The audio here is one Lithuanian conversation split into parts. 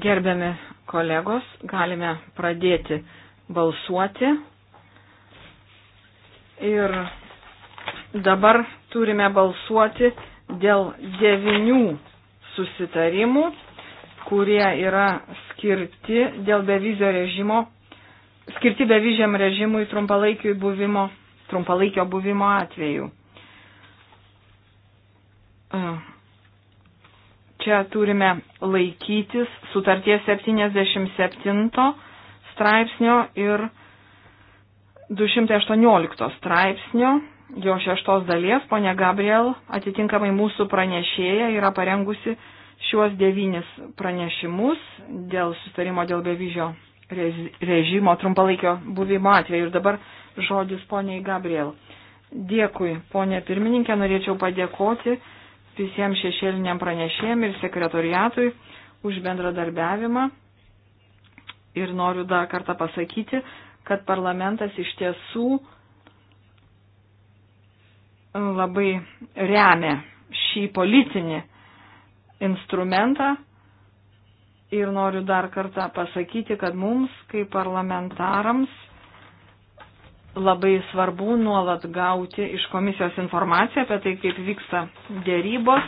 Gerbiami kolegos, galime pradėti balsuoti. Ir dabar turime balsuoti dėl devinių susitarimų, kurie yra skirti dėl bevizio režimo, skirti beviziam režimui trumpalaikio buvimo, trumpalaikio buvimo atveju. Uh Čia turime laikytis sutarties 77 straipsnio ir 218 straipsnio, jo šeštos dalies, ponė Gabriel, atitinkamai mūsų pranešėja yra parengusi šiuos devynis pranešimus dėl sustarimo dėl bevyžio režimo trumpalaikio buvimo atveju. Ir dabar žodis poniai Gabriel. Dėkui, ponė pirmininkė, norėčiau padėkoti visiems šešėliniam pranešėjim ir sekretoriatui už bendradarbiavimą. Ir noriu dar kartą pasakyti, kad parlamentas iš tiesų labai remia šį politinį instrumentą. Ir noriu dar kartą pasakyti, kad mums, kaip parlamentarams, labai svarbu nuolat gauti iš komisijos informaciją apie tai, kaip vyksta dėrybos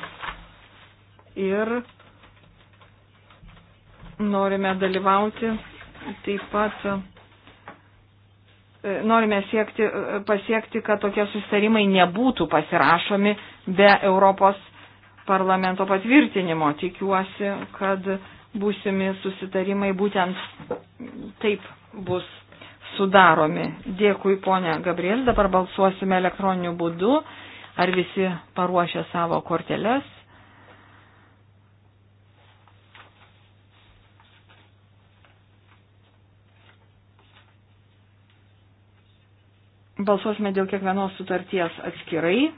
ir norime dalyvauti taip pat. E, norime siekti, e, pasiekti, kad tokie susitarimai nebūtų pasirašomi be Europos parlamento patvirtinimo. Tikiuosi, kad būsimi susitarimai būtent taip bus sudaromi. Dėkui, ponia Gabriel. Dabar balsuosime elektroniniu būdu. Ar visi paruošė savo korteles? Balsuosime dėl kiekvienos sutarties atskirai.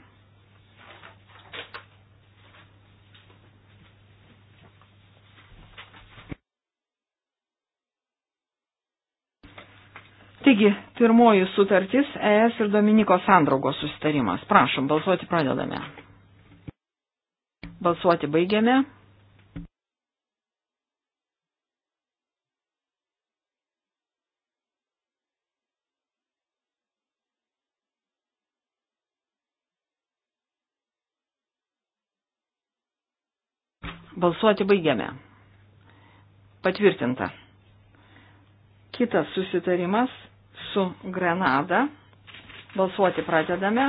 Taigi, pirmoji sutartis ES ir Dominiko sandraugos susitarimas. Prašom, balsuoti pradedame. Balsuoti baigiame. Balsuoti baigiame. Patvirtinta. Kitas susitarimas su Grenada. Balsuoti pradedame.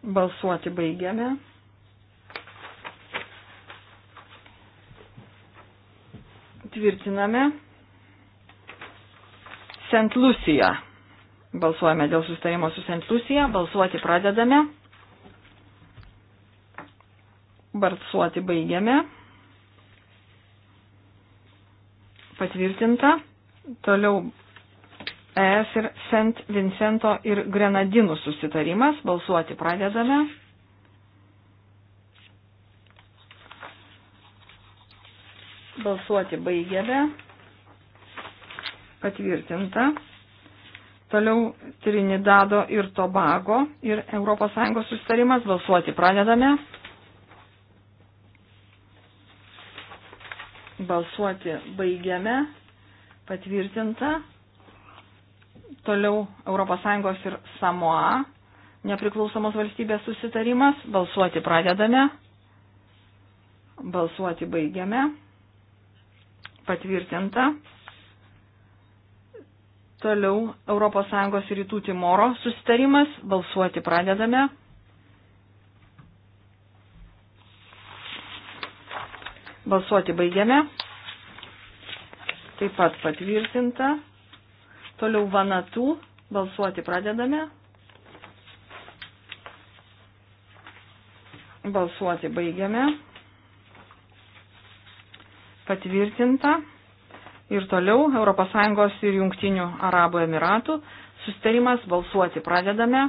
Balsuoti baigiame. Tvirtiname. St. Lucija. Balsuojame dėl sustarimo su St. Lucija. Balsuoti pradedame. Balsuoti baigiame. patvirtinta. Toliau ES ir St. Vincento ir Grenadinų susitarimas. Balsuoti pradedame. Balsuoti baigėme. Patvirtinta. Toliau Trinidado ir Tobago ir ES susitarimas. Balsuoti pradedame. Balsuoti baigiame. Patvirtinta. Toliau ES ir Samoa nepriklausomos valstybės susitarimas. Balsuoti pradedame. Balsuoti baigiame. Patvirtinta. Toliau ES ir Rytų Timoro susitarimas. Balsuoti pradedame. Balsuoti baigiame. Taip pat patvirtinta. Toliau vanatų. Balsuoti pradedame. Balsuoti baigiame. Patvirtinta. Ir toliau ES ir Junktinių Arabų Emiratų sustarimas balsuoti pradedame.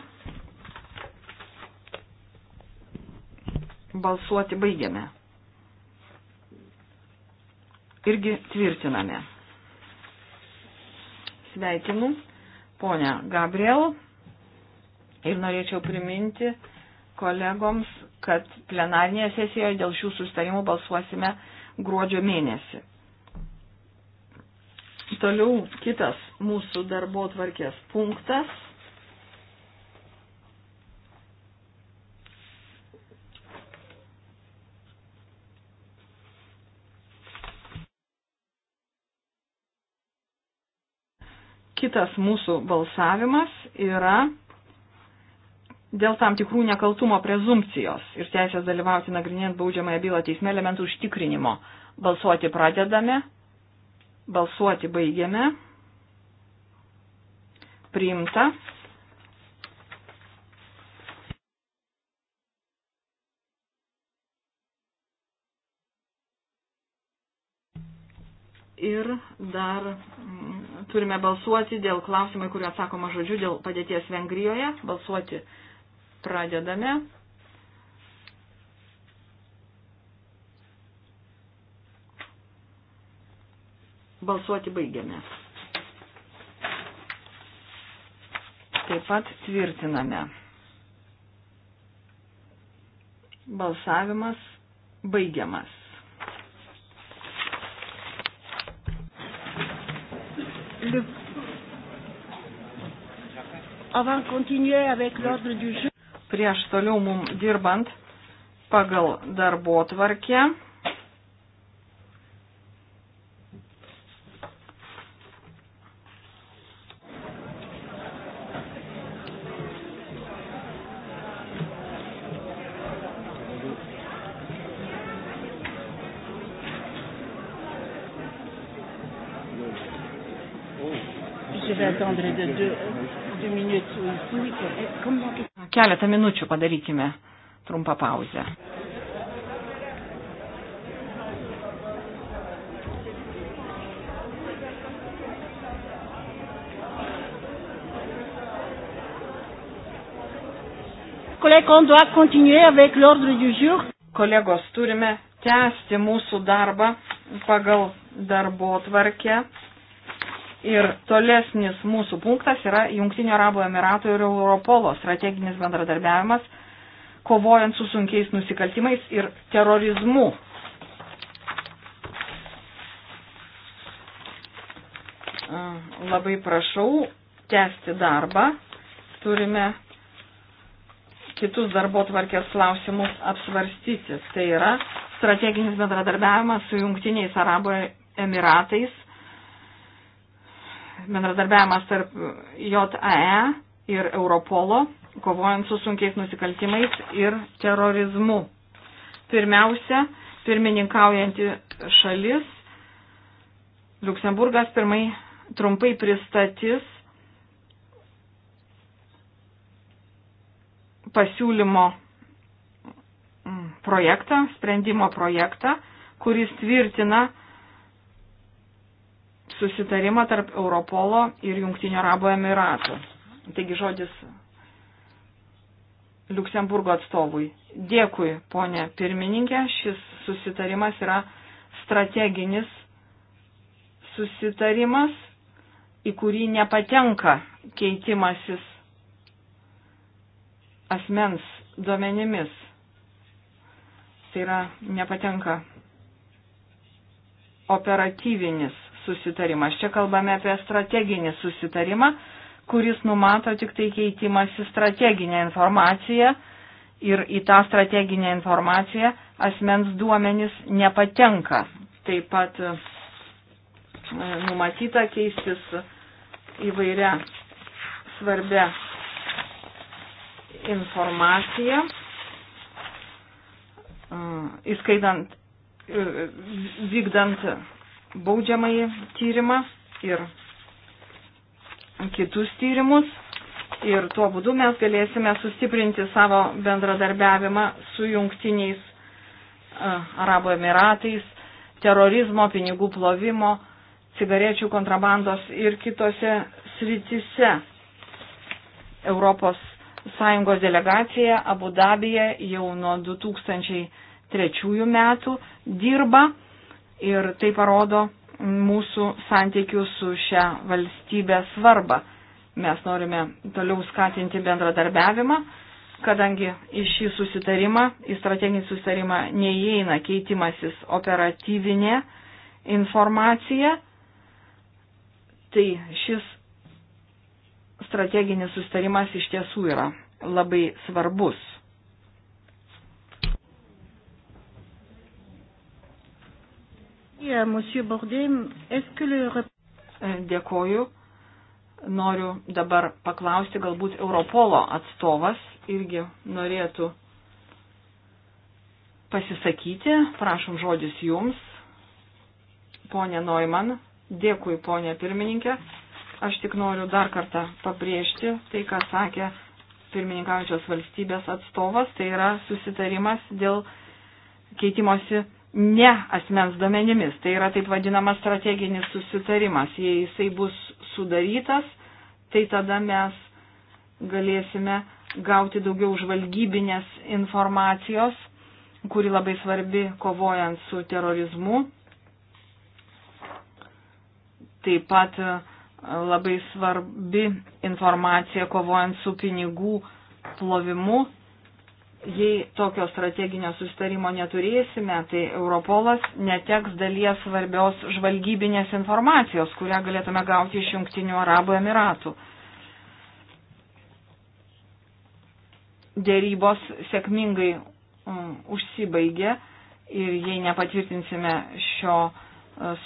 Balsuoti baigiame irgi tvirtiname. Sveikinu, ponia Gabriel. Ir norėčiau priminti kolegoms, kad plenarnėje sesijoje dėl šių sustarimų balsuosime gruodžio mėnesį. Toliau kitas mūsų darbo tvarkės punktas. Kitas mūsų balsavimas yra dėl tam tikrų nekaltumo prezumpcijos ir teisės dalyvauti nagrinėjant baudžiamąją bylą teisme elementų užtikrinimo. Balsuoti pradedame, balsuoti baigiame, priimta. Ir dar Turime balsuoti dėl klausimai, kurio atsakoma žodžiu, dėl padėties Vengrijoje. Balsuoti pradedame. Balsuoti baigiame. Taip pat tvirtiname. Balsavimas baigiamas. le... Avant continuer avec l'ordre du jour. Prieš toliau mum dirbant pagal darbo tvarkę. keletą minučių padarykime trumpą pauzę. Kolegos, turime tęsti mūsų darbą pagal darbo tvarkę. Ir tolesnis mūsų punktas yra Junktinio Arabų Emiratų ir Europolo strateginis bendradarbiavimas, kovojant su sunkiais nusikaltimais ir terorizmu. Labai prašau tęsti darbą. Turime kitus darbo tvarkės klausimus apsvarstyti. Tai yra strateginis bendradarbiavimas su Junktiniais Arabų Emiratais bendradarbiavimas tarp JAE ir Europolo, kovojant su sunkiais nusikaltimais ir terorizmu. Pirmiausia, pirmininkaujanti šalis Luksemburgas pirmai trumpai pristatys pasiūlymo projektą, sprendimo projektą, kuris tvirtina susitarimą tarp Europolo ir Junktinio Arabo Emiratų. Taigi žodis Luksemburgo atstovui. Dėkui, ponė pirmininkė, šis susitarimas yra strateginis susitarimas, į kurį nepatenka keitimasis asmens duomenimis. Tai yra nepatenka operatyvinis susitarimas. Čia kalbame apie strateginį susitarimą, kuris numato tik tai keitimąsi strateginę informaciją ir į tą strateginę informaciją asmens duomenys nepatenka. Taip pat e, numatyta keistis įvairia svarbia informacija, e, įskaitant e, vykdant baudžiamąjį tyrimą ir kitus tyrimus. Ir tuo būdu mes galėsime sustiprinti savo bendradarbiavimą su jungtiniais Arabų Emiratais, terorizmo, pinigų plovimo, cigarečių kontrabandos ir kitose sritise. Europos Sąjungos delegacija Abu Dabija jau nuo 2003 metų dirba ir tai parodo mūsų santykių su šia valstybė svarbą. Mes norime toliau skatinti bendradarbiavimą, kadangi į šį susitarimą, į strateginį susitarimą neįeina keitimasis operatyvinė informacija, tai šis strateginis susitarimas iš tiesų yra labai svarbus. Dėkoju. Noriu dabar paklausti, galbūt Europolo atstovas irgi norėtų pasisakyti. Prašom žodis jums. Pone Neumann, dėkui, ponė pirmininkė. Aš tik noriu dar kartą pabrėžti tai, ką sakė pirmininkaujančios valstybės atstovas. Tai yra susitarimas dėl keitimosi ne asmens duomenimis. Tai yra taip vadinamas strateginis susitarimas. Jei jisai bus sudarytas, tai tada mes galėsime gauti daugiau žvalgybinės informacijos, kuri labai svarbi kovojant su terorizmu. Taip pat e, labai svarbi informacija kovojant su pinigų plovimu jei tokio strateginio sustarimo neturėsime, tai Europolas neteks dalies svarbios žvalgybinės informacijos, kurią galėtume gauti iš Junktinių Arabų Emiratų. Dėrybos sėkmingai mm, užsibaigė ir jei nepatvirtinsime šio e,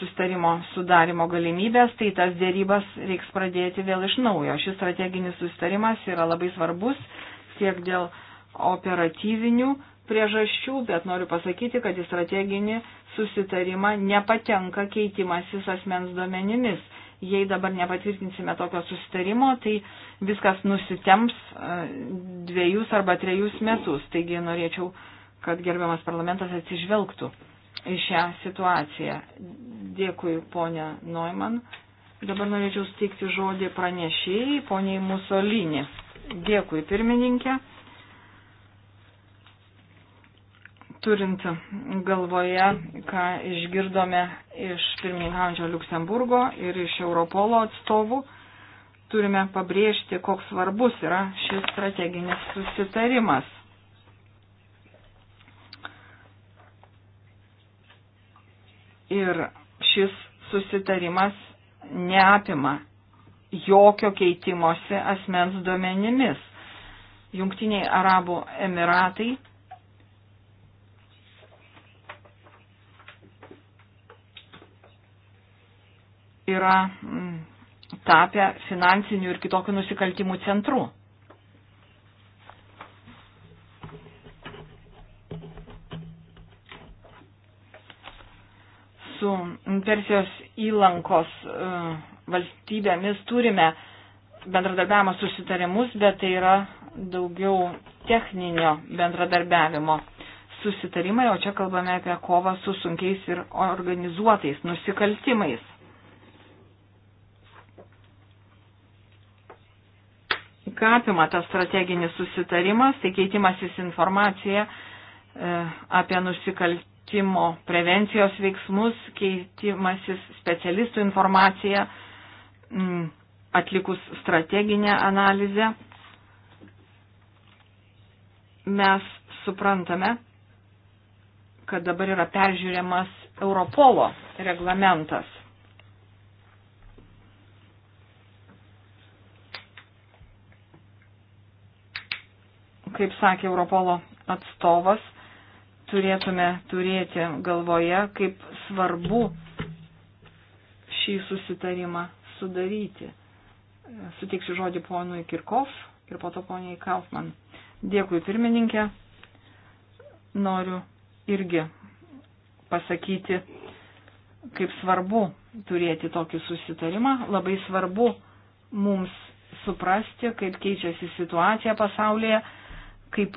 sustarimo sudarimo galimybės, tai tas dėrybas reiks pradėti vėl iš naujo. Šis strateginis sustarimas yra labai svarbus tiek dėl uh, operatyvinių priežasčių, bet noriu pasakyti, kad į strateginį susitarimą nepatenka keitimasis asmens duomenimis. Jei dabar nepatvirtinsime tokio susitarimo, tai viskas nusitems e, dviejus arba trejus metus. Taigi norėčiau, kad gerbiamas parlamentas atsižvelgtų į šią situaciją. Dėkui, ponia Neumann. Dabar norėčiau steikti žodį pranešėjai, poniai Musolinį. Dėkui, pirmininkė. turint galvoje, ką išgirdome iš pirmininkaujančio Luksemburgo ir iš Europolo atstovų, turime pabrėžti, koks svarbus yra šis strateginis susitarimas. Ir šis susitarimas neapima jokio keitimosi asmens duomenimis. Jungtiniai Arabų Emiratai yra mm, tapę finansinių ir kitokių nusikaltimų centrų. Su Persijos įlankos e, valstybėmis turime bendradarbiavimo susitarimus, bet tai yra daugiau techninio bendradarbiavimo susitarimai, o čia kalbame apie kovą su sunkiais ir organizuotais nusikaltimais. ką apima tas strateginis susitarimas, tai keitimasis informacija e, apie nusikaltimo prevencijos veiksmus, keitimasis specialistų informacija mm, atlikus strateginę analizę. Mes suprantame, kad dabar yra peržiūriamas Europolo reglamentas. kaip sakė Europolo atstovas, turėtume turėti galvoje, kaip svarbu šį susitarimą sudaryti. Suteiksiu žodį ponui Kirkov ir po to poniai Kaufman. Dėkui pirmininkė. Noriu irgi pasakyti, kaip svarbu turėti tokį susitarimą. Labai svarbu mums suprasti, kaip keičiasi situacija pasaulyje kaip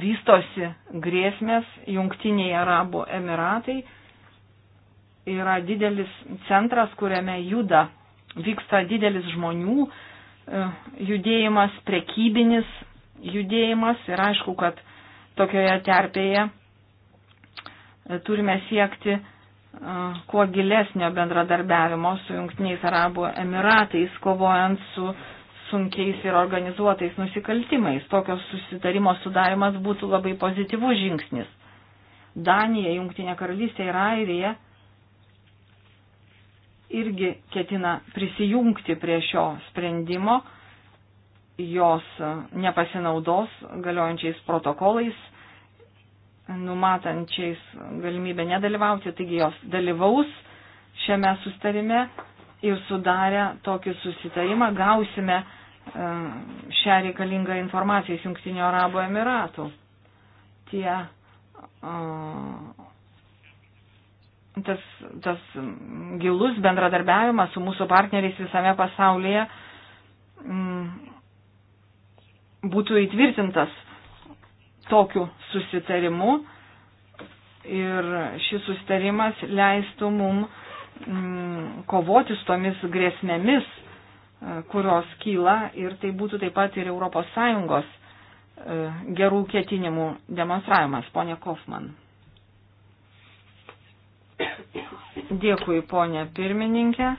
vystosi grėsmės, jungtiniai Arabų Emiratai yra didelis centras, kuriame juda, vyksta didelis žmonių e, judėjimas, prekybinis judėjimas ir aišku, kad tokioje terpėje e, turime siekti e, kuo gilesnio bendradarbiavimo su Junktiniais Arabų Emiratais, kovojant su uh, sunkiais ir organizuotais nusikaltimais. Tokios susitarimo sudarimas būtų labai pozityvus žingsnis. Danija, Junktinė karalystė ir Airija irgi ketina prisijungti prie šio sprendimo, jos nepasinaudos galiojančiais protokolais, numatančiais galimybę nedalyvauti, taigi jos dalyvaus šiame sustarime jau sudarę tokį susitarimą gausime e, šią reikalingą informaciją iš Junktinio Arabo Emiratų. Tie, e, tas, tas gilus bendradarbiavimas su mūsų partneriais visame pasaulyje mm, būtų įtvirtintas tokiu susitarimu ir šis susitarimas leistų mums Mm, kovoti su tomis grėsmėmis, e, kurios kyla ir tai būtų taip pat ir ES e, gerų ketinimų demonstravimas, ponė Kofman. Dėkui, ponė pirmininkė.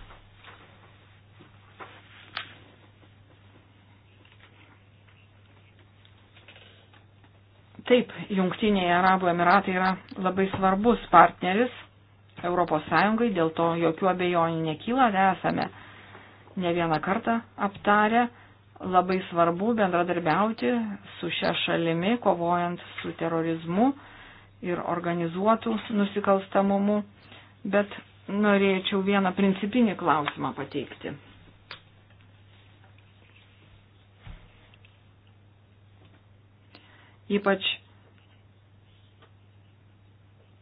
Taip, Jungtiniai Arabų Emiratai yra labai svarbus partneris Europos Sąjungai, dėl to jokių abejonių nekyla, nesame ne vieną kartą aptarę. Labai svarbu bendradarbiauti su šia šalimi, kovojant su terorizmu ir organizuotų nusikalstamumu, bet norėčiau vieną principinį klausimą pateikti. Ypač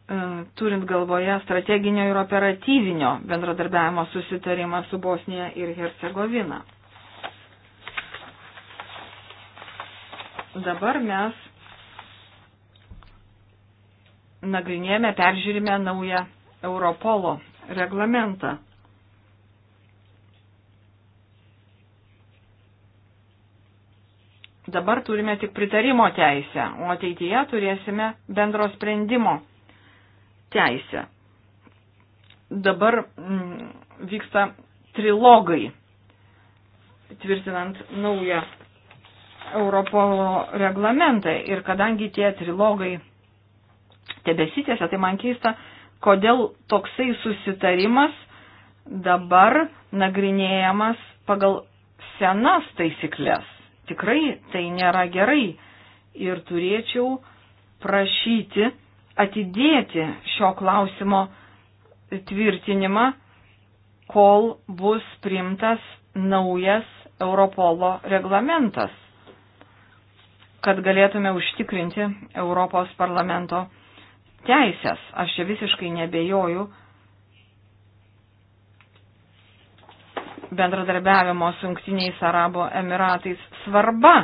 E, turint galvoje strateginio ir operatyvinio bendradarbiavimo susitarimą su Bosnija ir Hercegovina. Dabar mes nagrinėjame, peržiūrime naują Europolo reglamentą. Dabar turime tik pritarimo teisę, o ateityje turėsime bendro sprendimo teisę. Dabar m, mm, vyksta trilogai, tvirtinant naują Europolo reglamentą. Ir kadangi tie trilogai tebesitėse, tai man keista, kodėl toksai susitarimas dabar nagrinėjamas pagal senas taisyklės. Tikrai tai nėra gerai ir turėčiau prašyti atidėti šio klausimo tvirtinimą, kol bus primtas naujas Europolo reglamentas, kad galėtume užtikrinti Europos parlamento teisės. Aš čia visiškai nebejoju bendradarbiavimo su Junktiniais Arabo Emiratais svarba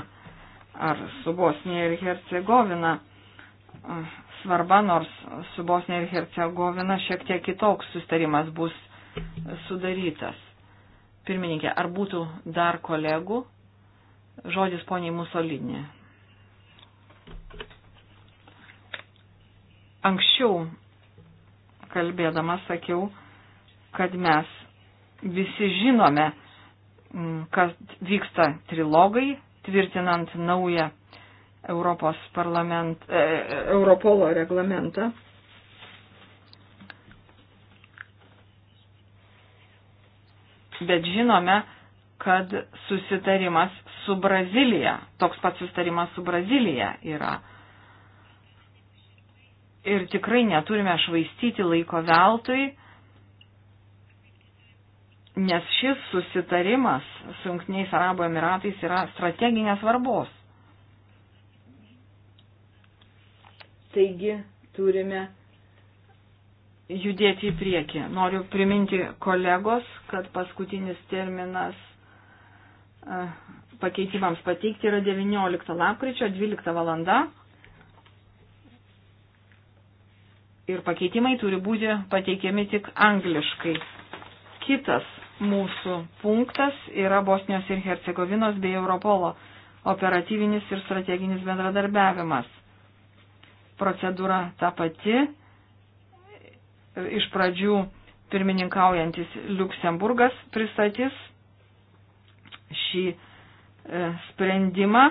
ar su Bosnija ir Hercegovina svarba, nors su Bosnija ir Hercegovina šiek tiek kitoks sustarimas bus sudarytas. Pirmininkė, ar būtų dar kolegų? Žodis poniai Musolinė. Anksčiau kalbėdamas sakiau, kad mes visi žinome, mm, kas vyksta trilogai, tvirtinant naują Europos parlament, e, Europolo reglamentą. Bet žinome, kad susitarimas su Brazilija, toks pat susitarimas su Brazilija yra. Ir tikrai neturime švaistyti laiko veltui, nes šis susitarimas su Junktiniais Arabo Emiratais yra strateginės svarbos. Taigi turime judėti į priekį. Noriu priminti kolegos, kad paskutinis terminas pakeitimams pateikti yra 19 lapkričio 12 valanda. Ir pakeitimai turi būti pateikiami tik angliškai. Kitas mūsų punktas yra Bosnijos ir Hercegovinos bei Europolo operatyvinis ir strateginis bendradarbiavimas procedūra ta pati. Iš pradžių pirmininkaujantis Luksemburgas pristatys šį e, sprendimą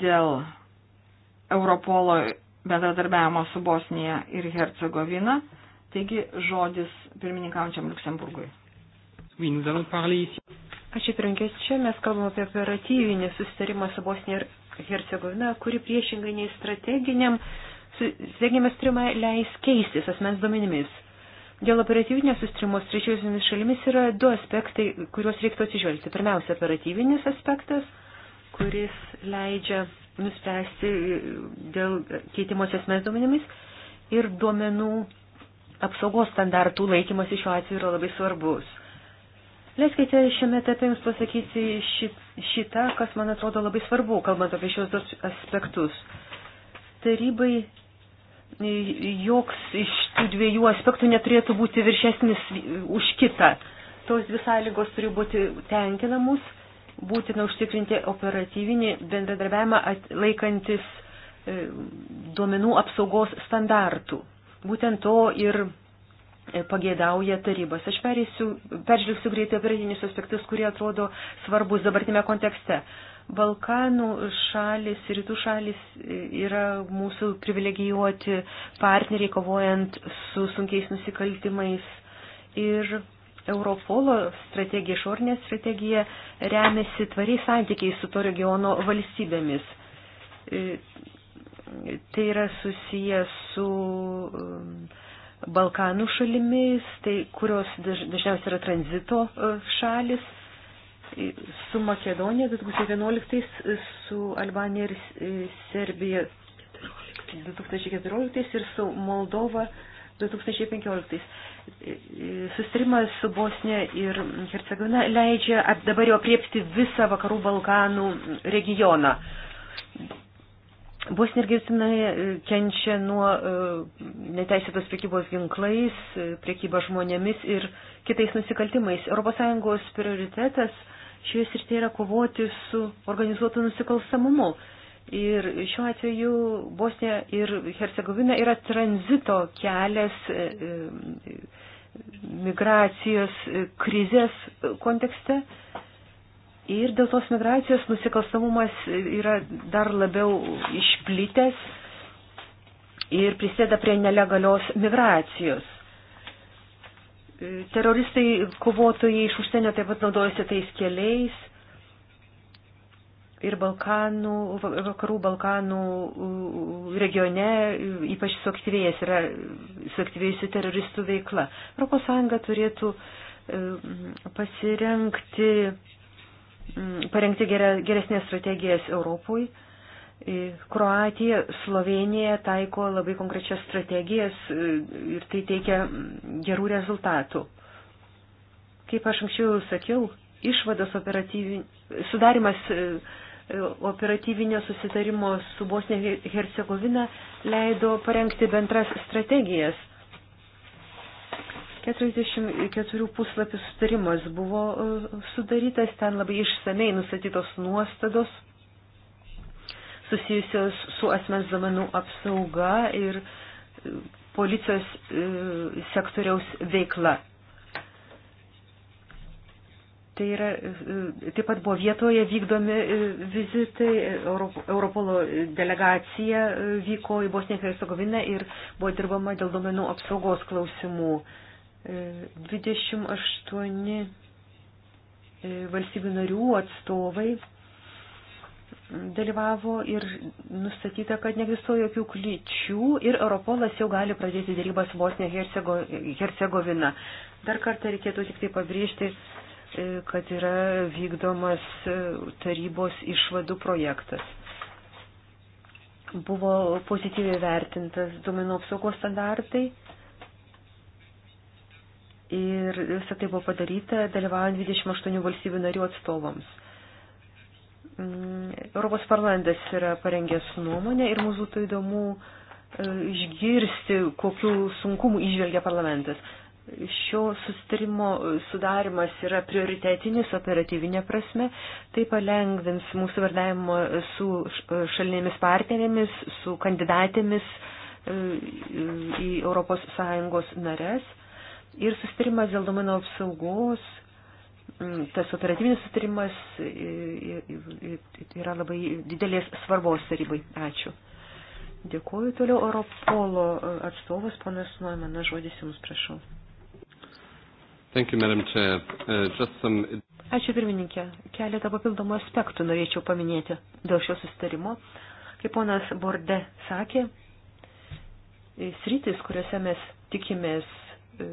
dėl Europolo bendradarbiavimo su Bosnija ir Hercegovina. Taigi žodis pirmininkaujančiam Luksemburgui. Aš įtrankęs čia, mes kalbame apie operatyvinį susitarimą su Bosnija ir Hercegovina, kuri priešingai nei strateginiam, strateginiam sustrimą leis keistis asmens duomenimis. Dėl operatyvinės sustrimo su trečiosiomis šalimis yra du aspektai, kuriuos reiktų atsižvelgti. Pirmiausia, operatyvinis aspektas, kuris leidžia nuspręsti dėl keitimos esmės duomenimis ir duomenų apsaugos standartų laikymas iš šiuo atveju yra labai svarbus. Leiskite šiame etape Jums pasakyti šitą, kas man atrodo labai svarbu, kalbant apie šios aspektus. Tarybai e, joks iš tų dviejų aspektų neturėtų būti viršesnis už kitą. Tos dvi sąlygos turi būti tenkinamus, būtina užtikrinti operatyvinį bendradarbiavimą laikantis e, duomenų apsaugos standartų. Būtent to ir pagėdauja tarybos. Aš perėsiu, peržvelgsiu greitai operatinius aspektus, kurie atrodo svarbus dabartime kontekste. Balkanų šalis ir rytų šalis yra mūsų privilegijuoti partneriai kovojant su sunkiais nusikaltimais. Ir Europolo strategija, išornė strategija remiasi tvariai santykiai su to regiono valstybėmis. E, tai yra susiję su Balkanų šalimis, tai kurios dažniausiai yra tranzito e, šalis, su Makedonija 2011, e, su Albanija ir e, Serbija 2014 ir su Moldova 2015. Sustarimas su Bosnija ir Hercegovina leidžia dabar jau apriepti visą vakarų Balkanų regioną. Bosnija ir Gercinai e, kenčia nuo e, neteisėtos prekybos ginklais, e, prekyba žmonėmis ir kitais nusikaltimais. ES prioritetas šioje srityje yra kovoti su organizuotu nusikalstamumu. Ir šiuo atveju Bosnija ir Hercegovina yra tranzito kelias migracijos krizės kontekste Ir dėl tos migracijos nusikalstamumas yra dar labiau išplitęs ir prisėda prie nelegalios migracijos. Teroristai, kovotojai iš užsienio taip pat naudojasi tais keliais ir Balkanų, vakarų Balkanų regione ypač suaktyvėjęs yra suaktyvėjusi teroristų veikla. ES turėtų pasirenkti Mm, parengti geresnės strategijas Europui. Kroatija, Slovenija taiko labai konkrečias strategijas e, ir tai teikia mm, gerų rezultatų. Kaip aš anksčiau sakiau, išvados operatyvi, sudarimas e, e, operatyvinio susitarimo su Bosnija Hercegovina leido parengti bendras strategijas 44 puslapių sutarimas buvo e, sudarytas, ten labai išsamei nustatytos nuostados susijusios su asmens domenų apsauga ir e, policijos e, sektoriaus veikla. Tai yra, taip pat buvo vietoje vykdomi vizitai, Europolo delegacija vyko į Bosniją ir Hercegoviną ir buvo dirbama dėl domenų apsaugos klausimų. 28 e, e, valstybių narių atstovai dalyvavo ir nustatyta, kad neegzistuoja jokių kličių ir Europolas jau gali pradėti dėrybas Bosnija Hercegovina. Dar kartą reikėtų tik tai pabrėžti, e, kad yra vykdomas tarybos išvadų projektas. Buvo pozityviai vertintas duomenų apsaugos standartai, Ir visą tai buvo padaryta dalyvaujant 28 valstybių narių atstovams. Mm, Europos parlamentas yra parengęs nuomonę ir mums būtų įdomu e, išgirsti, kokiu sunkumu išvelgia parlamentas. Šio sustarimo sudarimas yra prioritetinis operatyvinė prasme, tai palengvins mūsų vardavimo su e, šalinėmis partnerėmis, su kandidatėmis e, į ES nares Ir sustarimas dėl domeno apsaugos, mm, tas operatyvinis sustarimas yra labai didelės svarbos tarybai. Ačiū. Dėkuoju toliau Europolo e, atstovas, ponas Noimanas, žodis jums prašau. Thank you, Madam Chair. Uh, just some... Ačiū pirmininkė. Keletą papildomų aspektų norėčiau paminėti dėl šio sustarimo. Kaip ponas Borde sakė, sritis, kuriuose mes tikimės E,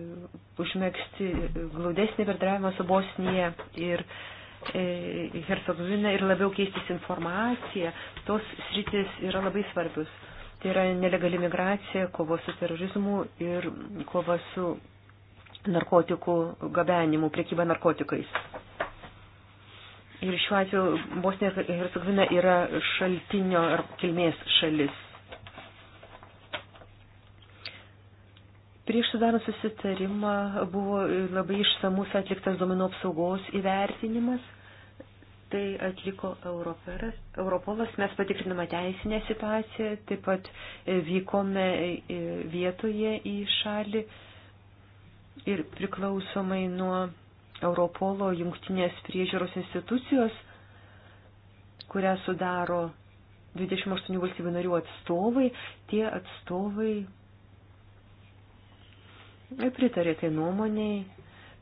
užmėgsti glaudesnį bendravimą su Bosnija ir e, Hercegovina ir labiau keistis informacija, tos sritis yra labai svarbius. Tai yra nelegali migracija, kova su terorizmu ir kova su narkotikų gabenimu, priekyba narkotikais. Ir šiuo atveju Bosnija ir Hercegovina yra šaltinio ar kilmės šalis. Prieš sudarant susitarimą buvo labai išsamus atliktas domino apsaugos įvertinimas. Tai atliko Europeras, Europolas, mes patikrinama teisinę situaciją, taip pat e, vykome e, vietoje į šalį ir priklausomai nuo Europolo jungtinės priežiūros institucijos, kurią sudaro 28 valstybių narių atstovai, tie atstovai pritarėte tai nuomoniai,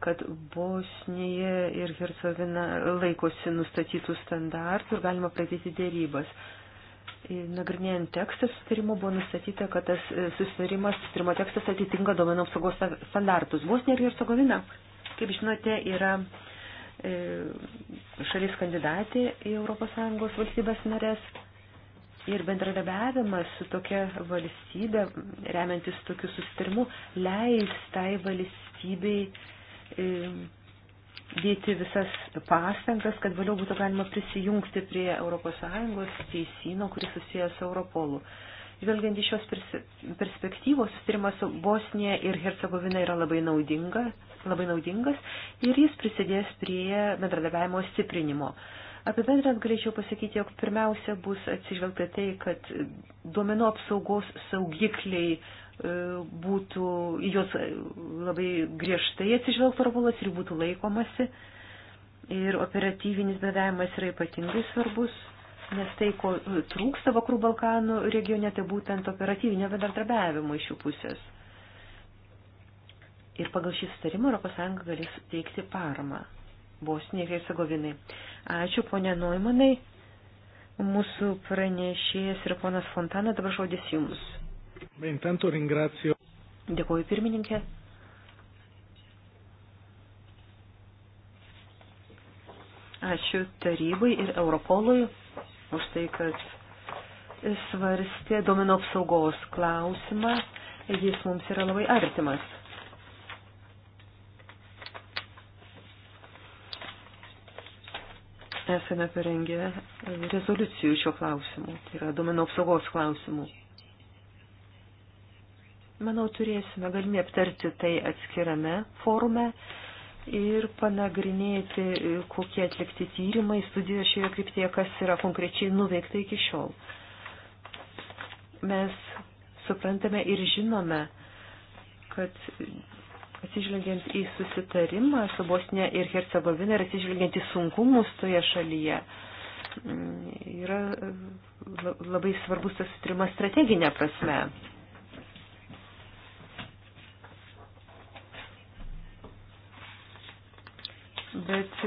kad Bosnija ir Hercovina laikosi nustatytų standartų ir galima pradėti dėrybas. Nagrinėjant tekstą susitarimo buvo nustatyta, kad tas e, susitarimas, susitarimo tekstas atitinka domenų apsaugos standartus. Bosnija ir Hercegovina, kaip žinote, yra e, šalis kandidatė į ES valstybės narės Ir bendradarbiavimas su tokia valstybė, remiantis tokiu sustarimu, leis tai valstybei e, dėti visas pastangas, kad vėliau būtų galima prisijungti prie ES teisino, kuris susijęs su Europolu. Žvelgiant iš šios perspektyvos, sustarimas su Bosnija ir Hercegovina yra labai, naudinga, labai naudingas ir jis prisidės prie bendradarbiavimo stiprinimo. Apibendrint galėčiau pasakyti, jog pirmiausia bus atsižvelgta tai, kad duomenų apsaugos saugikliai e, būtų, jos e, labai griežtai atsižvelgtų arbulas ir būtų laikomasi. Ir operatyvinis bendravimas yra ypatingai svarbus, nes tai, ko trūksta vakarų Balkanų regione, tai būtent operatyvinio bendradarbiavimo iš jų pusės. Ir pagal šį sutarimą ES galės teikti paramą. Bosnijai ir Hercegovinai. Ačiū, ponė Noimanai. Mūsų pranešėjas ir ponas Fontana, dabar žodis jums. Dėkuoju, pirmininkė. Ačiū tarybai ir Europolui už tai, kad svarstė domino apsaugos klausimą. Jis mums yra labai artimas. esame parengę rezoliucijų šio klausimu, tai yra domenų apsaugos klausimų. Manau, turėsime galimybę aptarti tai atskirame forume ir panagrinėti, kokie atlikti tyrimai, studijos šioje kryptėje, kas yra konkrečiai nuveikta iki šiol. Mes suprantame ir žinome, kad atsižvelgiant į susitarimą su Bosnija ir Hercegovina ir atsižvelgiant į sunkumus toje šalyje, mm, yra e, labai svarbus tas susitarimas strateginė prasme. Bet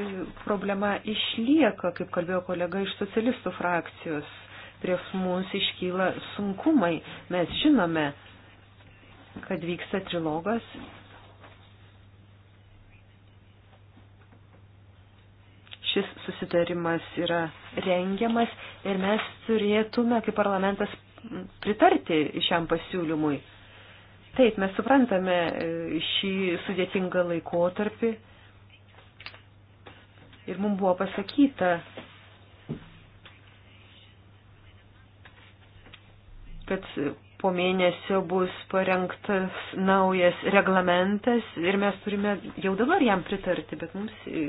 problema išlieka, kaip kalbėjo kolega iš socialistų frakcijos. Prieš mus iškyla sunkumai. Mes žinome, kad vyksta trilogas Šis susitarimas yra rengiamas ir mes turėtume kaip parlamentas pritarti šiam pasiūlymui. Taip, mes suprantame e, šį sudėtingą laikotarpį ir mums buvo pasakyta, kad po mėnesio bus parengtas naujas reglamentas ir mes turime jau dabar jam pritarti, bet mums e,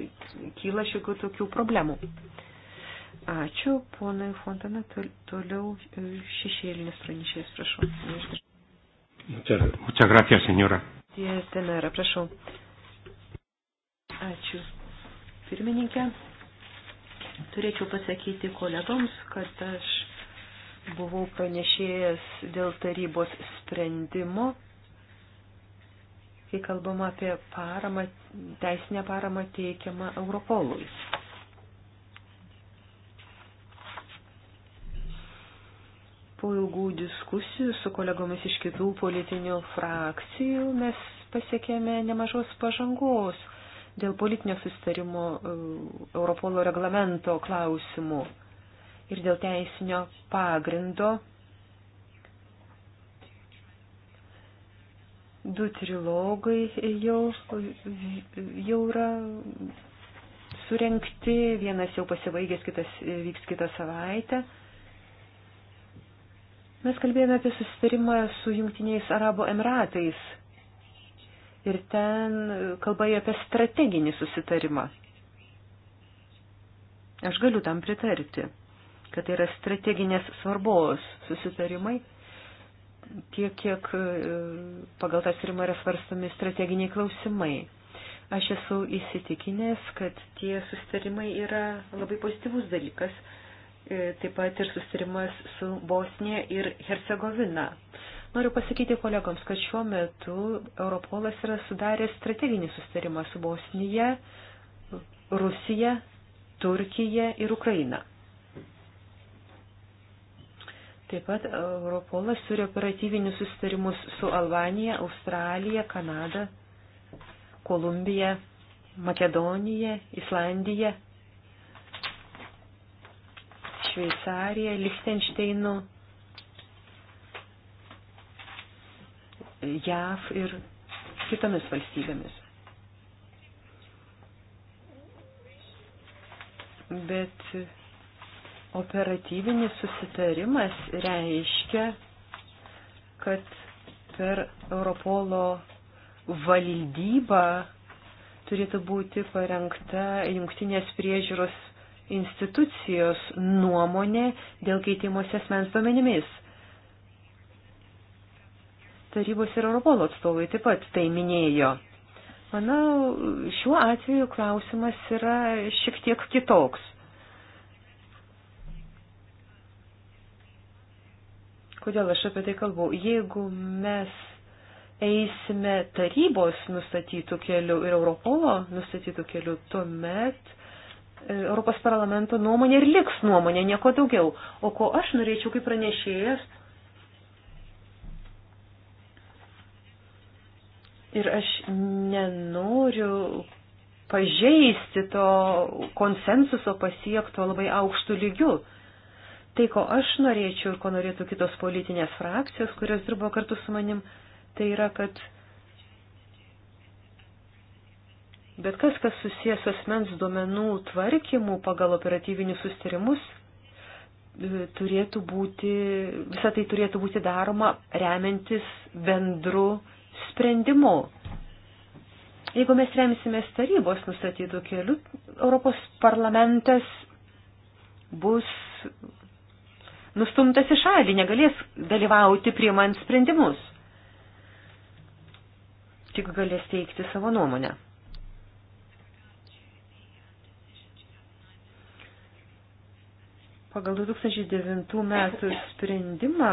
kyla šiokių tokių problemų. Ačiū, ponai Fontana, toliau e, šešėlinis pranešėjas, prašau. Muchas gracias, senora. Tenera, prašau. Ačiū. Pirmininkė, turėčiau pasakyti kolegoms, kad aš buvau pranešėjęs dėl tarybos sprendimo, kai kalbama apie paramą, teisinę paramą teikiamą Europolui. Po ilgų diskusijų su kolegomis iš kitų politinių frakcijų mes pasiekėme nemažos pažangos dėl politinio sustarimo e, Europolo reglamento klausimų ir dėl teisinio pagrindo du trilogai jau, jau yra surenkti, vienas jau pasibaigęs, kitas vyks kitą savaitę. Mes kalbėjome apie susitarimą su Jungtiniais Arabo Emiratais ir ten kalba apie strateginį susitarimą. Aš galiu tam pritarti kad tai yra strateginės svarbos susitarimai, tiek kiek e, pagal tą sutarimą yra svarstami strateginiai klausimai. Aš esu įsitikinęs, kad tie sustarimai yra labai pozityvus dalykas, e, taip pat ir sustarimas su Bosnija ir Hercegovina. Noriu pasakyti kolegoms, kad šiuo metu Europolas yra sudaręs strateginį sustarimą su Bosnija, Rusija, Turkija ir Ukraina. Taip pat e, Europolas turi operatyvinius susitarimus su Albanija, Australija, Kanada, Kolumbija, Makedonija, Islandija, Šveicarija, Lichtensteinu, JAV ir kitomis valstybėmis. Bet Operatyvinis susitarimas reiškia, kad per Europolo valdybą turėtų būti parengta jungtinės priežiūros institucijos nuomonė dėl keitimosi asmens duomenimis. Tarybos ir Europolo atstovai taip pat tai minėjo. Manau, šiuo atveju klausimas yra šiek tiek kitoks. Kodėl aš apie tai kalbu? Jeigu mes eisime tarybos nustatytų kelių ir Europolo nustatytų kelių, tuomet e, Europos parlamento nuomonė ir liks nuomonė, nieko daugiau. O ko aš norėčiau kaip pranešėjas? Ir aš nenoriu pažeisti to konsensuso pasiekto labai aukštų lygių. Tai, ko aš norėčiau ir ko norėtų kitos politinės frakcijos, kurios dirbo kartu su manim, tai yra, kad bet kas, kas susijęs asmens duomenų tvarkymų pagal operatyvinius sustarimus, e, turėtų būti, visą tai turėtų būti daroma remiantis bendru sprendimu. Jeigu mes remsimės tarybos nustatytų kelių, Europos parlamentas bus nustumtas į šalį, negalės dalyvauti priimant sprendimus. Tik galės teikti savo nuomonę. Pagal 2009 metų sprendimą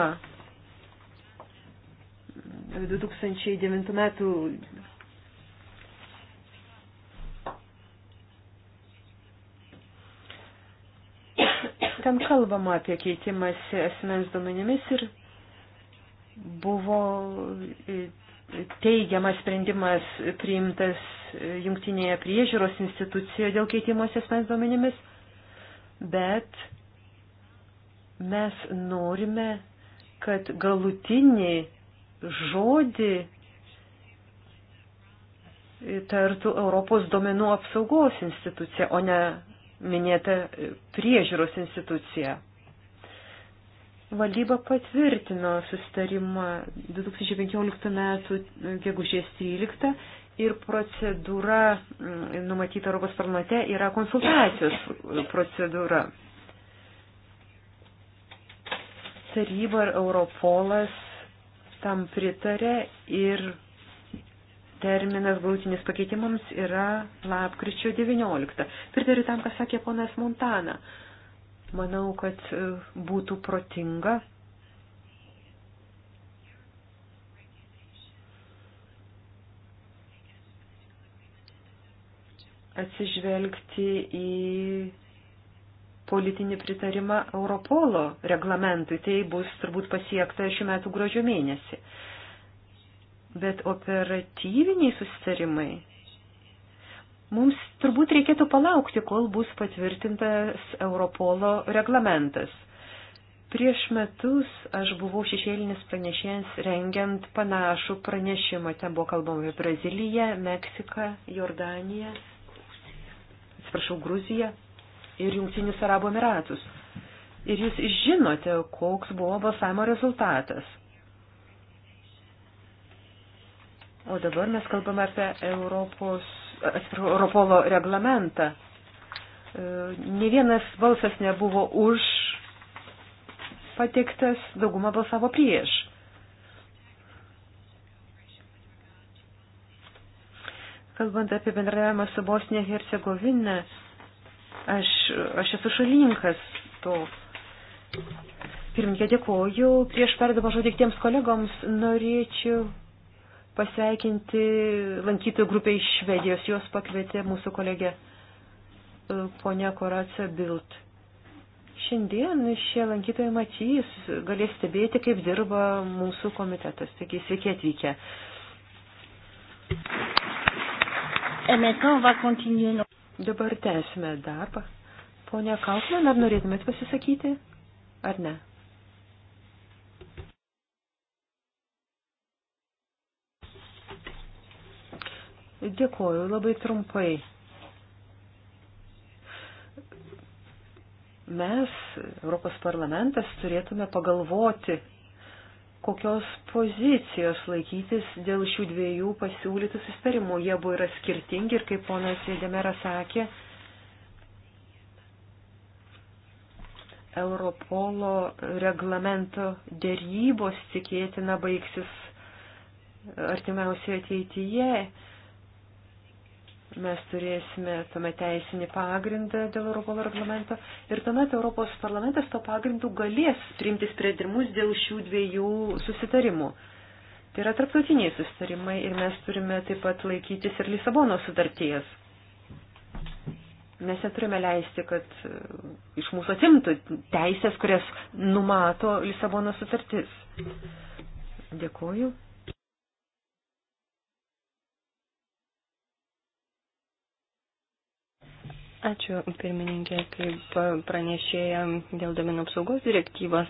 2009 metų Ten kalbama apie keitimąsi asmens duomenimis ir buvo e, teigiamas sprendimas priimtas jungtinėje priežiūros institucijoje dėl keitimosi asmens duomenimis, bet mes norime, kad galutinį žodį tartų Europos duomenų apsaugos institucija, o ne minėta priežiūros institucija. Valdyba patvirtino susitarimą 2015 metų gegužės 13 ir procedūra mm, numatyta Europos parlamente yra konsultacijos procedūra. Taryba ir Europolas tam pritarė ir terminas gautinis pakeitimams yra lapkričio 19. Pritariu tam, ką sakė ponas Montana. Manau, kad e, būtų protinga. atsižvelgti į politinį pritarimą Europolo reglamentui. Tai bus turbūt pasiekta šiuo metu gruodžio mėnesį. Uh, Bet operatyviniai susitarimai Mums turbūt reikėtų palaukti, kol bus patvirtintas Europolo reglamentas. Prieš metus aš buvau šešėlinis pranešėjas rengiant panašų pranešimą. Ten buvo kalbama apie Braziliją, Meksiką, Jordaniją, atsiprašau, Gruziją ir Jungtinius Arabų Emiratus. Ir jūs žinote, koks buvo balsavimo rezultatas. O dabar mes kalbame apie Europos, atsiprašau, Europolo reglamentą. E, ne vienas balsas nebuvo už pateiktas, dauguma balsavo prieš. Kalbant apie bendravimą su Bosnija Hercegovina, aš, aš esu šalininkas to. Pirmininkė, dėkoju. Prieš perdavą žodį tiems kolegoms norėčiau pasveikinti lankytojų grupę iš Švedijos. Jos pakvietė mūsų kolegė e, ponia Koracija Bild. Šiandien šie lankytojai matys, galės stebėti, kaip dirba mūsų komitetas. Taigi, sveiki atvykę. Dabar tęsime darbą. Pone Kaufman, ar norėtumėt pasisakyti, ar ne? Dėkuoju labai trumpai. Mes, Europos parlamentas, turėtume pagalvoti, kokios pozicijos laikytis dėl šių dviejų pasiūlytų susitarimų. Jie buvo yra skirtingi ir kaip ponas Demera sakė, Europolo reglamento dėrybos tikėtina baigsis artimiausioje ateityje mes turėsime tuomet teisinį pagrindą dėl Europolo reglamento ir tuomet Europos parlamentas to pagrindu galės priimti sprendimus dėl šių dviejų susitarimų. Tai yra tarptautiniai susitarimai ir mes turime taip pat laikytis ir Lisabono sutarties. Mes neturime leisti, kad uh, iš mūsų atimtų teisės, kurias numato Lisabono sutartis. Dėkuoju. Ačiū, pirmininkė, kaip pranešėja dėl domenų apsaugos direktyvos.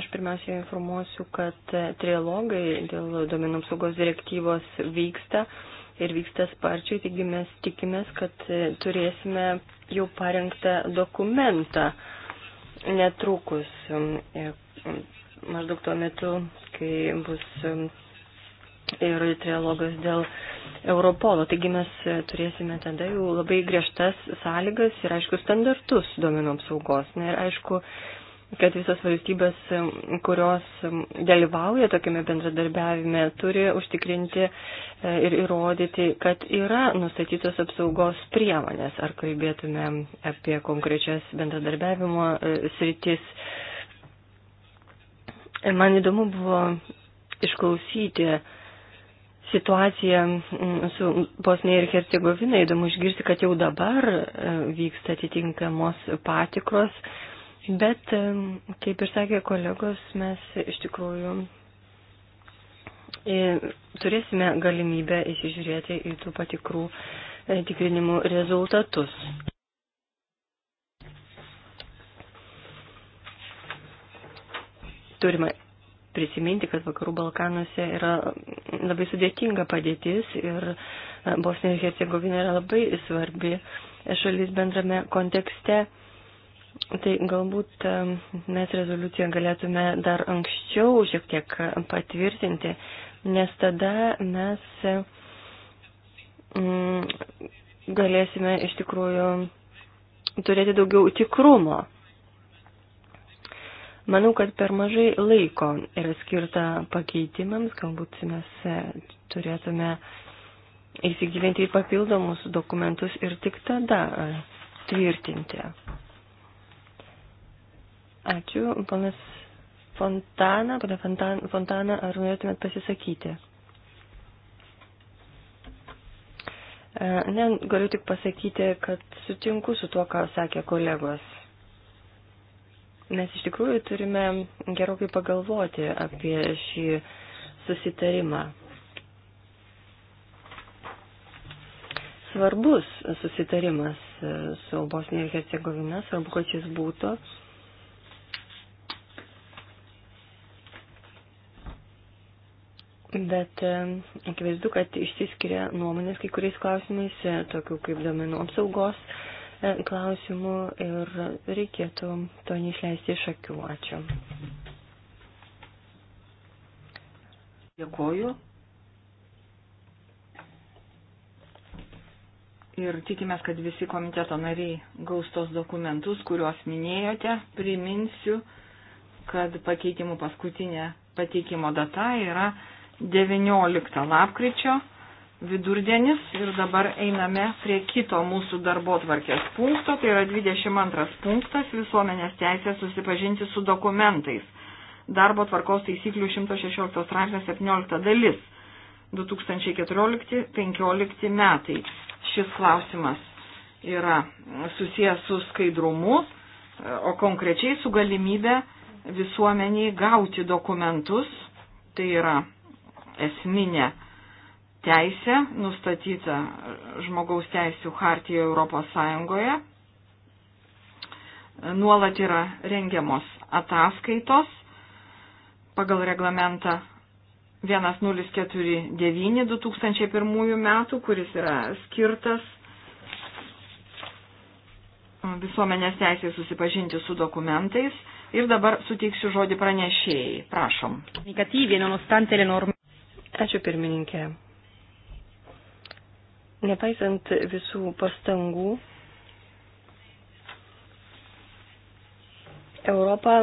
Aš pirmiausia informuosiu, kad trilogai dėl domenų apsaugos direktyvos vyksta ir vyksta sparčiai, taigi mes tikimės, kad turėsime jau parengtą dokumentą netrukus, maždaug tuo metu, kai bus ir trialogas dėl Europolo. Taigi mes e, turėsime tada jau labai griežtas sąlygas ir, aišku, standartus duomenų apsaugos. Na ir, aišku, kad visos valstybės, kurios dalyvauja tokiame bendradarbiavime, turi užtikrinti e, ir įrodyti, kad yra nustatytos apsaugos priemonės. Ar kalbėtume apie konkrečias bendradarbiavimo e, sritis. Man įdomu buvo išklausyti situacija mm, su Bosnija ir Hercegovina. Įdomu išgirsti, kad jau dabar e, vyksta atitinkamos patikros, bet, e, kaip ir sakė kolegos, mes iš tikrųjų e, turėsime galimybę įsižiūrėti į tų patikrų tikrinimų rezultatus. Turime prisiminti, kad Vakarų Balkanuose yra labai sudėtinga padėtis ir e, Bosnija ir Hercegovina yra labai svarbi šalis bendrame kontekste. Tai galbūt e, mes rezoliuciją galėtume dar anksčiau šiek tiek patvirtinti, nes tada mes e, galėsime iš tikrųjų turėti daugiau tikrumo Manau, kad per mažai laiko yra skirta pakeitimams, galbūt mes e, turėtume įsigilinti į papildomus dokumentus ir tik tada e, tvirtinti. Ačiū, panas Fontana, pana Fontana, ar norėtumėt pasisakyti? E, ne, galiu tik pasakyti, kad sutinku su tuo, ką sakė kolegos. Mes iš tikrųjų turime gerokai pagalvoti apie šį susitarimą. Svarbus susitarimas e, su Bosnija ir Hercegovina, svarbu, kad jis būtų. Bet e, akivaizdu, kad išsiskiria nuomonės kai kuriais klausimais, e, tokių kaip domenų apsaugos E, klausimų ir reikėtų to neišleisti iš akių. Ačiū. Dėkoju. ir tikimės, kad visi komiteto nariai gaus tos dokumentus, kuriuos minėjote. Priminsiu, kad pakeitimų paskutinė pateikimo data yra 19 lapkričio vidurdienis ir dabar einame prie kito mūsų darbo tvarkės punkto, tai yra 22 punktas visuomenės teisė susipažinti su dokumentais. Darbo tvarkos taisyklių 116 straipsnio 17 dalis 2014-2015 metai. Šis klausimas yra susijęs su skaidrumu, o konkrečiai su galimybė visuomeniai gauti dokumentus. Tai yra esminė teisė nustatyta žmogaus teisų hartijoje Europos Sąjungoje. Nuolat yra rengiamos ataskaitos pagal reglamentą 1049 2001 metų, kuris yra skirtas visuomenės teisės susipažinti su dokumentais. Ir dabar suteiksiu žodį pranešėjai. Prašom. Negatyviai, nonostante le norme. Ačiū pirmininkė. Nepaisant visų pastangų, Europa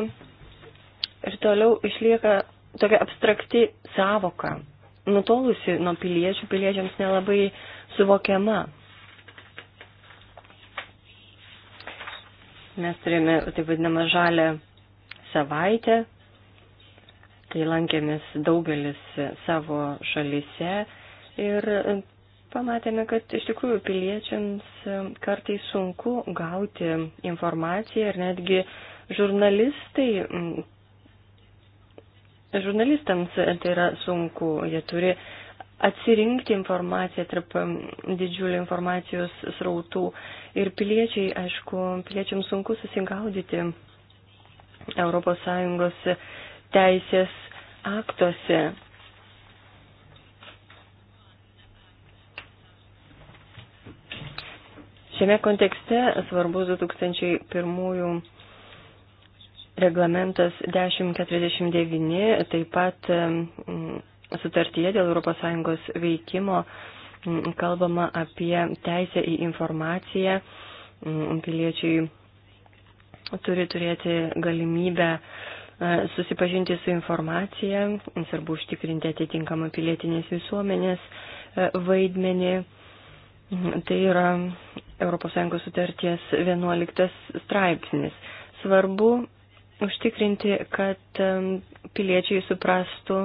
ir toliau išlieka tokia abstrakti savoka, nutolusi nuo piliečių, piliečiams nelabai suvokiama. Mes turėjome taip vadinamą žalę savaitę, kai lankėmės daugelis savo šalyse ir pamatėme, kad iš tikrųjų piliečiams e, kartai sunku gauti informaciją ir netgi žurnalistai. Žurnalistams e, tai yra sunku, jie turi atsirinkti informaciją tarp didžiulio informacijos srautų ir piliečiai, aišku, piliečiams sunku susigaudyti ES teisės aktuose. Šiame kontekste svarbus 2001 reglamentas 1049, taip pat mm, sutartyje dėl ES veikimo mm, kalbama apie teisę į informaciją. Mm, piliečiai turi turėti galimybę e, susipažinti su informacija, svarbu užtikrinti atitinkamą pilietinės visuomenės e, vaidmenį Tai yra ES sutarties 11 straipsnis. Svarbu užtikrinti, kad piliečiai suprastų,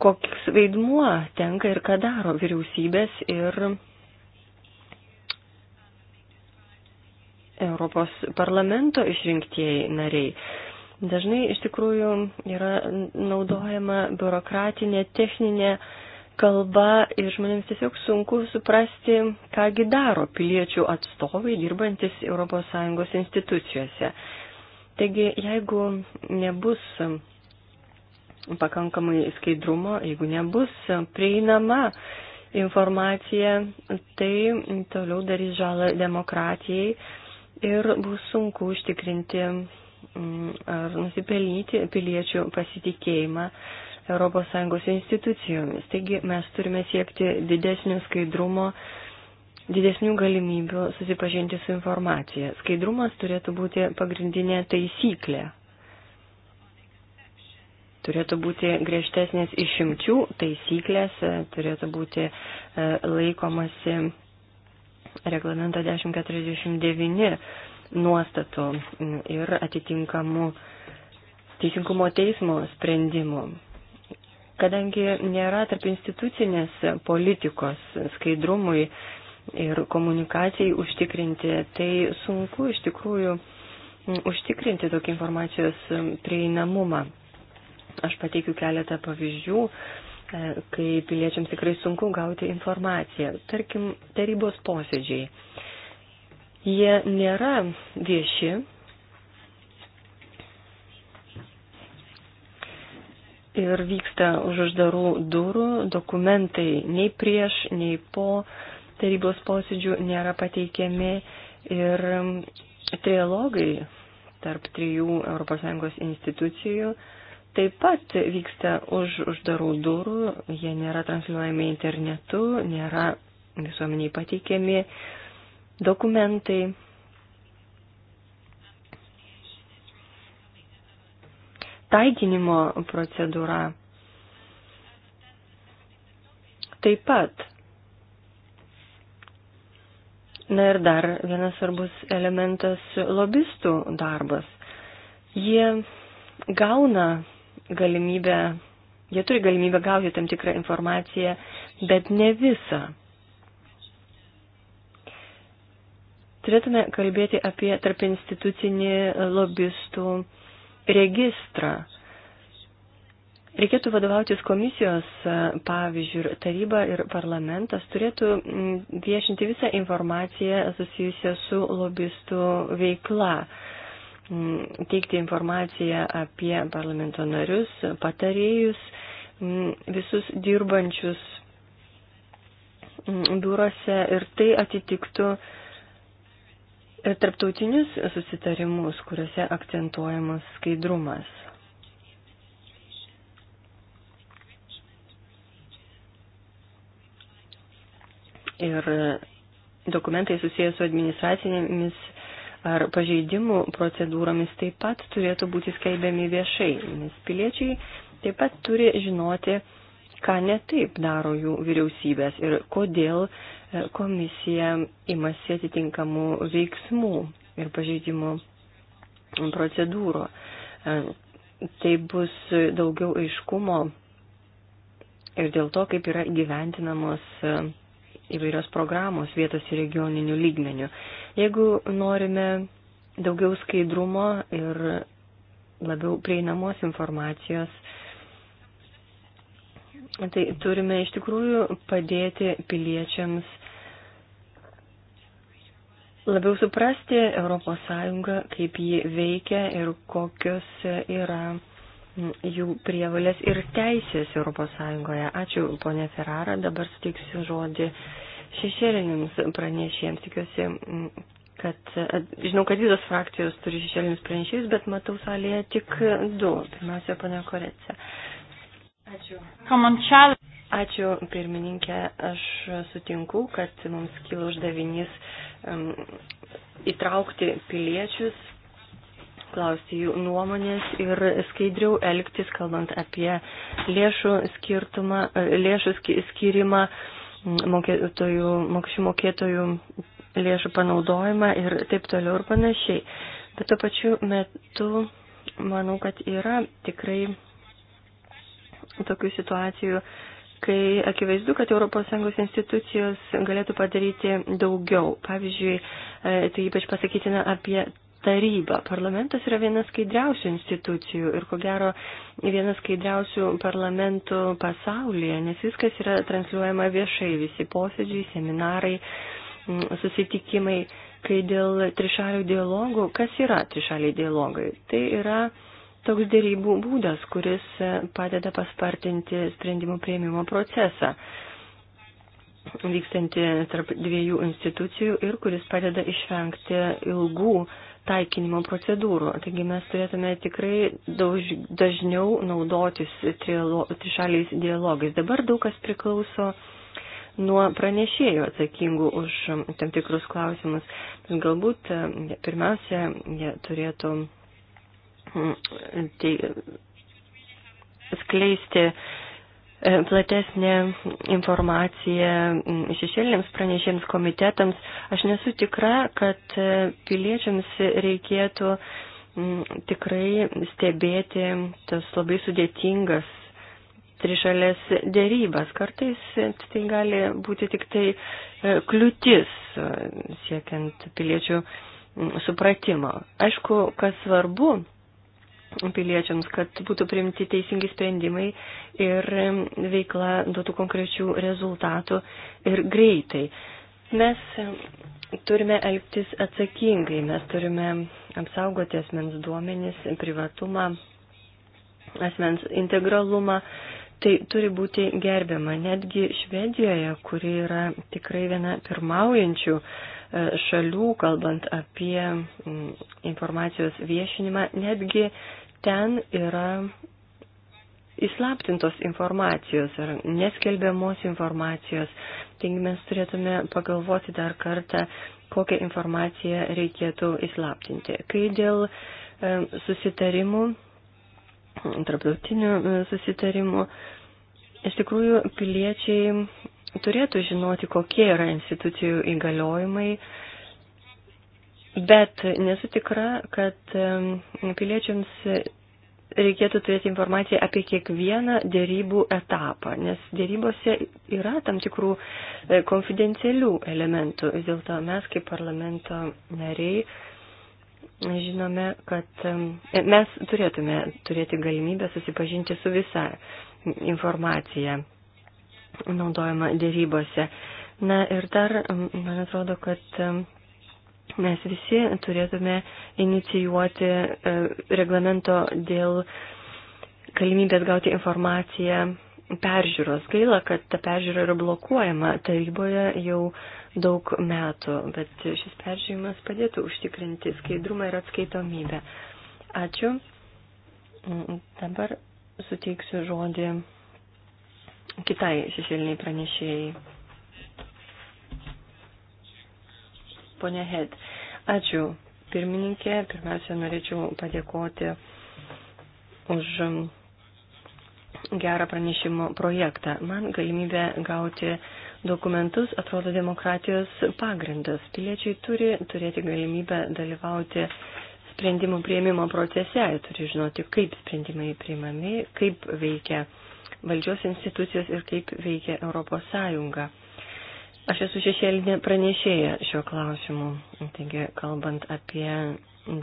koks vaidmuo tenka ir ką daro vyriausybės ir Europos parlamento išrinktieji nariai. Dažnai iš tikrųjų yra naudojama biurokratinė, techninė uh, kalba ir žmonėms tiesiog sunku suprasti, kągi daro piliečių atstovai dirbantis ES institucijose. Taigi, jeigu nebus pakankamai skaidrumo, jeigu nebus prieinama informacija, tai toliau darys žalą demokratijai ir bus sunku užtikrinti mm, ar nusipelnyti piliečių pasitikėjimą ES institucijomis. Taigi mes turime siekti didesnio skaidrumo, didesnių galimybių susipažinti su informacija. Skaidrumas turėtų būti pagrindinė taisyklė. Turėtų būti griežtesnės išimčių taisyklės, turėtų būti e, laikomasi reglamento 1049 nuostatų ir atitinkamų teisingumo teismo sprendimų kadangi nėra tarp institucinės politikos skaidrumui ir komunikacijai užtikrinti, tai sunku iš tikrųjų užtikrinti tokį informacijos prieinamumą. Aš pateikiu keletą pavyzdžių, e, kai piliečiams tikrai sunku gauti informaciją. Tarkim, tarybos posėdžiai. Jie nėra vieši, ir vyksta už uždarų durų, dokumentai nei prieš, nei po tarybos posėdžių nėra pateikiami ir trialogai tarp trijų ES institucijų taip pat vyksta už uždarų durų, jie nėra transliuojami internetu, nėra visuomeniai pateikiami dokumentai. taikinimo procedūra taip pat. Na ir dar vienas svarbus elementas - lobistų darbas. Jie gauna galimybę, jie turi galimybę gauti tam tikrą informaciją, bet ne visą. Turėtume kalbėti apie tarp institucinį lobistų registrą. Reikėtų vadovautis komisijos pavyzdžių ir taryba ir parlamentas turėtų viešinti visą informaciją susijusią su lobistų veikla, teikti informaciją apie parlamento narius, patarėjus, visus dirbančius biurose ir tai atitiktų uh, tarptautinius susitarimus, kuriuose akcentuojamas skaidrumas. Ir dokumentai susijęs su administracinėmis ar pažeidimų procedūromis taip pat turėtų būti skelbiami viešai, nes piliečiai taip pat turi žinoti, ką netaip daro jų vyriausybės ir kodėl uh, E, komisija imasi atitinkamų veiksmų ir pažeidimų procedūrų. E, tai bus daugiau aiškumo ir dėl to, kaip yra gyventinamos e, įvairios programos vietos ir regioninių lygmenių. Jeigu norime daugiau skaidrumo ir labiau prieinamos informacijos, Tai turime iš tikrųjų padėti piliečiams labiau suprasti ES, kaip ji veikia ir kokios yra jų prievalės ir teisės ES. Ačiū, ponė Ferrara. Dabar suteiksiu žodį šešėlinėms pranešėjams. Tikiuosi, kad žinau, kad visos frakcijos turi šešėlinius pranešėjus, bet matau salėje tik du. Pirmiausia, ponė Korecija. Ačiū. Komančial. Ačiū, pirmininkė. Aš sutinku, kad mums kyla uždavinys um, įtraukti piliečius, klausti jų nuomonės ir skaidriau elgtis, kalbant apie lėšų, skirtumą, e, lėšų skirimą, mokėtojų, mokesčių mokėtojų lėšų panaudojimą ir taip toliau ir panašiai. Bet tuo pačiu metu manau, kad yra tikrai tokių situacijų, kai akivaizdu, kad ES institucijos galėtų padaryti daugiau. Pavyzdžiui, e, tai ypač pasakytina apie taryba. Parlamentas yra vienas skaidriausių institucijų ir ko gero vienas skaidriausių parlamentų pasaulyje, nes viskas yra transliuojama viešai, visi posėdžiai, seminarai, susitikimai. Kai dėl trišalių dialogų, kas yra trišaliai dialogai? Tai yra toks dėrybų būdas, kuris e, padeda paspartinti sprendimų prieimimo procesą vykstantį tarp dviejų institucijų ir kuris padeda išvengti ilgų taikinimo procedūrų. Taigi mes turėtume tikrai dauž, dažniau naudotis trišaliais dialogais. Dabar daug kas priklauso nuo pranešėjų atsakingų už tam tikrus klausimus. Galbūt e, pirmiausia, jie turėtų tai, skleisti e, platesnė informacija šešėlėms pranešėms komitetams. Aš nesu tikra, kad e, piliečiams reikėtų tikrai stebėti tas labai sudėtingas trišalės dėrybas. Kartais tai gali būti tik tai e, kliūtis siekiant piliečių supratimo. Aišku, kas svarbu, piliečiams, kad būtų priimti teisingi sprendimai ir veikla duotų konkrečių rezultatų ir greitai. Mes turime elgtis atsakingai, mes turime apsaugoti asmens duomenis, privatumą, asmens integralumą. Tai turi būti gerbiama netgi Švedijoje, kuri yra tikrai viena pirmaujančių uh, E, šalių, kalbant apie informacijos viešinimą, netgi ten yra įslaptintos informacijos ar neskelbiamos informacijos. Taigi mes turėtume pagalvoti dar kartą, kokią informaciją reikėtų įslaptinti. Kai dėl e, susitarimų, tarptautinių e, susitarimų, iš tikrųjų piliečiai turėtų žinoti, kokie yra institucijų įgaliojimai, bet nesu tikra, kad piliečiams reikėtų turėti informaciją apie kiekvieną dėrybų etapą, nes dėrybose yra tam tikrų e, konfidencialių elementų. Vis dėlto mes kaip parlamento nariai žinome, kad e, mes turėtume turėti galimybę susipažinti su visa informacija naudojama dėrybose. Na ir dar, man atrodo, kad mes visi turėtume inicijuoti e, reglamento dėl galimybės gauti informaciją peržiūros. Gaila, kad ta peržiūra yra blokuojama taryboje jau daug metų, bet šis peržiūrimas padėtų užtikrinti skaidrumą ir atskaitomybę. Ačiū. Dabar suteiksiu žodį kitai šešėliniai pranešėjai. Pone Hed, ačiū pirmininkė. Pirmiausia, norėčiau padėkoti už gerą pranešimo projektą. Man galimybė gauti dokumentus atrodo demokratijos pagrindas. Piliečiai turi turėti galimybę dalyvauti sprendimų prieimimo procese, jie turi žinoti, kaip sprendimai priimami, kaip veikia valdžios institucijos ir kaip veikia Europos Sąjunga. Aš esu šešėlinė pranešėja šiuo klausimu. Taigi, kalbant apie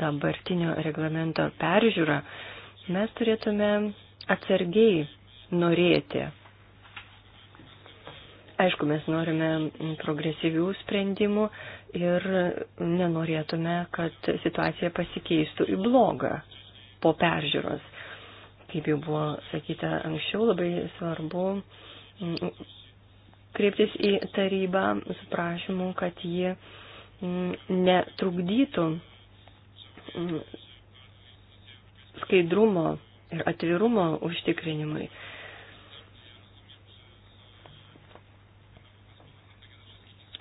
dabartinio reglamento peržiūrą, mes turėtume atsargiai norėti. Aišku, mes norime progresyvių sprendimų ir nenorėtume, kad situacija pasikeistų į blogą po peržiūros. Kaip jau buvo sakyta anksčiau, labai svarbu mm, kreiptis į tarybą su prašymu, kad ji mm, netrukdytų mm, skaidrumo ir atvirumo užtikrinimui.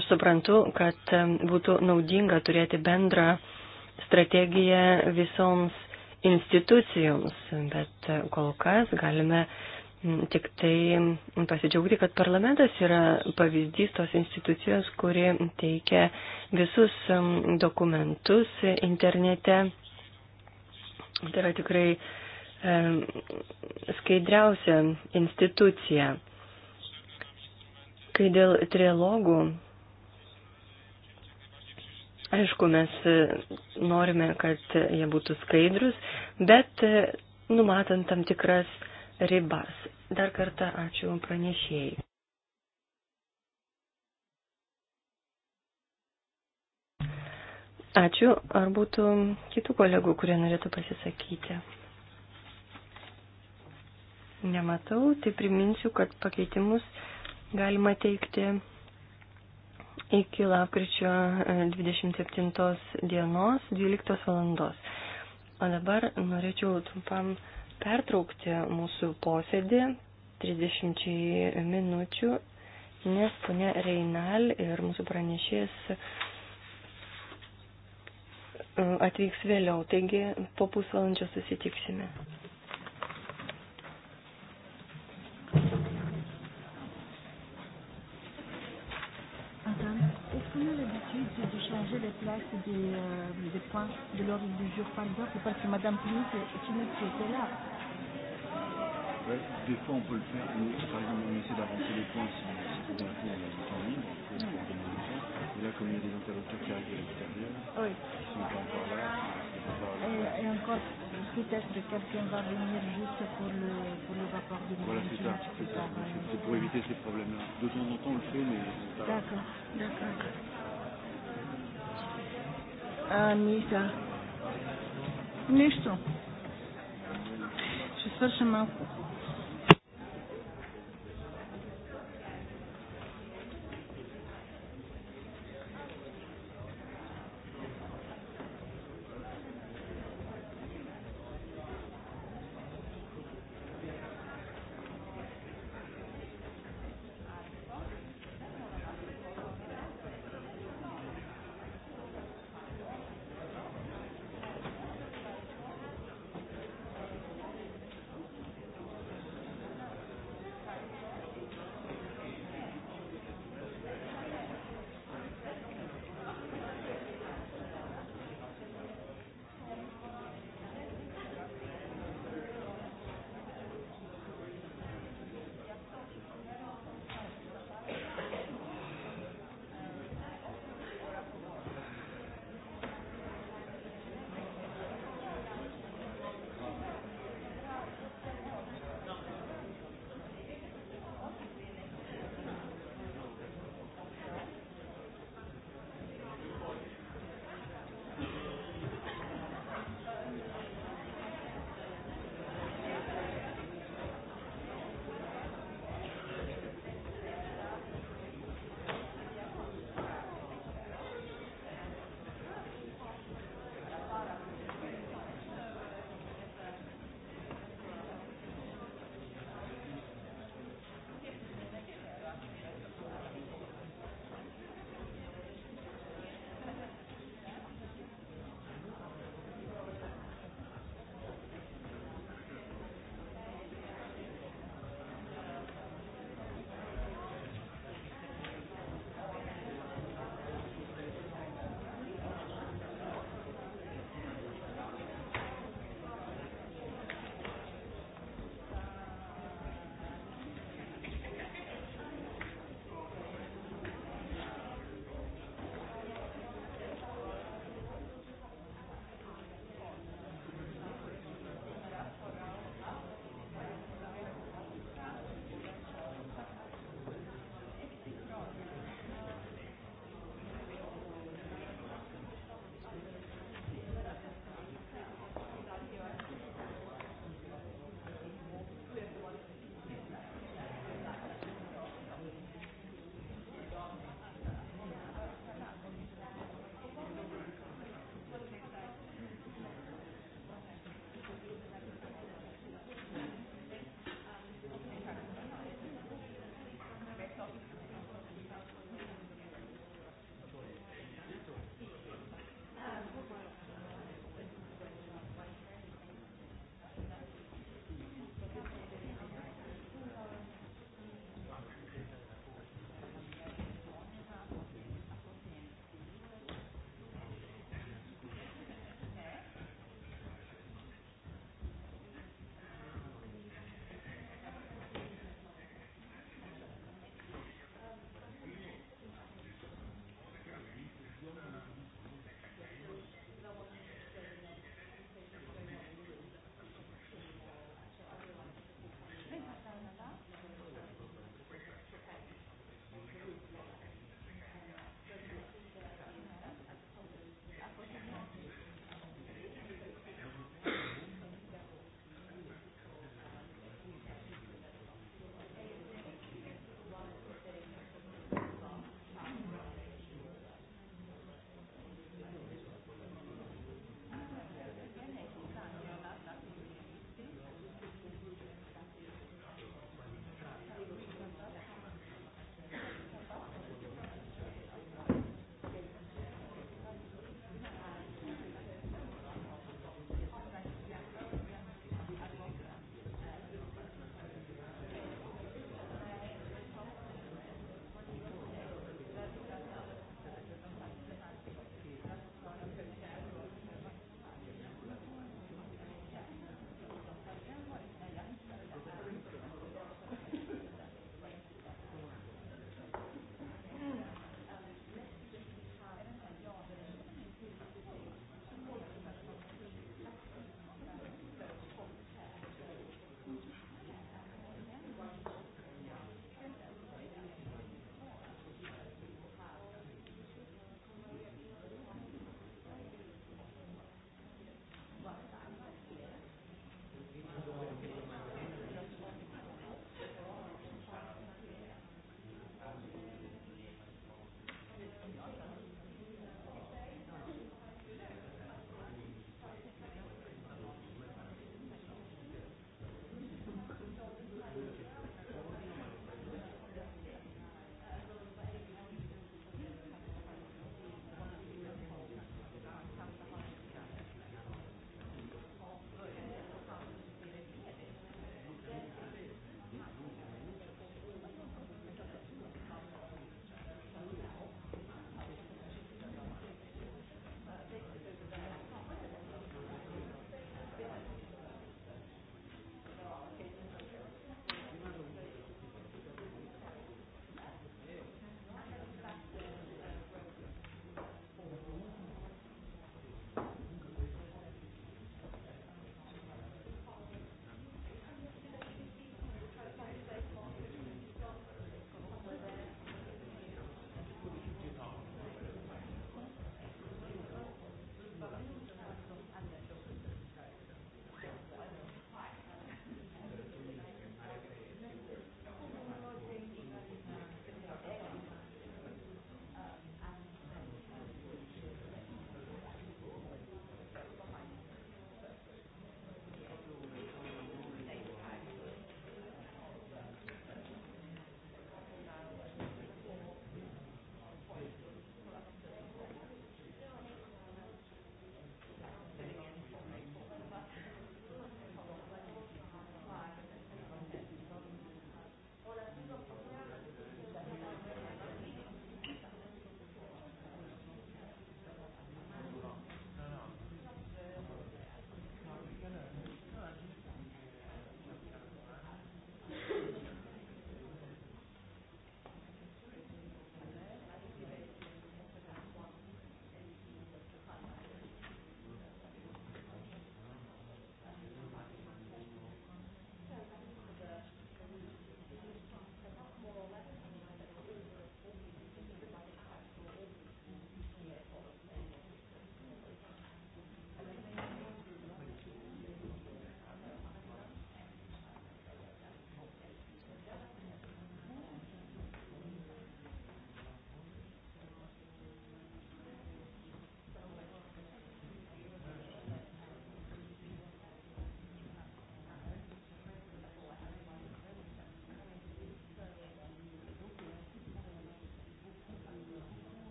Aš suprantu, kad būtų naudinga turėti bendrą strategiją visoms institucijoms, bet kol kas galime tik tai pasidžiaugti, kad parlamentas yra pavyzdys tos institucijos, kuri teikia visus dokumentus internete. Tai yra tikrai e, skaidriausia institucija. Kai dėl trilogų Aišku, mes e, norime, kad jie būtų skaidrus, bet e, numatant tam tikras ribas. Dar kartą ačiū pranešėjai. Ačiū. Ar būtų kitų kolegų, kurie norėtų pasisakyti? Nematau, tai priminsiu, kad pakeitimus galima teikti iki lapkričio 27 e, dienos 12 valandos. O dabar norėčiau trumpam pertraukti mūsų posėdį 30 minučių, nes ponia Reinal ir mūsų pranešėjas e, atvyks vėliau, taigi po pusvalandžio susitiksime. rapide, c'est de changer les places des, euh, des points de l'ordre du jour, par exemple, parce que Madame Plouf est une autre qui était là. Ouais, des fois, on peut le faire. Nous, par exemple, on essaie d'avancer les points si, si tout d'un coup on a du temps libre pour ouais. organiser ça. Et là, comme il y a des interlocuteurs qui arrivent à l'extérieur, oui. qui sont pas encore là, et, et encore, peut-être que quelqu'un va venir juste pour le, pour le rapport de Voilà, c'est ça. C'est pour éviter ces problèmes-là. De temps en temps, on le fait, mais. D'accord, d'accord. Анита. Нищо. Ще свърша малко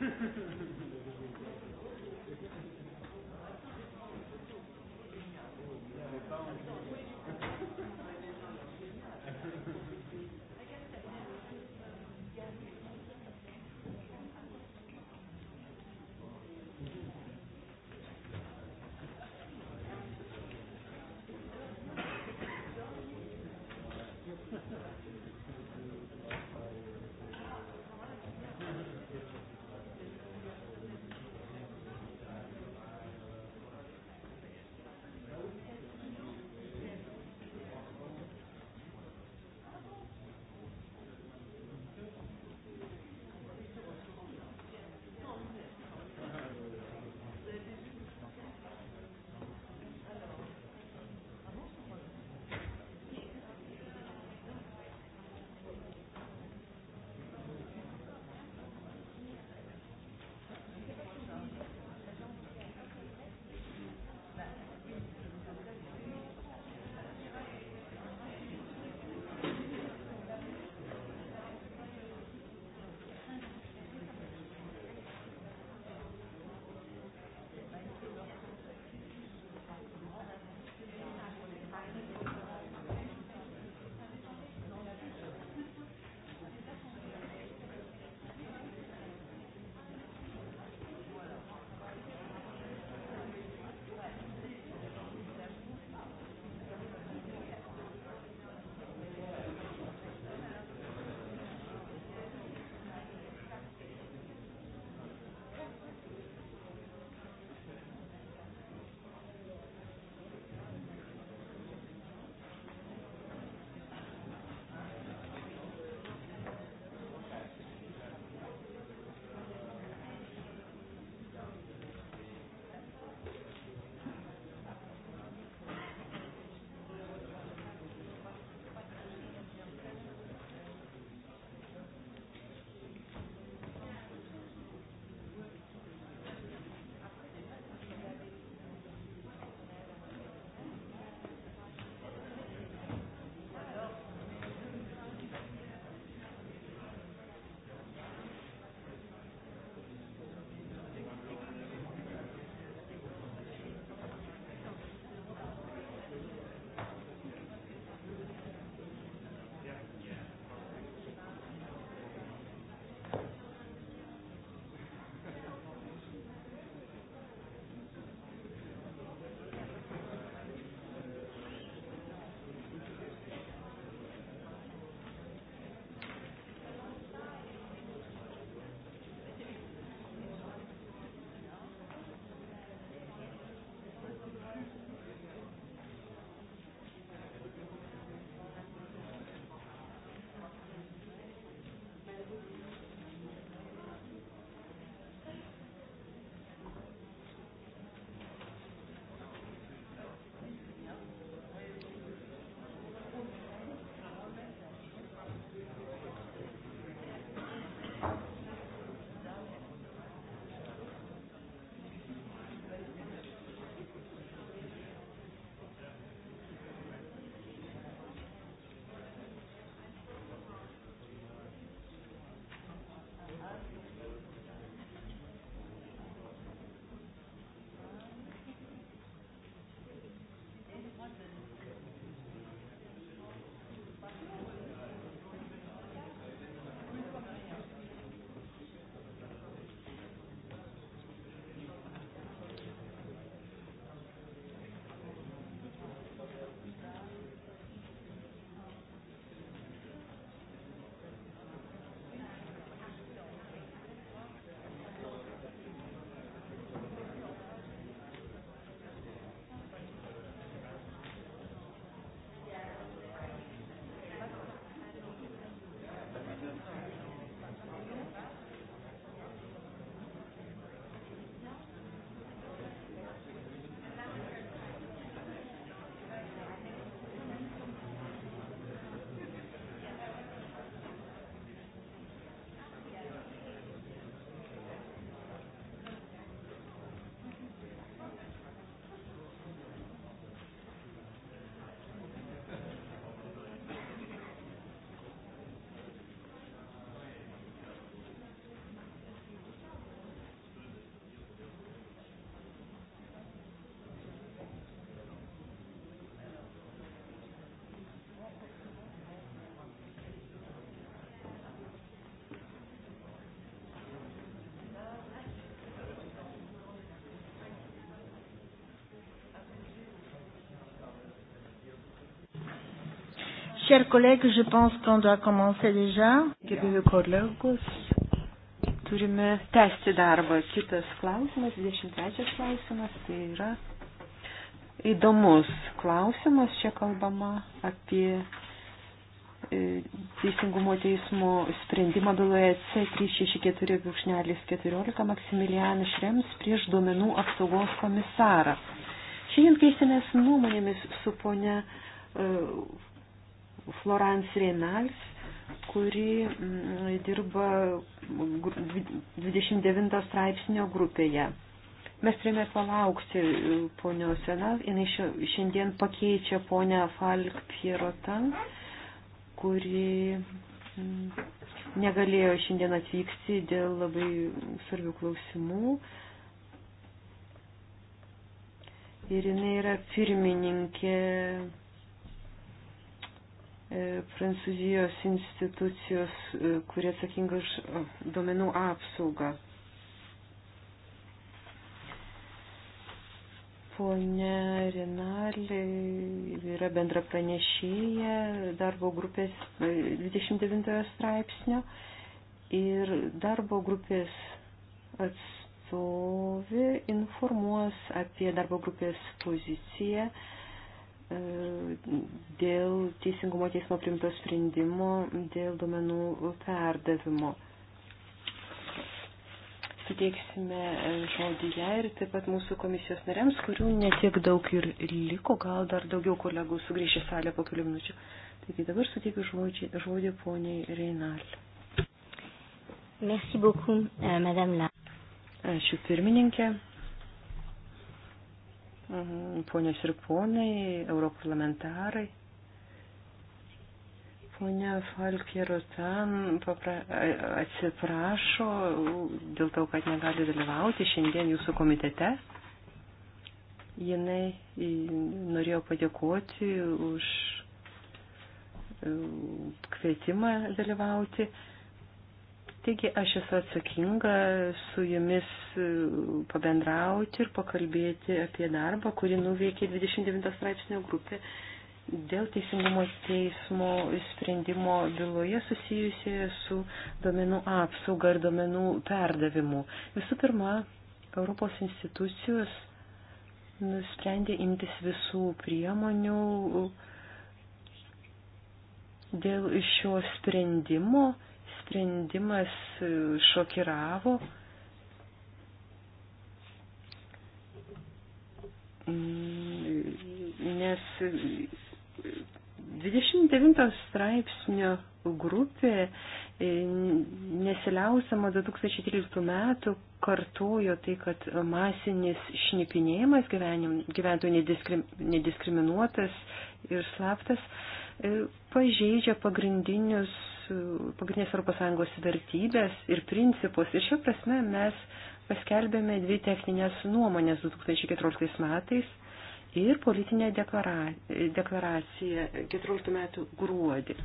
Thank you. Chers collègues, je pense qu'on doit commencer déjà. Gerbėjų kolegos, turime tęsti darbą. Kitas klausimas, 23 klausimas, tai yra įdomus klausimas. Čia kalbama apie e, Teisingumo teismo sprendimą byloje C364-14 Maksimilianas Šrems prieš duomenų apsaugos komisarą. Šiandien keisimės nuomonėmis su ponia e, Florence Renals, kuri mm, dirba 29 straipsnio grupėje. Mes turime palaukti e, ponios Renal, jinai šiandien pakeičia ponę Falk Pierotan, kuri mm, negalėjo šiandien atvykti dėl labai svarbių klausimų. Ir jinai yra pirmininkė E, Prancūzijos institucijos, e, kurie atsakinga už e, domenų apsaugą. Pone Rinalė yra bendra pranešėja darbo grupės 29 straipsnio ir darbo grupės atstovė informuos apie darbo grupės poziciją E, dėl teisingumo teismo primto sprendimo dėl duomenų perdavimo. Suteiksime e, žodį ją ir taip pat mūsų komisijos nariams, kurių netiek daug ir liko, gal dar daugiau kolegų sugrįžė salę po kelių minučių. Taigi dabar suteikiu žodį, žodį poniai Reinal. Merci beaucoup, euh, madame la. Ačiū pirmininkė ponios ir ponai, europarlamentarai. Pone Falkirotan atsiprašo dėl to, kad negali dalyvauti šiandien jūsų komitete. Jinai norėjo padėkoti už e, kvietimą dalyvauti. Taigi aš esu atsakinga su jumis e, pabendrauti ir pakalbėti apie darbą, kurį nuveikė 29 straipsnio grupė dėl teisingumo teismo sprendimo byloje susijusioje su domenų apsauga ir domenų perdavimu. Visų pirma, Europos institucijos nusprendė imtis visų priemonių dėl šio sprendimo sprendimas e, šokiravo. Mm, nes 29 straipsnio grupė e, nesiliausama 2013 metų kartojo tai, kad masinis šnipinėjimas gyventojų nediskriminuotas ir slaptas e, pažeidžia pagrindinius pagrindinės ES vertybės ir principus. Ir šia prasme mes paskelbėme dvi techninės nuomonės 2014 metais ir politinę deklara, deklaraciją 14 metų gruodį.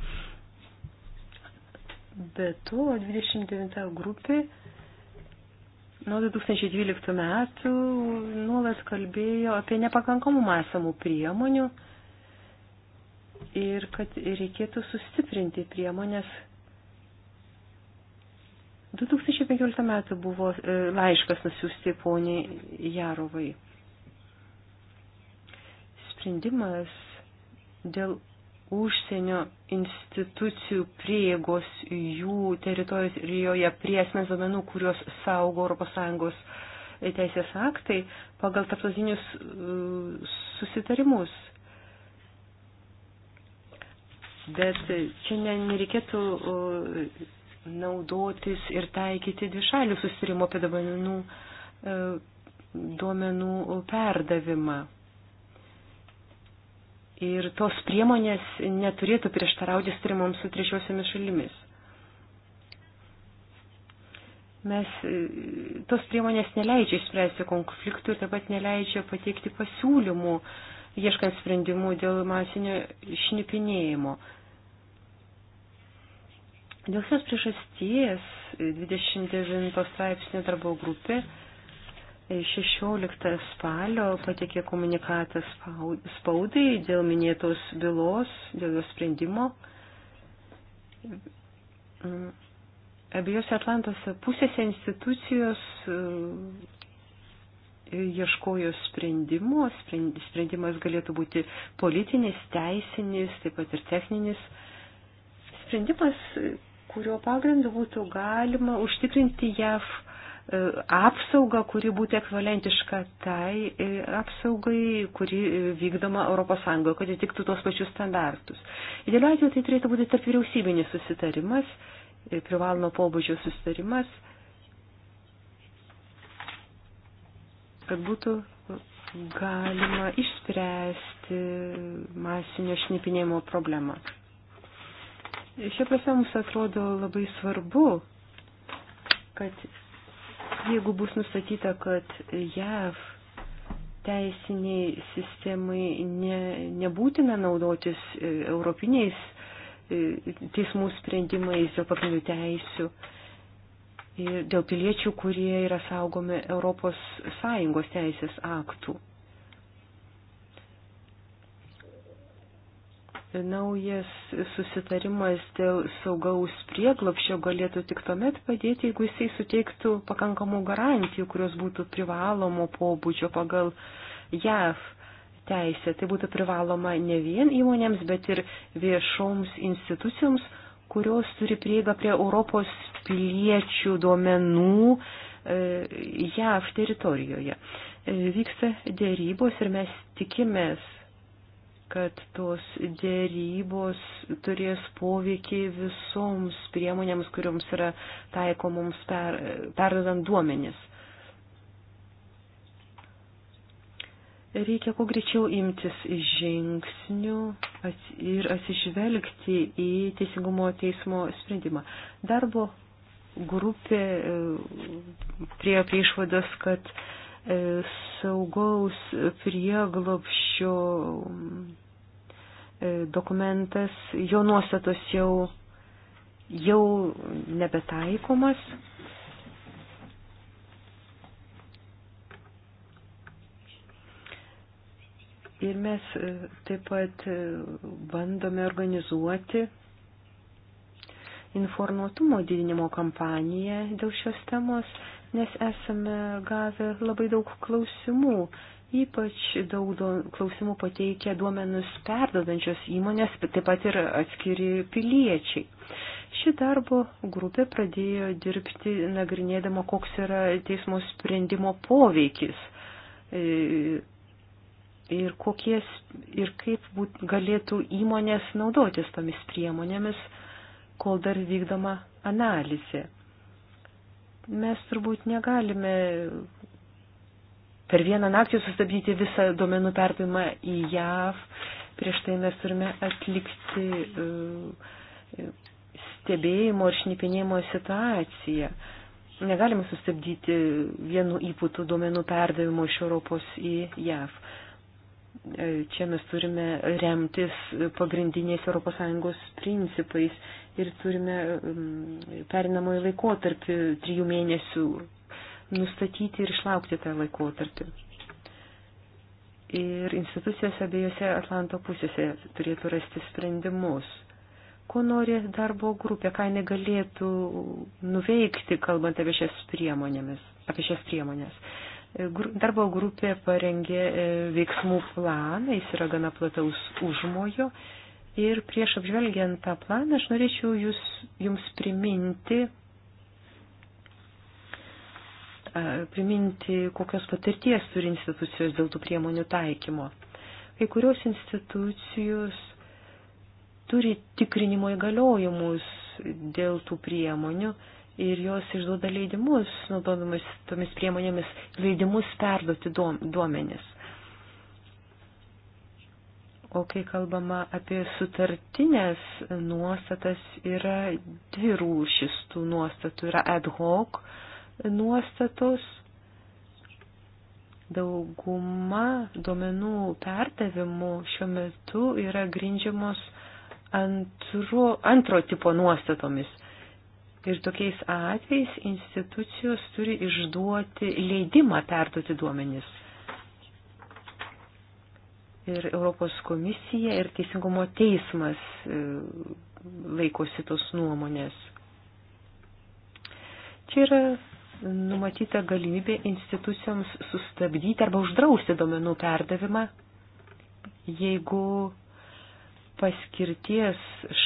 Be to, 29 grupė nuo 2012 metų nuolat kalbėjo apie nepakankamumą esamų priemonių ir kad reikėtų sustiprinti priemonės. 2015 metų buvo e, laiškas nusiųsti poniai Jarovai. Sprendimas dėl užsienio institucijų prieigos jų teritorijoje prie asmens domenų, kuriuos saugo ES e, teisės aktai pagal tarptautinius e, susitarimus bet čia nereikėtų uh, naudotis ir taikyti dvišalių susirimo apie duomenų, uh, duomenų perdavimą. Ir tos priemonės neturėtų prieštarauti strimoms su trečiosiomis šalimis. Mes uh, tos priemonės neleidžia išspręsti konfliktų ir taip pat neleidžia pateikti pasiūlymų, ieškant sprendimų dėl masinio šnipinėjimo. Dėl šios priežasties 29 straipsnio darbo grupė 16 e, spalio patikė komunikatą spaudai dėl minėtos bylos, dėl jos sprendimo. Mm, abiejose Atlantose pusėse institucijos e, ieškojo sprendimo, sprendimas galėtų būti politinis, teisinis, taip pat ir techninis. Sprendimas kurio pagrindu būtų galima užtikrinti JAV e, apsaugą, kuri būtų ekvalentiška tai e, apsaugai, kuri e, vykdoma ES, kad atitiktų tos pačius standartus. Idealiu atveju tai turėtų būti tarp vyriausybinis susitarimas, privalomo pobūdžio susitarimas, kad būtų galima išspręsti masinio šnipinėjimo problemą. Šia prasme tai mums atrodo labai svarbu, kad jeigu bus nustatyta, kad JAV teisiniai sistemai ne, nebūtina naudotis e, europiniais e, teismų sprendimais dėl pagrindinių teisių ir dėl piliečių, kurie yra saugomi Europos Sąjungos teisės aktų. Naujas susitarimas dėl saugaus prieglopščio galėtų tik tuomet padėti, jeigu jisai suteiktų pakankamų garantijų, kurios būtų privalomo pobūdžio pagal JAV teisę. Tai būtų privaloma ne vien įmonėms, bet ir viešoms institucijoms, kurios turi prieigą prie Europos piliečių duomenų e, JAV teritorijoje. E, vyksta dėrybos ir mes tikimės kad tos dėrybos turės poveikį visoms priemonėms, kuriuoms yra taikomoms per, perdodant duomenis. Reikia kuo greičiau imtis žingsnių ir atsižvelgti į Teisingumo teismo sprendimą. Darbo grupė prie, e, prie išvados, kad E, saugaus prieglopščio e, dokumentas, jo nuostatos jau, jau nebetaikomas. Ir mes e, taip pat bandome organizuoti informuotumo didinimo kampaniją dėl šios temos nes esame gavę labai daug klausimų. Ypač daug klausimų pateikia duomenus perdodančios įmonės, taip pat ir atskiri piliečiai. Ši darbo grupė pradėjo dirbti nagrinėdama, koks yra teismo sprendimo poveikis e, ir, kokies, ir kaip būt, galėtų įmonės naudotis tomis priemonėmis, kol dar vykdoma analizė. Mes turbūt negalime per vieną naktį sustabdyti visą duomenų perdavimą į JAV. Prieš tai mes turime atlikti e, stebėjimo ir šnipinėjimo situaciją. Negalime sustabdyti vienu įputų duomenų perdavimo iš Europos į JAV. E, čia mes turime remtis pagrindiniais ES principais ir turime um, perinamojo laikotarpį trijų mėnesių nustatyti ir išlaukti tą laikotarpį. Ir institucijos abiejose Atlanto pusėse turėtų rasti sprendimus. Ko nori darbo grupė, ką negalėtų nuveikti, kalbant apie šias, apie šias priemonės. Darbo grupė parengė e, veiksmų planą, jis yra gana plataus užmojo Ir prieš apžvelgiant tą planą, aš norėčiau jūs, jums priminti, priminti, kokios patirties turi institucijos dėl tų priemonių taikymo. Kai kurios institucijos turi tikrinimo įgaliojimus dėl tų priemonių ir jos išduoda leidimus, naudodamas tomis priemonėmis, leidimus perduoti duomenis. O kai kalbama apie sutartinės nuostatas, yra dvi rūšis tų nuostatų. Yra ad hoc nuostatos. Dauguma duomenų perdavimų šiuo metu yra grindžiamos antro, antro tipo nuostatomis. Ir tokiais atvejais institucijos turi išduoti leidimą perduoti duomenis ir Europos komisija ir Teisingumo teismas e, laikosi tos nuomonės. Čia yra numatyta galimybė institucijoms sustabdyti arba uždrausti domenų perdavimą, jeigu paskirties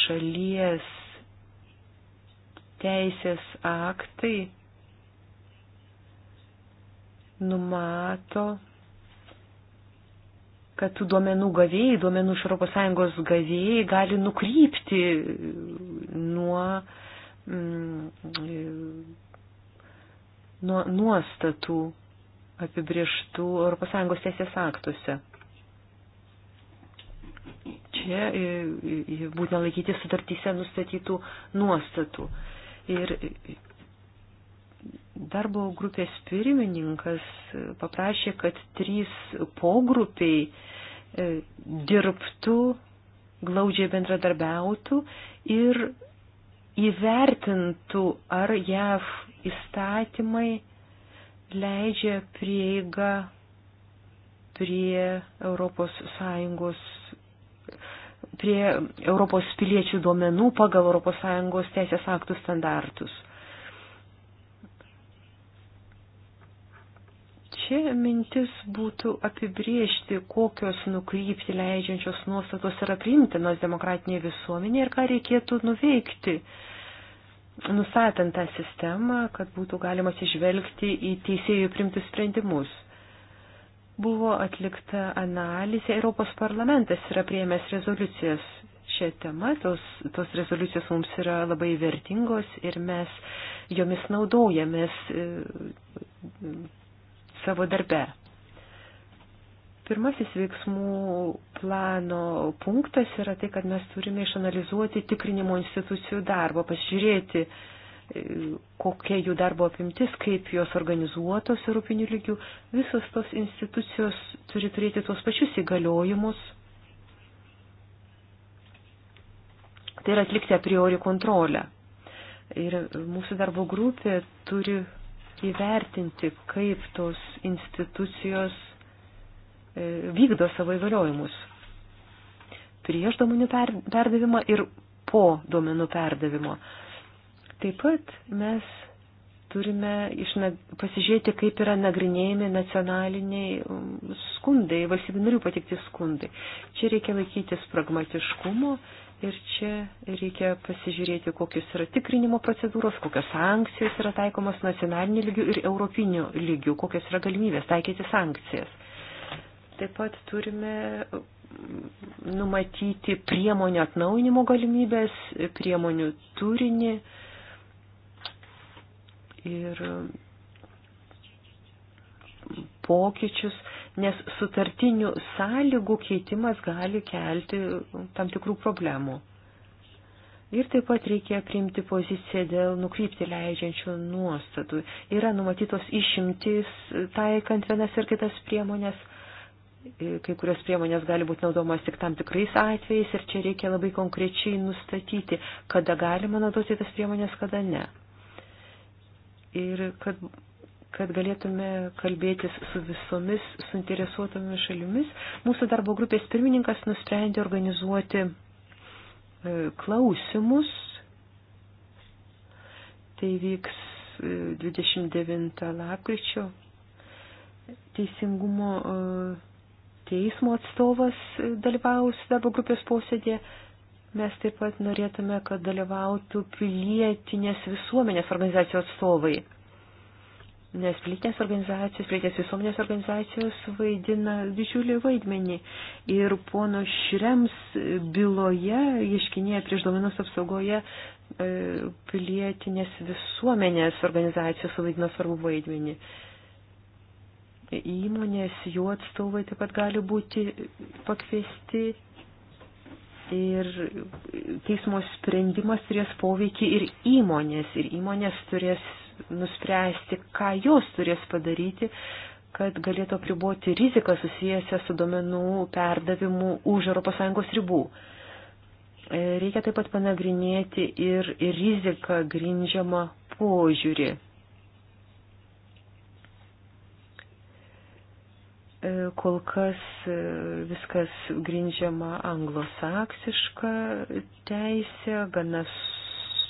šalies teisės aktai numato kad tų duomenų gavėjai, duomenų iš ES gavėjai gali nukrypti nuo, mm, nuo nuostatų apibrieštų ES teisės aktuose. Čia e, e, būtina laikyti sutartyse nustatytų nuostatų. Ir darbo grupės pirmininkas paprašė, kad trys pogrupiai e, dirbtų, glaudžiai bendradarbiautų ir įvertintų, ar JAV įstatymai leidžia prieigą prie Europos Sąjungos prie Europos piliečių duomenų pagal ES teisės aktų standartus. Čia mintis būtų apibriežti, kokios nukrypti leidžiančios nuostatos yra priimtinos demokratinėje visuomenėje ir ką reikėtų nuveikti, nusatant tą sistemą, kad būtų galima atsižvelgti į teisėjų primtus sprendimus. Buvo atlikta analizė, Europos parlamentas yra prieimęs rezoliucijas šią temą, tos, tos rezoliucijos mums yra labai vertingos ir mes jomis naudojamės savo darbe. Pirmasis veiksmų plano punktas yra tai, kad mes turime išanalizuoti tikrinimo institucijų darbą, pasižiūrėti, e, kokia jų darbo apimtis, kaip jos organizuotos europinių lygių. Visos tos institucijos turi turėti tuos pačius įgaliojimus. Tai yra atlikti a priori kontrolę. Ir mūsų darbo grupė turi įvertinti, kaip tos institucijos e, vykdo savo įgaliojimus prieš duomenų perdavimą ir po duomenų perdavimo. Taip pat mes turime išnag... pasižiūrėti, kaip yra nagrinėjami nacionaliniai um, skundai, valstybių narių patikti skundai. Čia reikia laikytis pragmatiškumo Ir čia reikia pasižiūrėti, kokius yra tikrinimo procedūros, kokios sankcijos yra taikomos nacionaliniu lygiu ir europiniu lygiu, kokios yra galimybės taikyti sankcijas. Taip pat turime mm, numatyti priemonių atnaujinimo galimybės, priemonių turinį ir pokyčius nes sutartinių sąlygų keitimas gali kelti tam tikrų problemų. Ir taip pat reikia priimti poziciją dėl nukrypti leidžiančių nuostatų. Yra numatytos išimtis taikant vienas ir kitas priemonės. Kai kurios priemonės gali būti naudomas tik tam tikrais atvejais ir čia reikia labai konkrečiai nustatyti, kada galima naudoti tas priemonės, kada ne. Ir kad kad galėtume kalbėtis su visomis suinteresuotomis šalimis, mūsų darbo grupės pirmininkas nusprendė organizuoti e, klausimus. Tai vyks 29 e, lapkričio. Teisingumo e, teismo atstovas dalyvaus darbo grupės posėdėje. Mes taip pat norėtume, kad dalyvautų pilietinės visuomenės organizacijos atstovai nes plytinės organizacijos, plytinės visuomenės organizacijos vaidina didžiulį vaidmenį. Ir pono Šrems byloje, ieškinėje prieš domenos apsaugoje, e, pilietinės visuomenės organizacijos vaidina svarbu vaidmenį. Įmonės, jų atstovai taip pat gali būti pakviesti ir teismo sprendimas turės poveikį ir įmonės, ir įmonės turės nuspręsti, ką jos turės padaryti, kad galėtų apriboti riziką susijęsią su domenų perdavimu už ES ribų. E, reikia taip pat panagrinėti ir riziką grindžiamą požiūrį. E, kol kas e, viskas grindžiama anglosaksiška teisė, gana,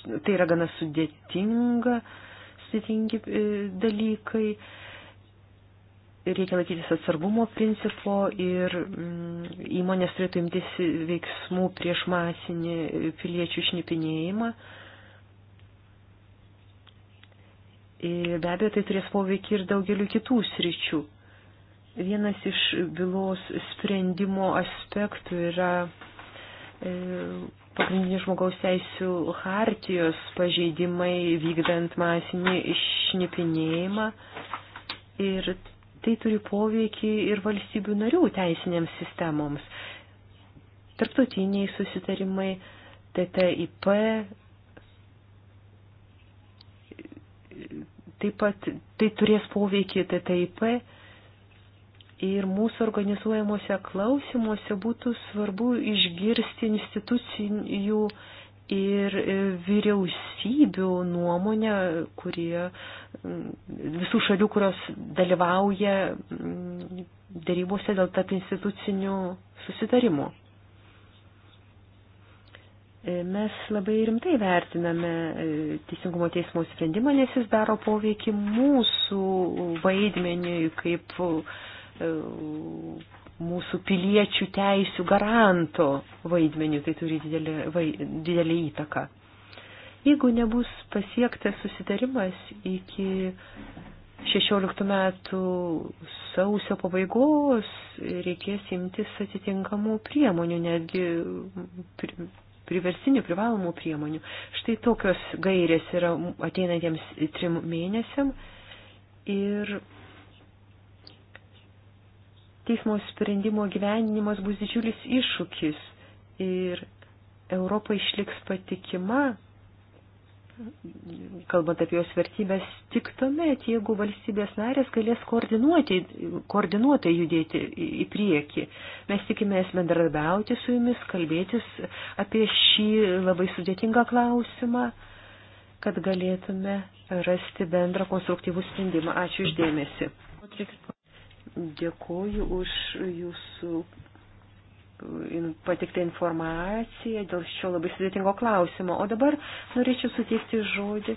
tai yra gana sudėtinga sudėtingi e, dalykai. Reikia laikytis atsargumo principo ir mm, įmonės turėtų imtis veiksmų prieš masinį piliečių šnipinėjimą. Ir be abejo, tai turės poveikį ir daugeliu kitų sričių. Vienas iš bylos sprendimo aspektų yra e, pagrindinių žmogaus teisų hartijos pažeidimai vykdant masinį išnipinėjimą ir tai turi poveikį ir valstybių narių teisinėms sistemoms. Tarptautiniai susitarimai, TTIP, taip pat tai turės poveikį TTIP Ir mūsų organizuojamuose klausimuose būtų svarbu išgirsti institucijų ir e, vyriausybių nuomonę, kurie mm, visų šalių, kurios dalyvauja mm, darybose dėl tarp institucinių susitarimų. E, mes labai rimtai vertiname e, Teisingumo teismo sprendimą, nes jis daro poveikį mūsų vaidmeniui kaip E, mūsų piliečių teisių garanto vaidmenį, tai turi didelį, vai, didelį įtaką. Jeigu nebus pasiektas susitarimas iki 16 metų sausio pabaigos, reikės imtis atitinkamų priemonių, netgi pri, priversinių privalomų priemonių. Štai tokios gairės yra ateinantiems trim mėnesiam ir teismo sprendimo gyvenimas bus didžiulis iššūkis ir Europa išliks patikima, kalbant apie jos vertybės, tik tuomet, jeigu valstybės narės galės koordinuoti, koordinuotai judėti į priekį. Mes tikimės bendradarbiauti su jumis, kalbėtis apie šį labai sudėtingą klausimą, kad galėtume rasti bendrą konstruktyvų sprendimą. Ačiū išdėmesi. Dėkuoju už jūsų e, patiktą informaciją dėl šio labai sudėtingo klausimo. O dabar norėčiau suteikti žodį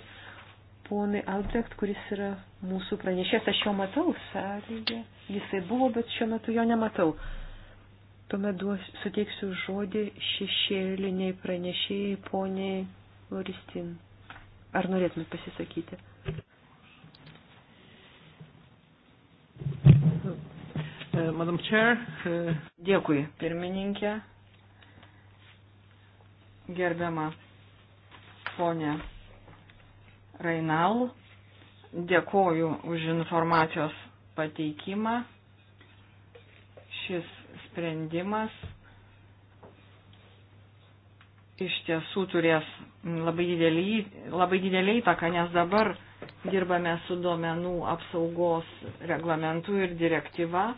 ponui Albrecht, kuris yra mūsų pranešės. Aš jo matau salėje. Jisai buvo, bet šiuo metu jo nematau. Tuomet duos, suteiksiu žodį šešėliniai pranešėjai poniai Loristin. Ar norėtumėt pasisakyti? Uh, Madam Chair. Uh, Dėkui, pirmininkė. Gerbiama ponė Rainal, dėkoju už informacijos pateikimą. Šis sprendimas iš tiesų turės labai didelį, labai didelį įtaką, nes dabar dirbame su duomenų apsaugos reglamentu ir direktyva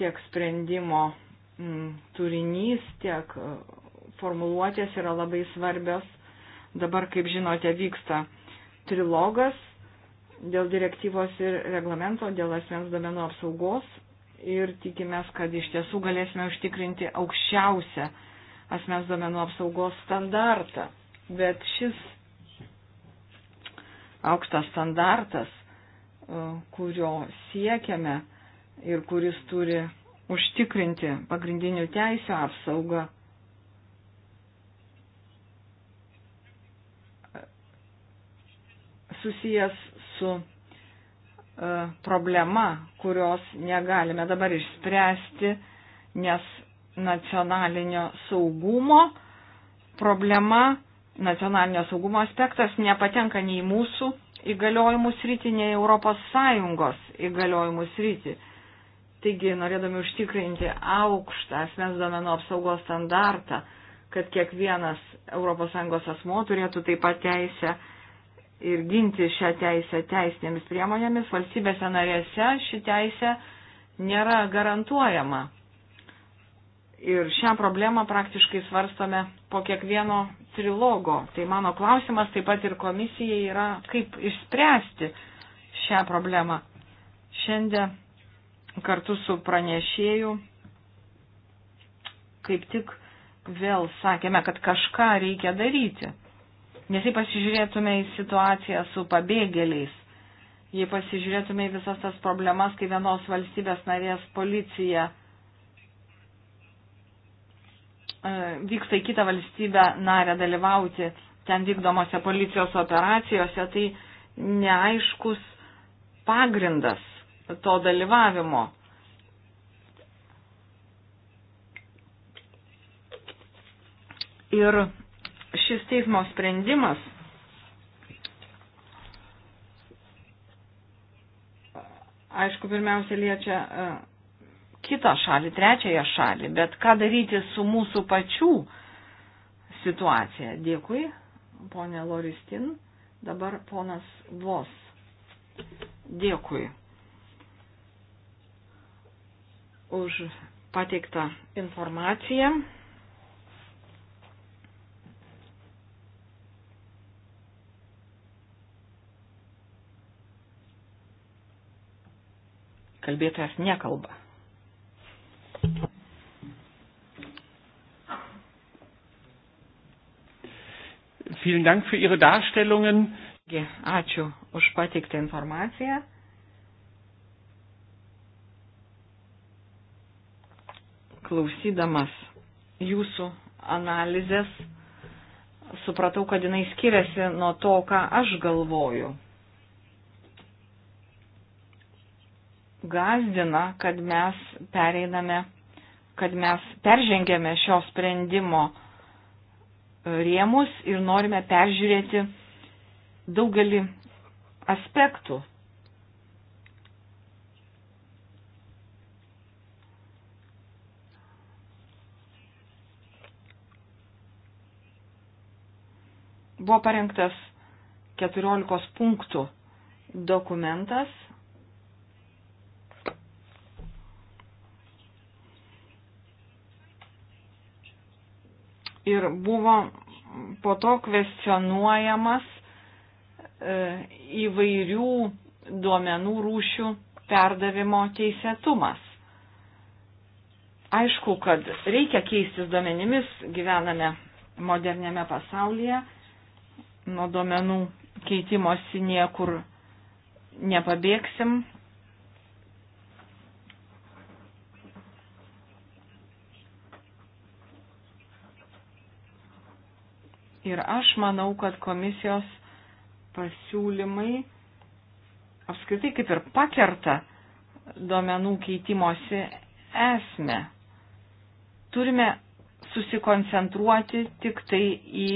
tiek sprendimo m, mm, turinys, tiek e, formuluotės yra labai svarbios. Dabar, kaip žinote, vyksta trilogas dėl direktyvos ir reglamento, dėl asmens domenų apsaugos ir tikimės, kad iš tiesų galėsime užtikrinti aukščiausią asmens domenų apsaugos standartą. Bet šis aukštas standartas, e, kurio siekiame, ir kuris turi užtikrinti pagrindinių teisų apsaugą. susijęs su e, problema, kurios negalime dabar išspręsti, nes nacionalinio saugumo problema, nacionalinio saugumo aspektas nepatenka nei mūsų įgaliojimų sritį, nei Europos Sąjungos įgaliojimų sritį. Taigi, norėdami užtikrinti aukštą asmens domenų apsaugos standartą, kad kiekvienas ES asmo turėtų taip pat teisę ir ginti šią teisę teisinėmis priemonėmis, valstybėse narėse ši teisė nėra garantuojama. Ir šią problemą praktiškai svarstome po kiekvieno trilogo. Tai mano klausimas taip pat ir komisijai yra, kaip išspręsti šią problemą. Šiandien kartu su pranešėju kaip tik vėl sakėme, kad kažką reikia daryti. Nes jei pasižiūrėtume į situaciją su pabėgėliais, jei pasižiūrėtume į visas tas problemas, kai vienos valstybės narės policija e, vyksta į kitą valstybę narę dalyvauti ten vykdomose policijos operacijose, tai neaiškus pagrindas to dalyvavimo. Ir šis teismo sprendimas aišku, pirmiausia liečia uh, kitą šalį, trečiąją šalį, bet ką daryti su mūsų pačių situacija? Dėkui, ponė Loristin, dabar ponas Vos. Dėkui. už pateiktą informaciją. Kalbėtojas nekalba. Vielen Dank für Ihre Darstellungen. Ačiū už pateiktą informaciją. klausydamas jūsų analizės, supratau, kad jinai skiriasi nuo to, ką aš galvoju. Gazdina, kad mes pereiname, kad mes peržengėme šio sprendimo rėmus ir norime peržiūrėti daugelį aspektų. Buvo parengtas 14 punktų dokumentas. Ir buvo po to kvestionuojamas e, įvairių duomenų rūšių perdavimo teisėtumas. Aišku, kad reikia keistis duomenimis, gyvename modernėme pasaulyje nuo duomenų keitimosi niekur nepabėgsim. Ir aš manau, kad komisijos pasiūlymai apskritai kaip ir pakerta duomenų keitimosi esmę. Turime susikoncentruoti tik tai į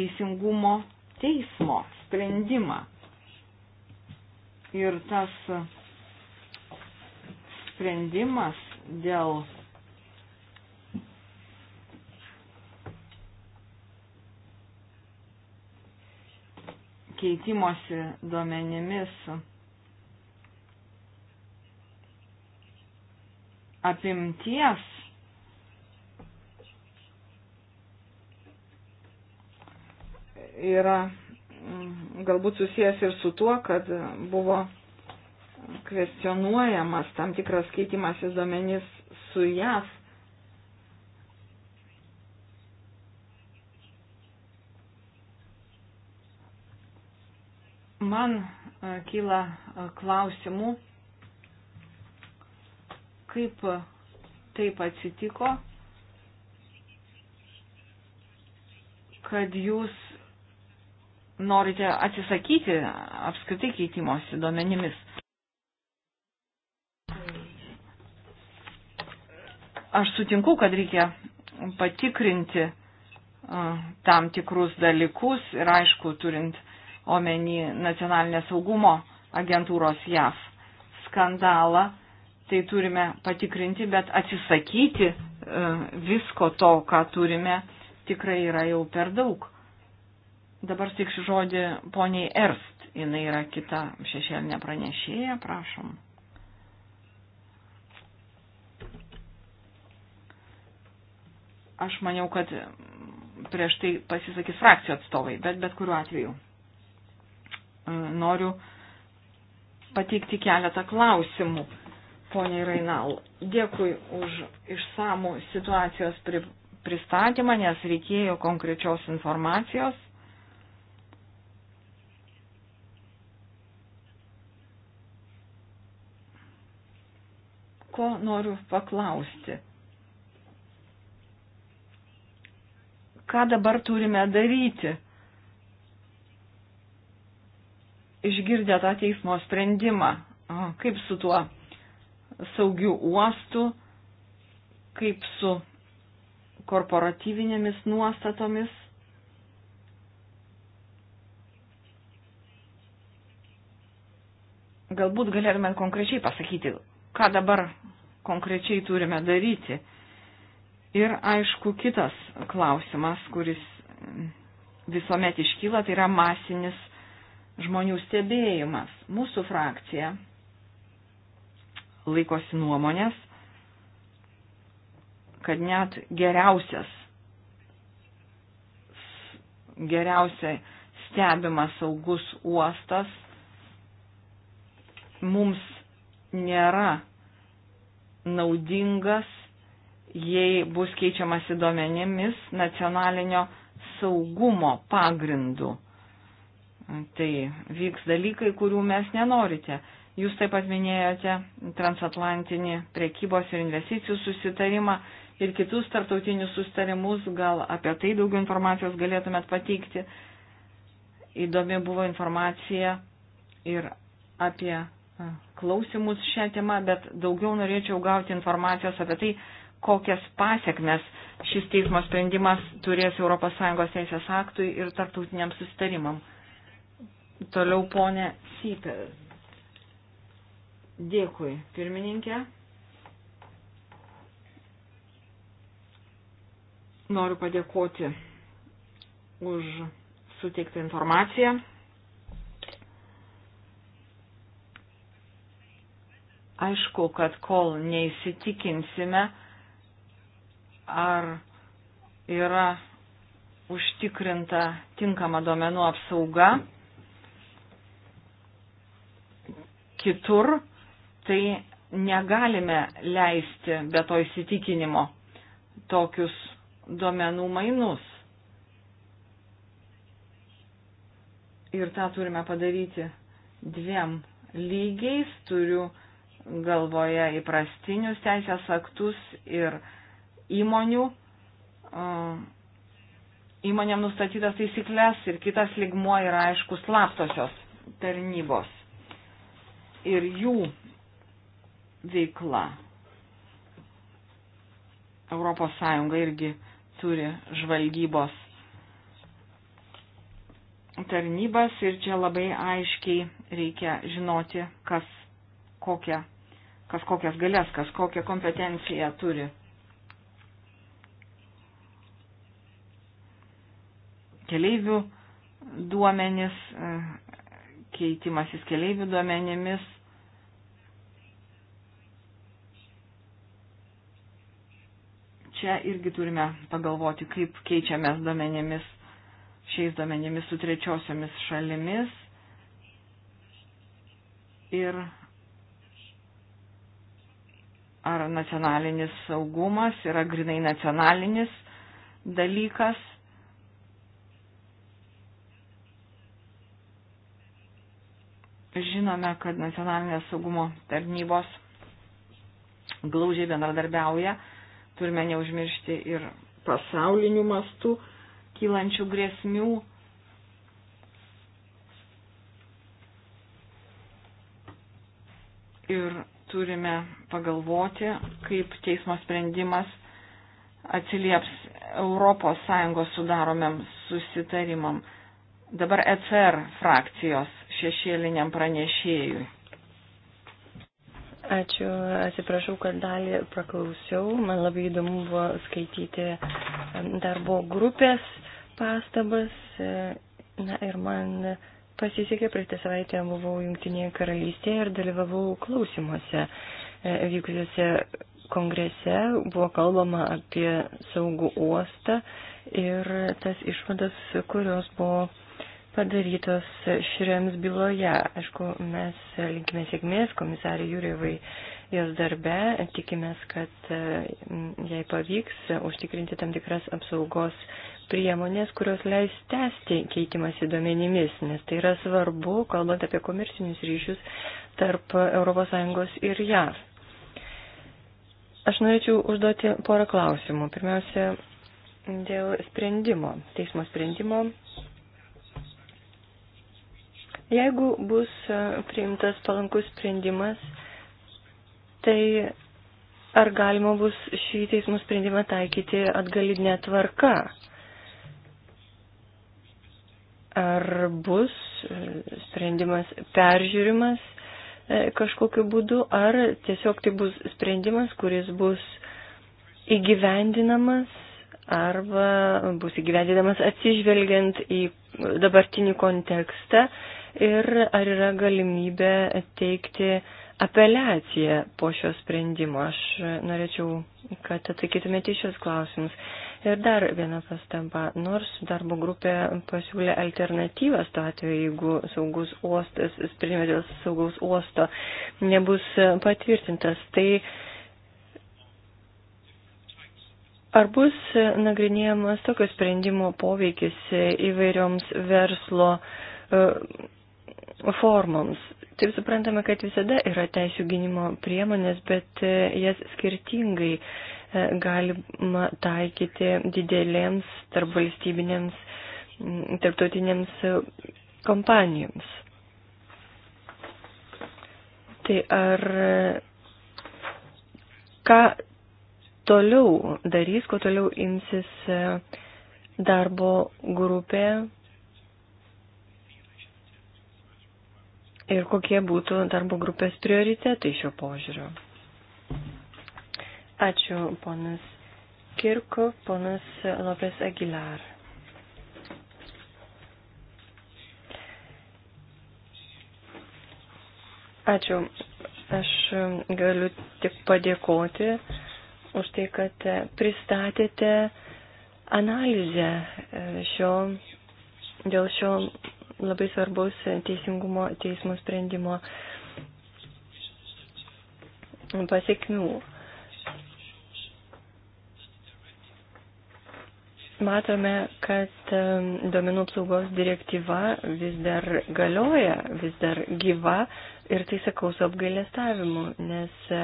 teisingumo teismo sprendimą. Ir tas sprendimas dėl keitimosi duomenimis apimties yra mm, galbūt susijęs ir su tuo, kad buvo kvestionuojamas tam tikras keitimasis duomenys su JAV. Man e, kyla e, klausimų, kaip taip atsitiko, kad jūs norite atsisakyti apskritai keitimosi duomenimis. Aš sutinku, kad reikia patikrinti uh, tam tikrus dalykus ir aišku, turint omeny nacionalinės saugumo agentūros JAF skandalą, tai turime patikrinti, bet atsisakyti uh, visko to, ką turime, tikrai yra jau per daug. Dabar tik žodį poniai Erst, jinai yra kita šešėlinė pranešėja, prašom. Aš maniau, kad prieš tai pasisakys frakcijų atstovai, bet bet kuriuo atveju e, noriu pateikti keletą klausimų, poniai Rainal. Dėkui už išsamų situacijos pristatymą, nes reikėjo konkrečios informacijos ko noriu paklausti. Ką dabar turime daryti? Išgirdę tą teismo sprendimą, kaip su tuo saugiu uostu, kaip su korporatyvinėmis nuostatomis. Galbūt galėtumėt konkrečiai pasakyti, ką dabar konkrečiai turime daryti. Ir aišku, kitas klausimas, kuris visuomet iškyla, tai yra masinis žmonių stebėjimas. Mūsų frakcija laikosi nuomonės, kad net geriausias, geriausiai stebimas saugus uostas mums nėra naudingas, jei bus keičiamasi duomenimis nacionalinio saugumo pagrindu. Tai vyks dalykai, kurių mes nenorite. Jūs taip pat minėjote transatlantinį prekybos ir investicijų susitarimą ir kitus tartautinius susitarimus, gal apie tai daugiau informacijos galėtumėt pateikti. Įdomi buvo informacija ir apie klausimus šią temą, bet daugiau norėčiau gauti informacijos apie tai, kokias pasiekmes šis teismo sprendimas turės ES teisės aktui ir tarptautiniam sustarimam. Toliau ponė Sipel. Dėkui, pirmininkė. Noriu padėkoti už suteiktą informaciją. Aišku, kad kol neįsitikinsime, ar yra užtikrinta tinkama duomenų apsauga kitur, tai negalime leisti be to įsitikinimo tokius duomenų mainus. Ir tą turime padaryti dviem lygiais. Turiu galvoje įprastinius teisės aktus ir įmonių, įmonėm nustatytas taisyklės ir kitas ligmuo yra aišku slaptosios tarnybos ir jų veikla. Europos Sąjunga irgi turi žvalgybos tarnybas ir čia labai aiškiai reikia žinoti, kas kokią kažkokias galės, kažkokią kompetenciją turi. Keleivių duomenis, keitimasis keleivių duomenimis. Čia irgi turime pagalvoti, kaip keičiamės duomenimis, šiais duomenimis su trečiosiomis šalimis. Ir ar nacionalinis saugumas yra grinai nacionalinis dalykas. Žinome, kad nacionalinės saugumo tarnybos glaužiai bendradarbiauja, turime neužmiršti ir pasaulinių mastų kylančių grėsmių. Ir turime pagalvoti, kaip teismo sprendimas atsilieps ES sudaromiam susitarimam. Dabar ECR frakcijos šešėliniam pranešėjui. Ačiū, atsiprašau, kad dalį praklausiau. Man labai įdomu buvo skaityti darbo grupės pastabas. E, na ir man pasisekė, praeitą savaitę buvau Junktinėje karalystėje ir dalyvavau klausimuose e, vykusiuose kongrese, buvo kalbama apie saugų uostą ir tas išvadas, kurios buvo padarytos širiams byloje. Aišku, mes linkime sėkmės komisarė Jūrievai jos darbe, tikimės, kad e, jai pavyks užtikrinti tam tikras apsaugos priemonės, kurios leis tęsti keitimąsi duomenimis, nes tai yra svarbu, kalbant apie komercinius ryšius tarp ES ir JAV. Aš norėčiau užduoti porą klausimų. Pirmiausia, dėl sprendimo, teismo sprendimo. Jeigu bus e, priimtas palankus sprendimas, tai ar galima bus šį teismų sprendimą taikyti atgalinę tvarką? Ar bus e, sprendimas peržiūrimas e, kažkokiu būdu, ar tiesiog tai bus sprendimas, kuris bus įgyvendinamas arba bus įgyvendinamas atsižvelgiant į dabartinį kontekstą ir ar yra galimybė teikti apeliaciją po šio sprendimo. Aš norėčiau, kad atsakytumėte į šios klausimus. Ir dar viena pastamba. Nors darbo grupė pasiūlė alternatyvą tuo atveju, jeigu saugus uostas, sprendimas dėl saugaus uosto nebus patvirtintas, tai Ar bus nagrinėjamas tokio sprendimo poveikis įvairioms verslo e, formoms? Taip suprantame, kad visada yra teisų gynimo priemonės, bet e, jas skirtingai galima taikyti didelėms tarp valstybinėms, tarptautinėms kompanijoms. Tai ar ką toliau darys, kuo toliau imsis e, darbo grupė ir kokie būtų darbo grupės prioritetai šio požiūrio? Ačiū, ponas Kirko, ponas Lopes Aguilar. Ačiū. Aš galiu tik padėkoti už tai, kad pristatėte analizę šio, dėl šio labai svarbus teisingumo teismo sprendimo pasiekmių. matome, kad domenų apsaugos direktyva vis dar galioja, vis dar gyva ir tai sakau su apgailestavimu, nes e,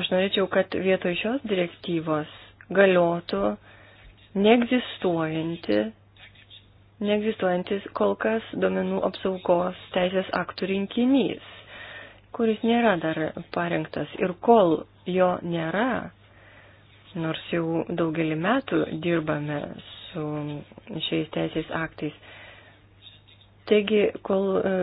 aš norėčiau, kad vietoj šios direktyvos galiotų neegzistuojanti, neegzistuojantis kol kas domenų apsaugos teisės aktų rinkinys kuris nėra dar parengtas. Ir kol jo nėra, nors jau daugelį metų dirbame su šiais teisės aktais, taigi kol e,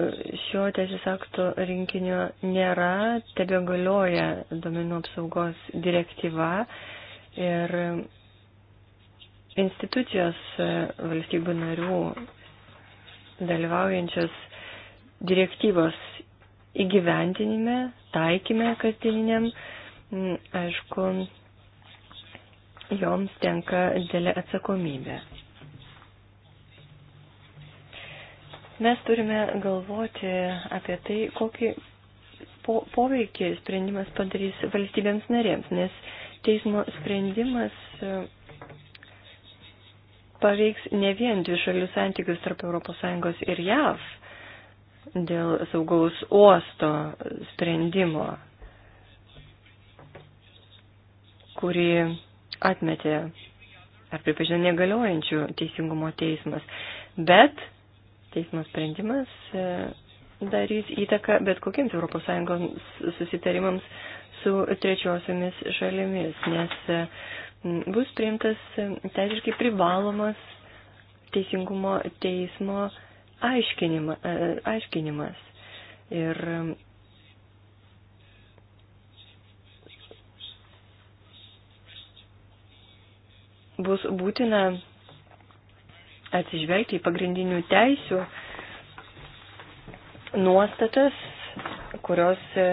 šio teisės akto rinkinio nėra, tebe galioja domenų apsaugos direktyva ir institucijos e, valstybių narių dalyvaujančios direktyvos įgyventinime, taikime kasdieniniam, aišku, joms tenka dėlė atsakomybė. Mes turime galvoti apie tai, kokį po, poveikį sprendimas padarys valstybėms narėms, nes teismo sprendimas e, paveiks ne vien dvišalius santykius tarp ES ir JAV, dėl saugaus uosto sprendimo, kurį atmetė ar pripažino negaliojančių teisingumo teismas. Bet teismo sprendimas e, darys įtaką bet kokiems ES susitarimams su trečiosiomis šalimis, nes e, bus priimtas teisiškai privalomas teisingumo teismo aiškinima, e, aiškinimas. Ir bus būtina atsižvelgti į pagrindinių teisių nuostatas, kurios e,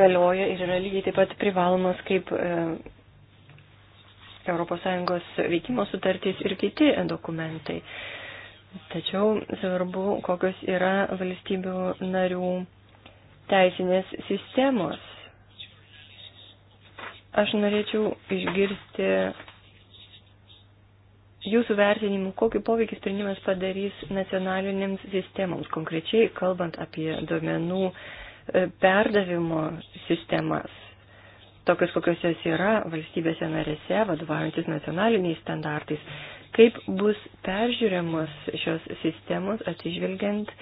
galioja ir yra lygiai taip pat privalomas kaip ES veikimo sutartys ir kiti dokumentai. Tačiau svarbu, kokios yra valstybių narių teisinės sistemos. Aš norėčiau išgirsti jūsų vertinimu, kokį poveikį sprendimas padarys nacionalinėms sistemoms, konkrečiai kalbant apie duomenų e, perdavimo sistemas, tokios kokios jos yra valstybėse narėse, vadovaujantis nacionaliniais standartais kaip bus peržiūriamos šios sistemos atsižvelgiant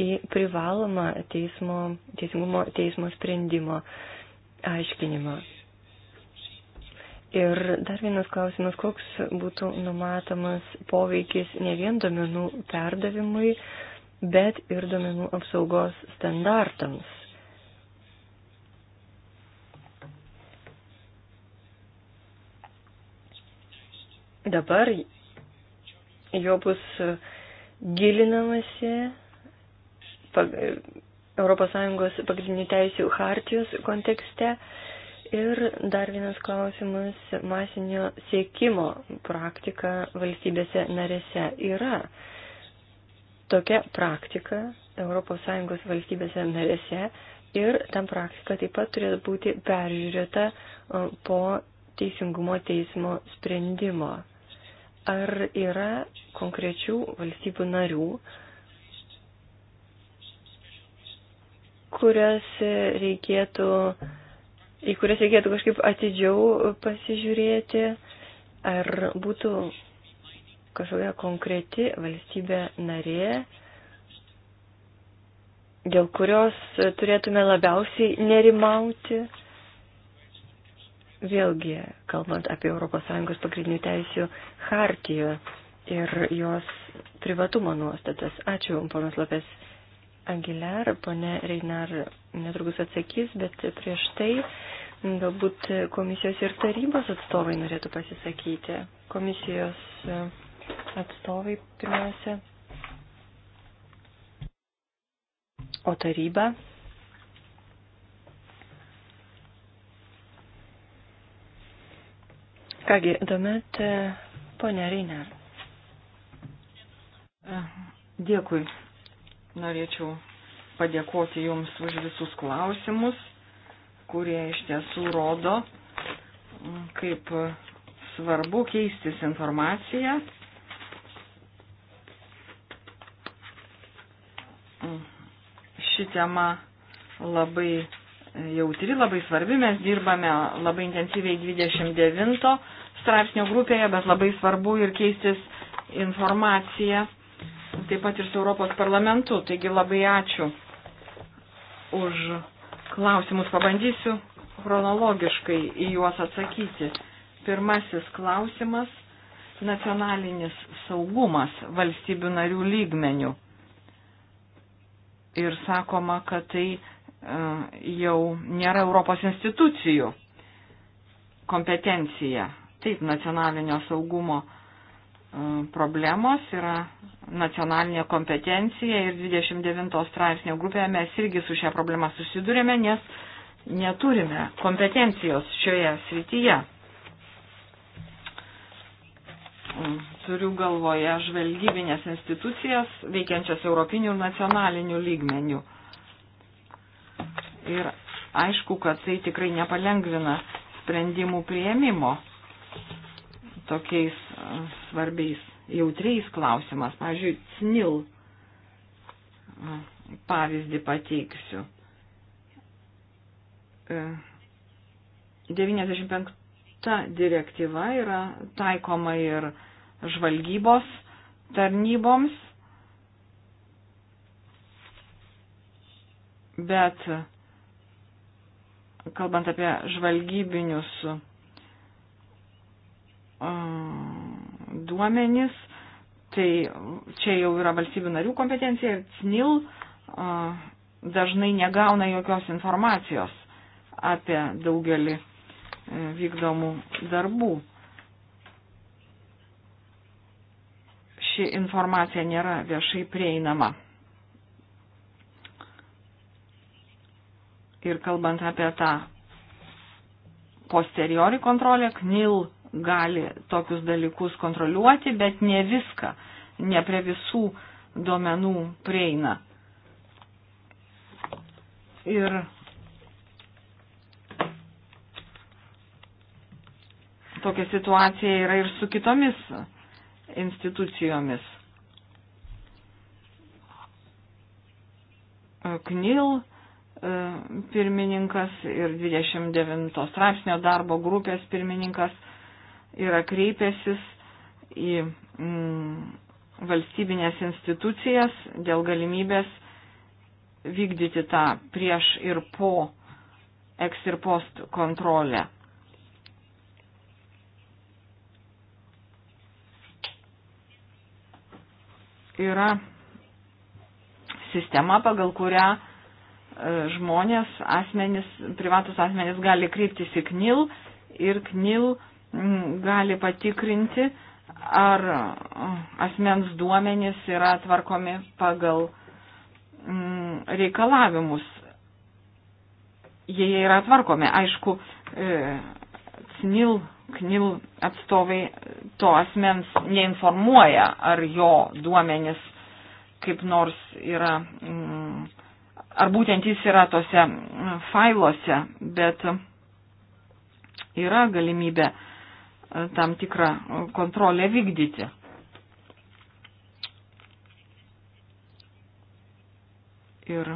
į privalomą teismo, teisingumo teismo sprendimo aiškinimą. Ir dar vienas klausimas, koks būtų numatomas poveikis ne vien domenų perdavimui, bet ir domenų apsaugos standartams. Dabar jo bus e, gilinamasi ES pagrindinių teisių hartijos kontekste. Ir dar vienas klausimas - masinio siekimo praktika valstybėse narėse yra. Tokia praktika ES valstybėse narėse ir tam praktika taip pat turėtų būti peržiūrėta e, po Teisingumo teismo sprendimo. Ar yra konkrečių valstybių narių, kurias reikėtų, į kurias reikėtų kažkaip atidžiau pasižiūrėti, ar būtų kažkokia konkreti valstybė narė, dėl kurios turėtume labiausiai nerimauti. Vėlgi, kalbant apie ES pagrindinių teisių hartiją ir jos privatumo nuostatas. Ačiū, ponas Lopės Aguilar, ponė Reinar netrukus atsakys, bet prieš tai galbūt komisijos ir tarybos atstovai norėtų pasisakyti. Komisijos atstovai pirmiausia. O taryba Kągi, tuomet e, ponia Reiner. E, dėkui. Norėčiau padėkoti Jums už visus klausimus, kurie iš tiesų rodo, kaip svarbu keistis informaciją. Ši tema labai jautri, labai svarbi. Mes dirbame labai intensyviai 29 straipsnio grupėje, bet labai svarbu ir keistis informaciją, taip pat ir su Europos parlamentu. Taigi labai ačiū už klausimus. Pabandysiu chronologiškai į juos atsakyti. Pirmasis klausimas - nacionalinis saugumas valstybių narių lygmenių. Ir sakoma, kad tai e, jau nėra Europos institucijų kompetencija. Taip, nacionalinio saugumo e, problemos yra nacionalinė kompetencija ir 29 straipsnio grupėje mes irgi su šią problemą susidurėme, nes neturime kompetencijos šioje srityje. Mm, turiu galvoje žvalgybinės institucijas veikiančias europinių ir nacionalinių lygmenių. Ir aišku, kad tai tikrai nepalengvina sprendimų prieimimo tokiais svarbiais jautriais klausimas. Pavyzdžiui, SNIL pavyzdį pateiksiu. 95 e, direktyva yra taikoma ir žvalgybos tarnyboms, bet kalbant apie žvalgybinius duomenys, tai čia jau yra valstybių narių kompetencija ir CNIL dažnai negauna jokios informacijos apie daugelį e, vykdomų darbų. Ši informacija nėra viešai prieinama. Ir kalbant apie tą posteriori kontrolę, KNIL gali tokius dalykus kontroliuoti, bet ne viską, ne prie visų duomenų prieina. Ir tokia situacija yra ir su kitomis institucijomis. KNIL e, pirmininkas ir 29 straipsnio darbo grupės pirmininkas yra kreipęsis į mm, valstybinės institucijas dėl galimybės vykdyti tą prieš ir po, eks ir post kontrolę. Yra sistema, pagal kurią e, žmonės, asmenys, privatus asmenys gali kreiptis į KNIL ir KNIL gali patikrinti, ar asmens duomenys yra tvarkomi pagal reikalavimus. Jie yra tvarkomi. Aišku, e, CNIL, CNIL atstovai to asmens neinformuoja, ar jo duomenys kaip nors yra, ar būtent jis yra tose failuose, bet yra galimybė uh, E, tam tikrą e, kontrolę vykdyti. Ir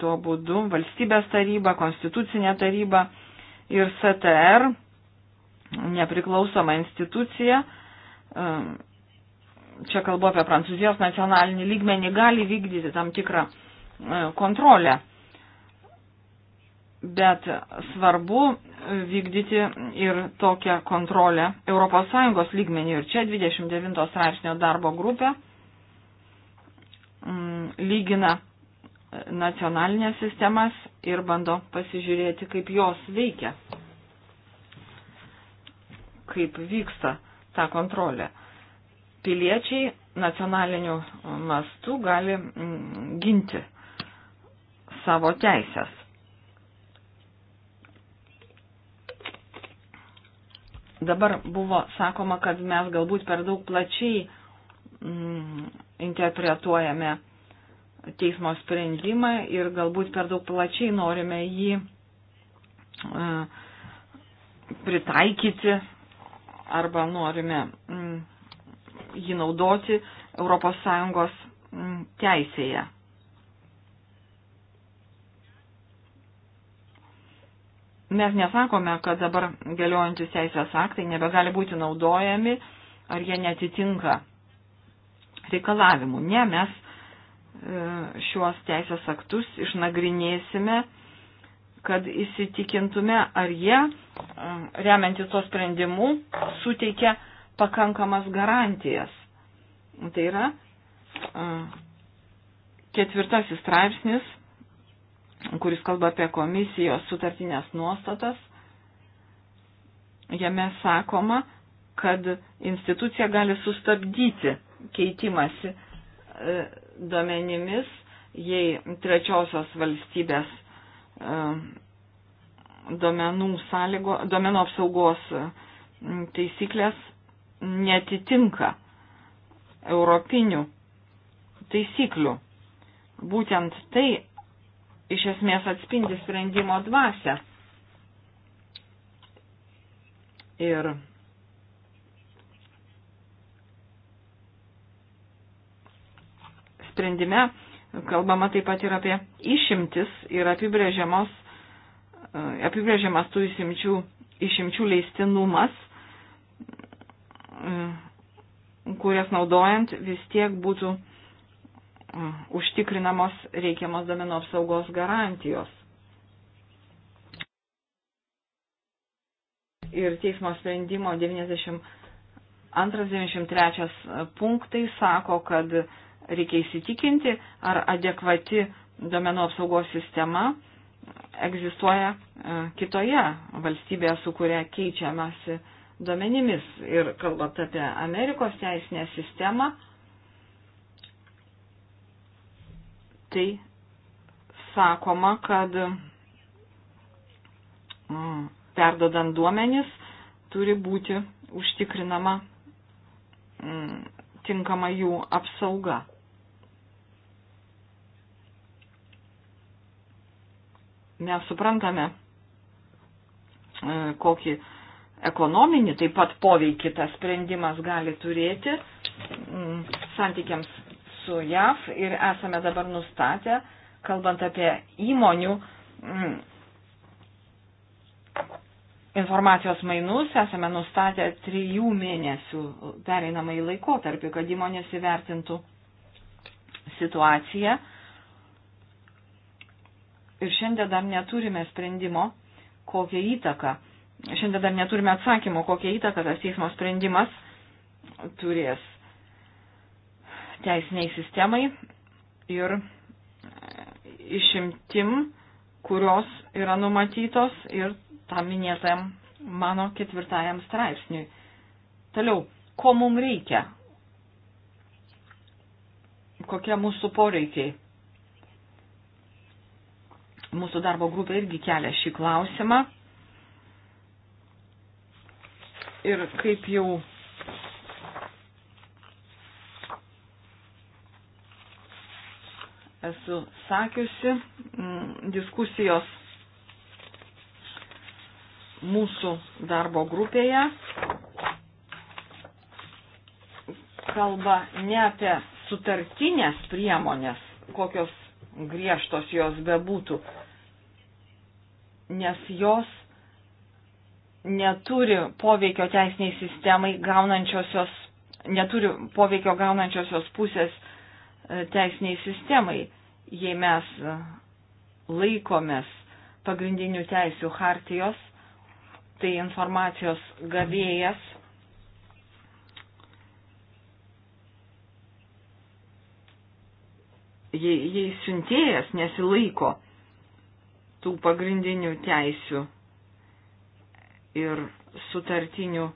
tuo būdu valstybės taryba, konstitucinė taryba ir STR, nepriklausoma institucija, e, čia kalbu apie Prancūzijos nacionalinį lygmenį, gali vykdyti tam tikrą kontrolę bet svarbu vykdyti ir tokią kontrolę ES lygmenių. Ir čia 29 straipsnio darbo grupė mm, lygina nacionalinės sistemas ir bando pasižiūrėti, kaip jos veikia, kaip vyksta ta kontrolė. Piliečiai nacionaliniu mastu gali mm, ginti savo teisės Dabar buvo sakoma, kad mes galbūt per daug plačiai mm, interpretuojame teismo sprendimą ir galbūt per daug plačiai norime jį uh, pritaikyti arba norime mm, jį naudoti ES mm, teisėje. Mes nesakome, kad dabar galiojantis teisės aktai nebegali būti naudojami, ar jie netitinka reikalavimų. Ne, mes e, šiuos teisės aktus išnagrinėsime, kad įsitikintume, ar jie, e, remiantis to sprendimu, suteikia pakankamas garantijas. Tai yra e, ketvirtasis straipsnis kuris kalba apie komisijos sutartinės nuostatas, jame sakoma, kad institucija gali sustabdyti keitimasi e, duomenimis, jei trečiosios valstybės e, duomenų, sąlygo, duomenų apsaugos e, taisyklės netitinka europinių taisyklių. Būtent tai iš esmės atspindi sprendimo dvasę. Ir sprendime kalbama taip pat ir apie išimtis ir apibrėžiamos, e, apibrėžiamas tų išimčių, išimčių leistinumas, e, kurias naudojant vis tiek būtų Mm, užtikrinamos reikiamos domenų apsaugos garantijos. Ir teismo sprendimo 92-93 e, punktai sako, kad reikia įsitikinti, ar adekvati domenų apsaugos sistema egzistuoja e, kitoje valstybėje, su kuria keičiamasi duomenimis. Ir kalbant apie Amerikos teisinę sistemą, tai sakoma, kad mm, perdodant duomenis turi būti užtikrinama mm, tinkama jų apsauga. Mes suprantame, e, kokį ekonominį taip pat poveikį tas sprendimas gali turėti mm, santykiams su JAV ir esame dabar nustatę, kalbant apie įmonių mm, informacijos mainus, esame nustatę trijų mėnesių pereinamąjį laikotarpį, kad įmonės įvertintų situaciją. Ir šiandien dar neturime sprendimo, kokią įtaką. Šiandien dar neturime atsakymo, kokią įtaką tas teismo sprendimas turės teisiniai sistemai ir e, išimtim, kurios yra numatytos ir tam minėtam mano ketvirtajam straipsniui. Toliau, ko mums reikia? Kokie mūsų poreikiai? Mūsų darbo grupė irgi kelia šį klausimą. Ir kaip jau esu sakiusi, mm, diskusijos mūsų darbo grupėje kalba ne apie sutartinės priemonės, kokios griežtos jos bebūtų, nes jos neturi poveikio teisiniai sistemai gaunančiosios, neturi poveikio gaunančiosios pusės E, teisiniai sistemai, jei mes e, laikomės pagrindinių teisių hartijos, tai informacijos gavėjas jei, jei siuntėjas nesilaiko tų pagrindinių teisių ir sutartinių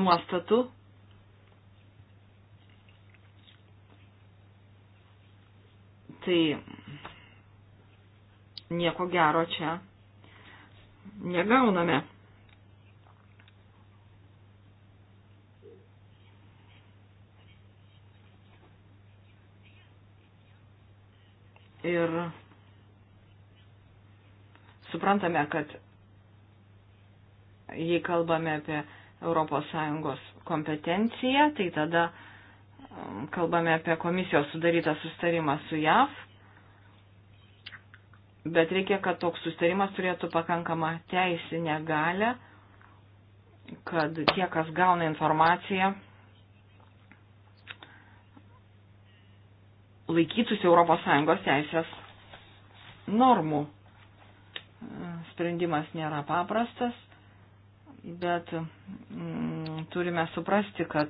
nuostatų, tai nieko gero čia negauname. Ir suprantame, kad jei kalbame apie ES kompetenciją, tai tada kalbame apie komisijos sudarytą sustarimą su JAV, bet reikia, kad toks sustarimas turėtų pakankamą teisinę galę, kad tie, kas gauna informaciją, laikytųsi ES teisės normų. Sprendimas nėra paprastas, bet mm, turime suprasti, kad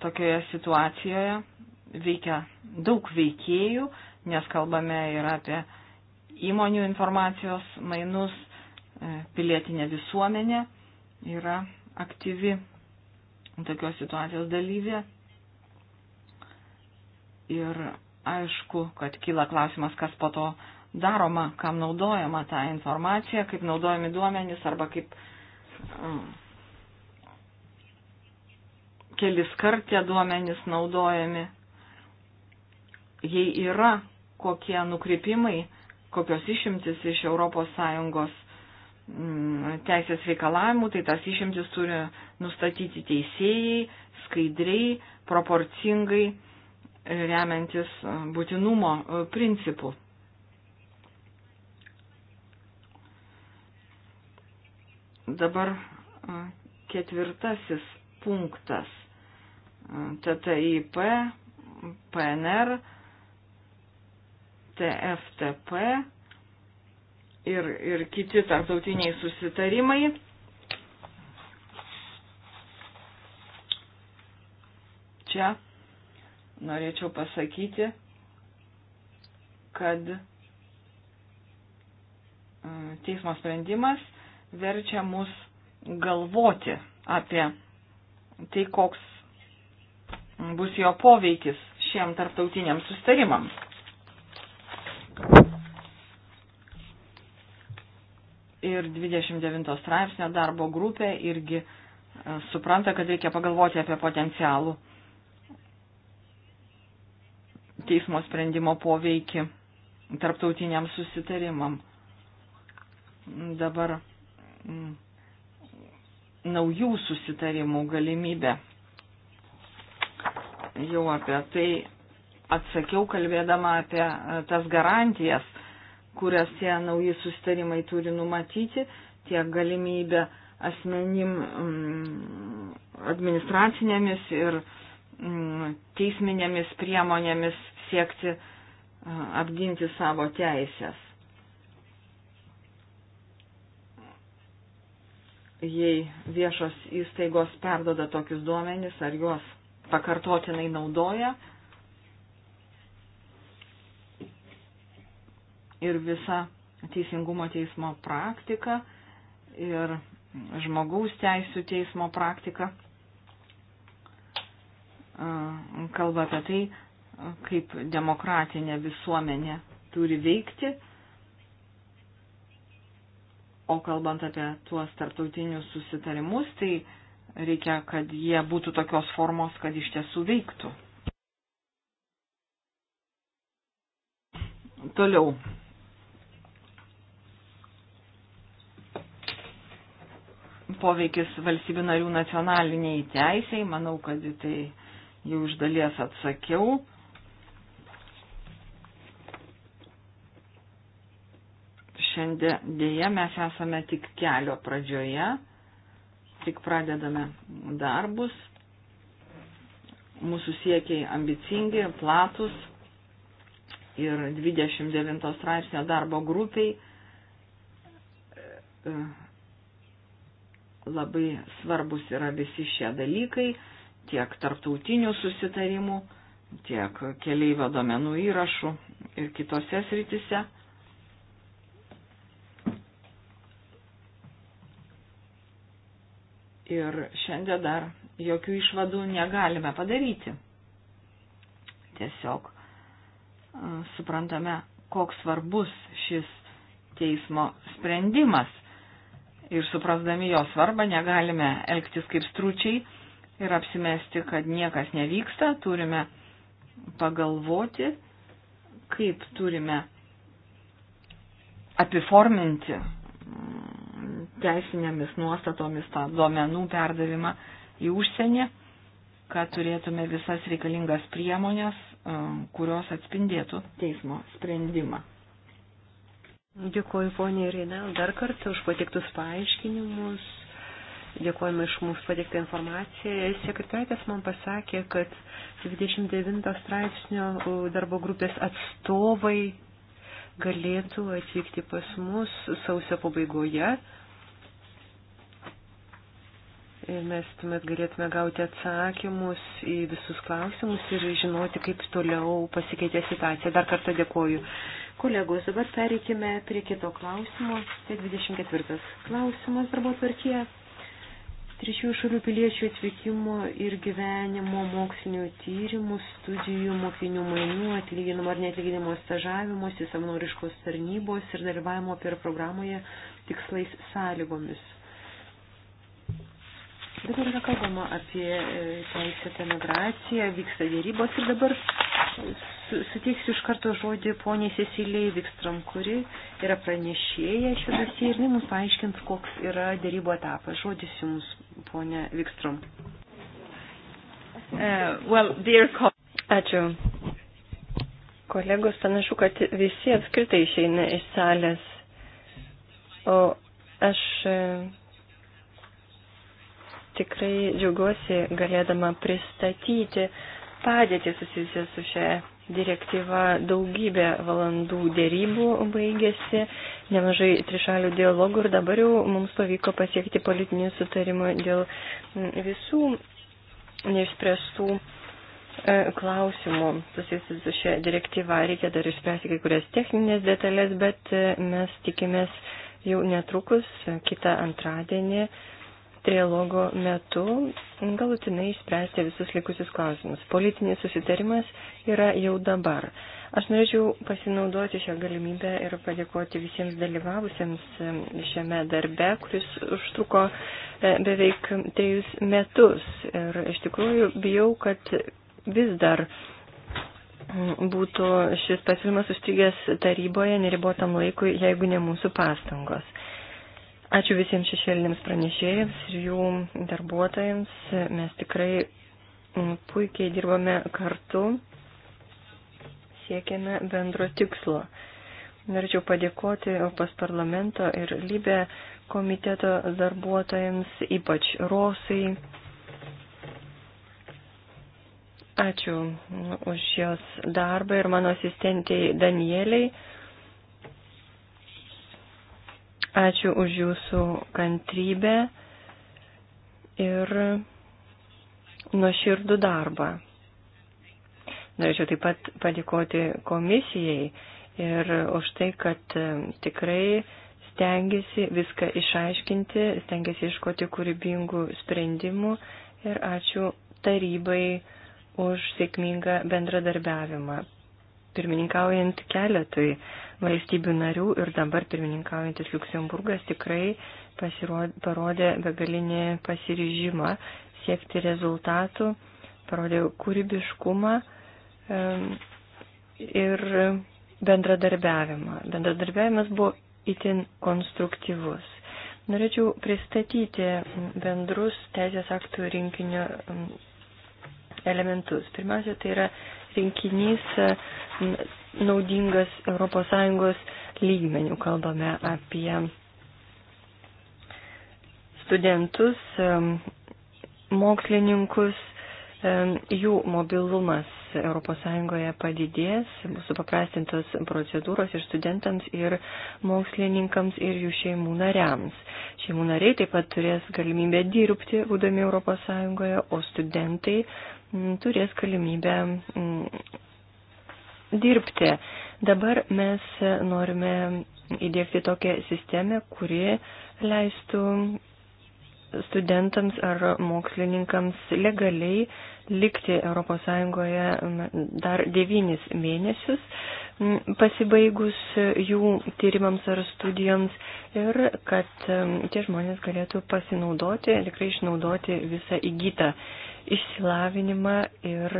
tokioje situacijoje veikia daug veikėjų, nes kalbame ir apie įmonių informacijos mainus, e, pilietinė visuomenė yra aktyvi tokios situacijos dalyvė. Ir aišku, kad kyla klausimas, kas po to daroma, kam naudojama ta informacija, kaip naudojami duomenys arba kaip mm, kelis kartė duomenys naudojami. Jei yra kokie nukrypimai, kokios išimtis iš ES mm, teisės reikalavimų, tai tas išimtis turi nustatyti teisėjai, skaidriai, proporcingai, remiantis e, būtinumo e, principų. Dabar e, ketvirtasis punktas. TTIP, PNR, TFTP ir, ir kiti tarptautiniai susitarimai. Čia norėčiau pasakyti, kad e, teismo sprendimas verčia mus galvoti apie tai, koks bus jo poveikis šiem tarptautiniam sustarimam. Ir 29 straipsnio darbo grupė irgi e, supranta, kad reikia pagalvoti apie potencialų teismo sprendimo poveikį tarptautiniam susitarimam. Dabar mm, naujų susitarimų galimybė jau apie tai atsakiau, kalbėdama apie e, tas garantijas, kurias tie nauji sustarimai turi numatyti, tiek galimybę asmenim mm, administracinėmis ir mm, teisminėmis priemonėmis siekti e, apginti savo teisės. Jei viešos įstaigos perdoda tokius duomenis, ar juos pakartotinai naudoja. Ir visa teisingumo teismo praktika ir žmogaus teisų teismo praktika kalba apie tai, kaip demokratinė visuomenė turi veikti. O kalbant apie tuos tarptautinius susitarimus, tai reikia, kad jie būtų tokios formos, kad iš tiesų veiktų. Toliau. Poveikis valstybių narių nacionaliniai teisiai, manau, kad tai jau iš dalies atsakiau. Šiandien dėja mes esame tik kelio pradžioje tik pradedame darbus. Mūsų siekiai ambicingi, platus ir 29 straipsnio darbo grupiai e, labai svarbus yra visi šie dalykai, tiek tarptautinių susitarimų, tiek keleivo domenų įrašų ir kitose sritise. Ir šiandien dar jokių išvadų negalime padaryti. Tiesiog suprantame, koks svarbus šis teismo sprendimas. Ir suprasdami jo svarbą negalime elgtis kaip stručiai ir apsimesti, kad niekas nevyksta. Turime pagalvoti, kaip turime apiforminti teisinėmis nuostatomis tą duomenų perdavimą į užsienį, kad turėtume visas reikalingas priemonės, e, kurios atspindėtų teismo sprendimą. Dėkuoju, ponė Irina, dar kartą už patiktus paaiškinimus. Dėkojame iš mums pateiktą informaciją. Sekretarės man pasakė, kad 29 straipsnio darbo grupės atstovai galėtų atvykti pas mus sausio pabaigoje. Ir mes tuomet galėtume gauti atsakymus į visus klausimus ir žinoti, kaip toliau pasikeitė situacija. Dar kartą dėkoju. Kolegos, dabar pereikime prie kito klausimo. Tai 24 klausimas darbo tvarkyje. Trečių šalių piliečių atvykimo ir gyvenimo mokslinių tyrimų, studijų, mokinių mainų, atlyginimo ar netlyginimo stažavimuose, savanoriškos tarnybos ir dalyvavimo per programoje tikslais sąlygomis. Dabar yra kalbama apie e, teisėtą migraciją, vyksta dėrybos ir dabar suteiksiu iš karto žodį poniai Cecilijai Vikstrom, kuri yra pranešėja šio dosie ir mums paaiškins, koks yra dėrybų etapas. Žodis jums, ponė Vikstrom. Uh, well, dear... Ačiū. Kolegos, panašu, kad visi apskritai išeina iš salės. O aš. Uh, tikrai džiaugiuosi galėdama pristatyti padėtį susijusią su šia direktyva. Daugybė valandų dėrybų baigėsi, nemažai trišalių dialogų ir dabar jau mums pavyko pasiekti politinių sutarimų dėl visų neišspręstų e, klausimų susijusių su šia direktyva. Reikia dar išspręsti kai kurias techninės detalės, bet e, mes tikimės jau netrukus e, kitą antradienį trialogo metu galutinai išspręsti visus likusius klausimus. Politinis susitarimas yra jau dabar. Aš norėčiau pasinaudoti šią galimybę ir padėkoti visiems dalyvavusiems šiame darbe, kuris užtruko e, beveik trejus metus. Ir iš tikrųjų bijau, kad vis dar būtų šis pasiūlymas užstrigęs taryboje neribotam laikui, jeigu ne mūsų pastangos. Ačiū visiems šešėlinėms pranešėjams ir jų darbuotojams. Mes tikrai mm, puikiai dirbame kartu, siekiame bendro tikslo. Norėčiau padėkoti Europos parlamento ir Libė komiteto darbuotojams, ypač Rosai. Ačiū už jos darbą ir mano asistentiai Danieliai. Ačiū už jūsų kantrybę ir nuoširdų darbą. Norėčiau taip pat padėkoti komisijai ir už tai, kad e, tikrai stengiasi viską išaiškinti, stengiasi iškoti kūrybingų sprendimų ir ačiū tarybai už sėkmingą bendradarbiavimą pirmininkaujant keletui valstybių narių ir dabar pirmininkaujantis Luksemburgas tikrai pasirodė, parodė begalinį pasiryžimą siekti rezultatų, parodė kūrybiškumą ir bendradarbiavimą. Bendradarbiavimas buvo itin konstruktyvus. Norėčiau pristatyti bendrus teisės aktų rinkinio elementus. Pirmiausia, tai yra rinkinys naudingas ES lygmenių. Kalbame apie studentus, mokslininkus, jų mobilumas ES padidės, bus supaprastintos procedūros ir studentams, ir mokslininkams, ir jų šeimų nariams. Šeimų nariai taip pat turės galimybę dirbti, būdami ES, o studentai turės galimybę dirbti. Dabar mes norime įdėkti tokią sistemą, kuri leistų studentams ar mokslininkams legaliai likti ES dar devynis mėnesius, pasibaigus jų tyrimams ar studijoms ir kad tie žmonės galėtų pasinaudoti, tikrai išnaudoti visą įgytą išsilavinimą ir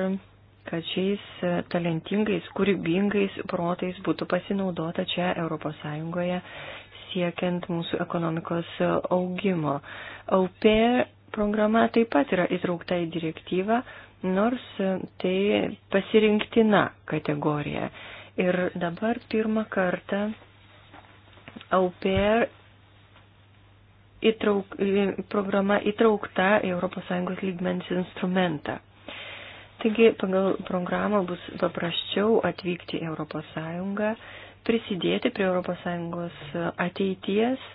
kad šiais e, talentingais, kūrybingais protais būtų pasinaudota čia ES siekiant mūsų ekonomikos e, augimo. AUPE programa taip pat yra įtraukta į direktyvą, nors e, tai pasirinktina kategorija. Ir dabar pirmą kartą AUPE įtrauk, programa įtraukta į ES lygmens instrumentą. Taigi pagal programą bus paprasčiau atvykti į ES, prisidėti prie ES ateities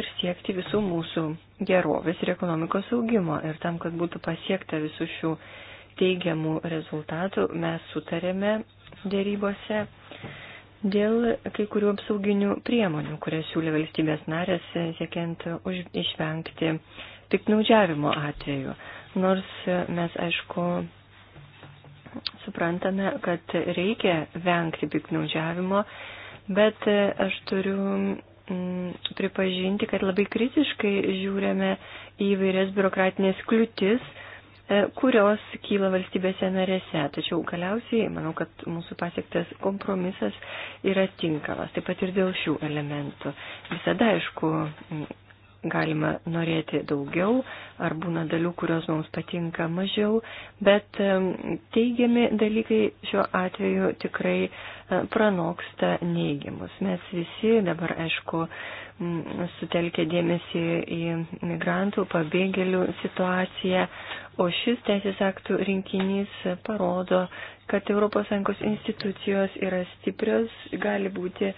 ir siekti visų mūsų gerovės ir ekonomikos augimo. Ir tam, kad būtų pasiekta visų šių teigiamų rezultatų, mes sutarėme dėrybose dėl kai kurių apsauginių priemonių, kurias siūlė valstybės narės, siekiant už, išvengti piknaudžiavimo atveju. Nors mes, aišku, suprantame, kad reikia vengti piknaudžiavimo, bet aš turiu mm, pripažinti, kad labai kritiškai žiūrėme į vairias biurokratinės kliūtis, e, kurios kyla valstybėse narėse. Tačiau galiausiai manau, kad mūsų pasiektas kompromisas yra tinkamas, taip pat ir dėl šių elementų. Visada, aišku, galima norėti daugiau, ar būna dalių, kurios mums patinka mažiau, bet teigiami dalykai šiuo atveju tikrai e, pranoksta neigiamus. Mes visi dabar, aišku, sutelkė dėmesį į migrantų, pabėgėlių situaciją, o šis teisės aktų rinkinys parodo, kad ES institucijos yra stiprios, gali būti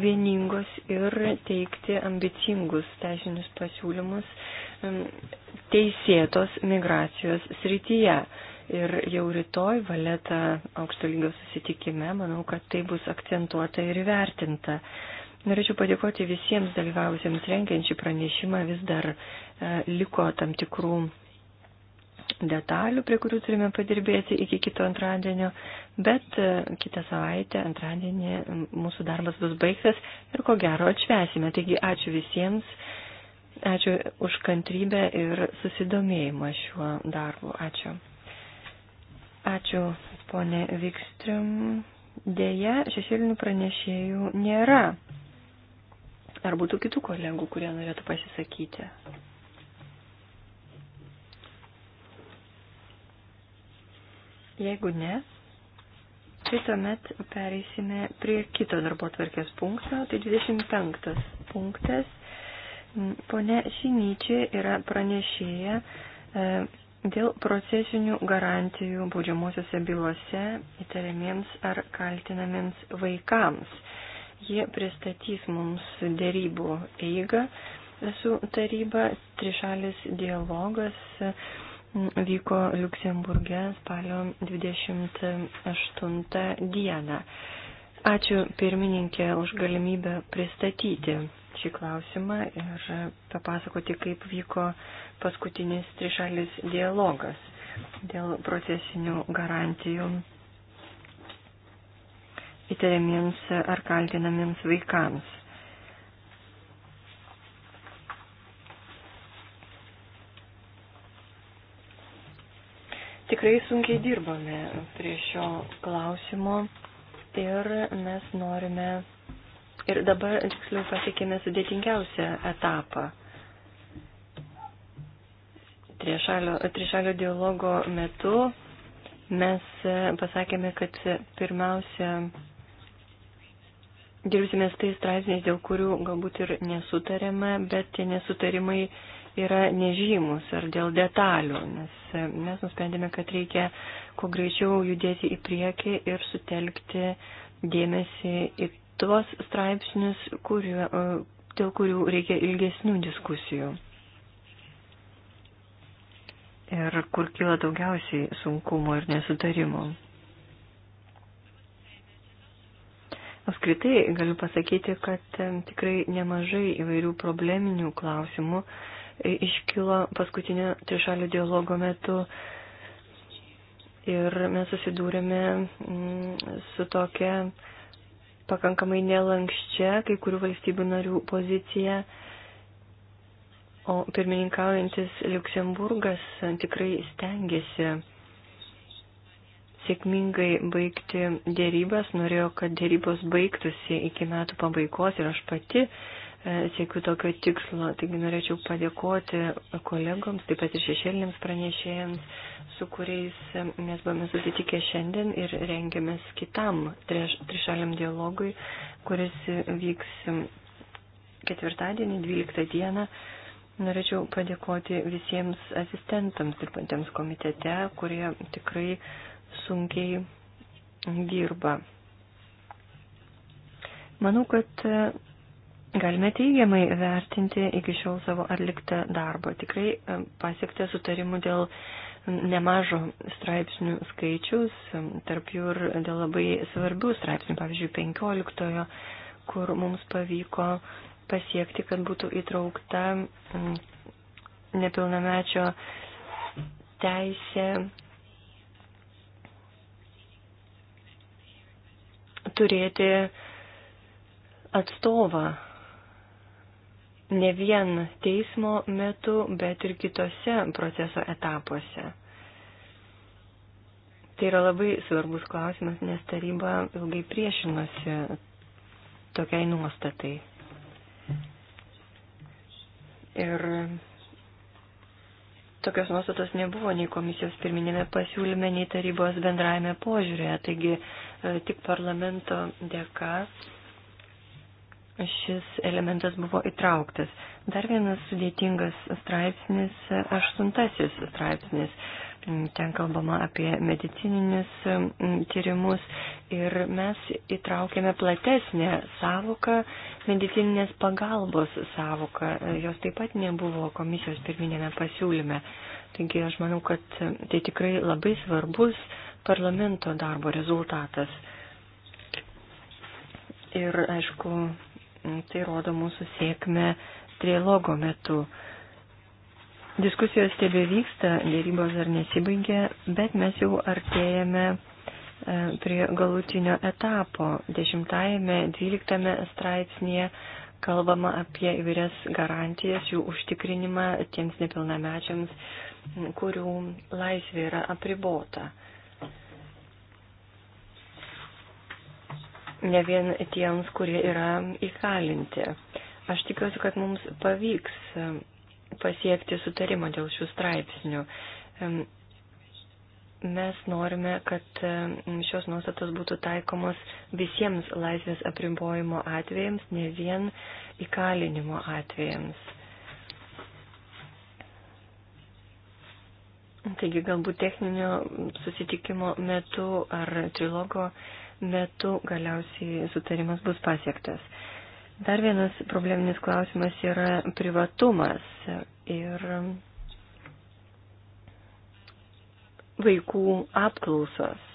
vieningos ir teikti ambicingus teisinius pasiūlymus teisėtos migracijos srityje. Ir jau rytoj valeta aukšto lygio susitikime, manau, kad tai bus akcentuota ir įvertinta. Norėčiau padėkoti visiems dalyvavusiems renkiant šį pranešimą, vis dar e, liko tam tikrų detalių, prie kurių turime padirbėti iki kito antradienio, bet e, kitą savaitę, antradienį, mūsų darbas bus baigtas ir ko gero atšvesime. Taigi ačiū visiems, ačiū už kantrybę ir susidomėjimą šiuo darbu. Ačiū. Ačiū, ponė Vikstrim. Deja, šešėlinių pranešėjų nėra. Ar būtų kitų kolegų, kurie norėtų pasisakyti? Jeigu ne, tai tuomet pereisime prie kito darbo tvarkės punkto, tai 25 punktas. Pone Šinyčiai yra pranešėja e, dėl procesinių garantijų baudžiamosiose bylose įtariamiems ar kaltinamiems vaikams. Jie pristatys mums dėrybų eigą su taryba, trišalis dialogas vyko Luksemburgė spalio 28 dieną. Ačiū pirmininkė už galimybę pristatyti šį klausimą ir papasakoti, kaip vyko paskutinis trišalis dialogas dėl procesinių garantijų įtariamiems ar kaltinamiems vaikams. tikrai sunkiai dirbame prie šio klausimo ir mes norime ir dabar tiksliau pasiekėme sudėtingiausią etapą. Trišalio, trišalio dialogo metu mes pasakėme, kad pirmiausia dirbsimės tais straipsniais, dėl kurių galbūt ir nesutarėme, bet tie nesutarimai yra nežymus ar dėl detalių, nes mes nusprendėme, kad reikia kuo greičiau judėti į priekį ir sutelkti dėmesį į tuos straipsnius, kurio, e, dėl kurių reikia ilgesnių diskusijų. Ir kur kyla daugiausiai sunkumo ir nesutarimo. Apskritai galiu pasakyti, kad e, tikrai nemažai įvairių probleminių klausimų iškilo paskutinio trišalių dialogo metu. Ir mes susidūrėme mm, su tokia pakankamai nelankščia kai kurių valstybių narių pozicija. O pirmininkaujantis Luksemburgas tikrai stengiasi sėkmingai baigti dėrybas, norėjo, kad dėrybos baigtųsi iki metų pabaigos ir aš pati uh, E, siekiu tokio tikslo. Taigi norėčiau padėkoti kolegoms, taip pat ir šešėlėms pranešėjams, su kuriais mes buvome susitikę šiandien ir rengiamės kitam trišaliam dialogui, kuris vyks ketvirtadienį, 12 dieną. Norėčiau padėkoti visiems asistentams dirbantiems komitete, kurie tikrai sunkiai dirba. Manau, kad Galime teigiamai vertinti iki šiol savo atliktą darbą. Tikrai pasiekta sutarimų dėl nemažo straipsnių skaičius, tarp jų ir dėl labai svarbių straipsnių, pavyzdžiui, 15, kur mums pavyko pasiekti, kad būtų įtraukta nepilnamečio teisė turėti atstovą ne vien teismo metu, bet ir kitose proceso etapuose. Tai yra labai svarbus klausimas, nes taryba ilgai priešinosi tokiai nuostatai. Ir tokios nuostatos nebuvo nei komisijos pirminėme pasiūlyme, nei tarybos bendrajame požiūrėje. Taigi e, tik parlamento dėka šis elementas buvo įtrauktas. Dar vienas sudėtingas straipsnis, aštuntasis straipsnis. Ten kalbama apie medicininius mm, tyrimus ir mes įtraukėme platesnę savoką, medicininės pagalbos savoką. Jos taip pat nebuvo komisijos pirminėme pasiūlyme. Taigi aš manau, kad tai tikrai labai svarbus parlamento darbo rezultatas. Ir aišku, Tai rodo mūsų sėkmę trilogo metu. Diskusijos tebe vyksta, dėrybos dar nesibaigė, bet mes jau artėjame e, prie galutinio etapo. Dešimtajame, dvyliktame straipsnėje kalbama apie įvairias garantijas, jų užtikrinimą tiems nepilnamečiams, kurių laisvė yra apribota. ne vien tiems, kurie yra įkalinti. Aš tikiuosi, kad mums pavyks pasiekti sutarimą dėl šių straipsnių. Mes norime, kad šios nuostatos būtų taikomos visiems laisvės aprimbojimo atvejams, ne vien įkalinimo atvejams. Taigi galbūt techninio susitikimo metu ar trilogo metu galiausiai sutarimas bus pasiektas. Dar vienas probleminis klausimas yra privatumas ir vaikų apklausos.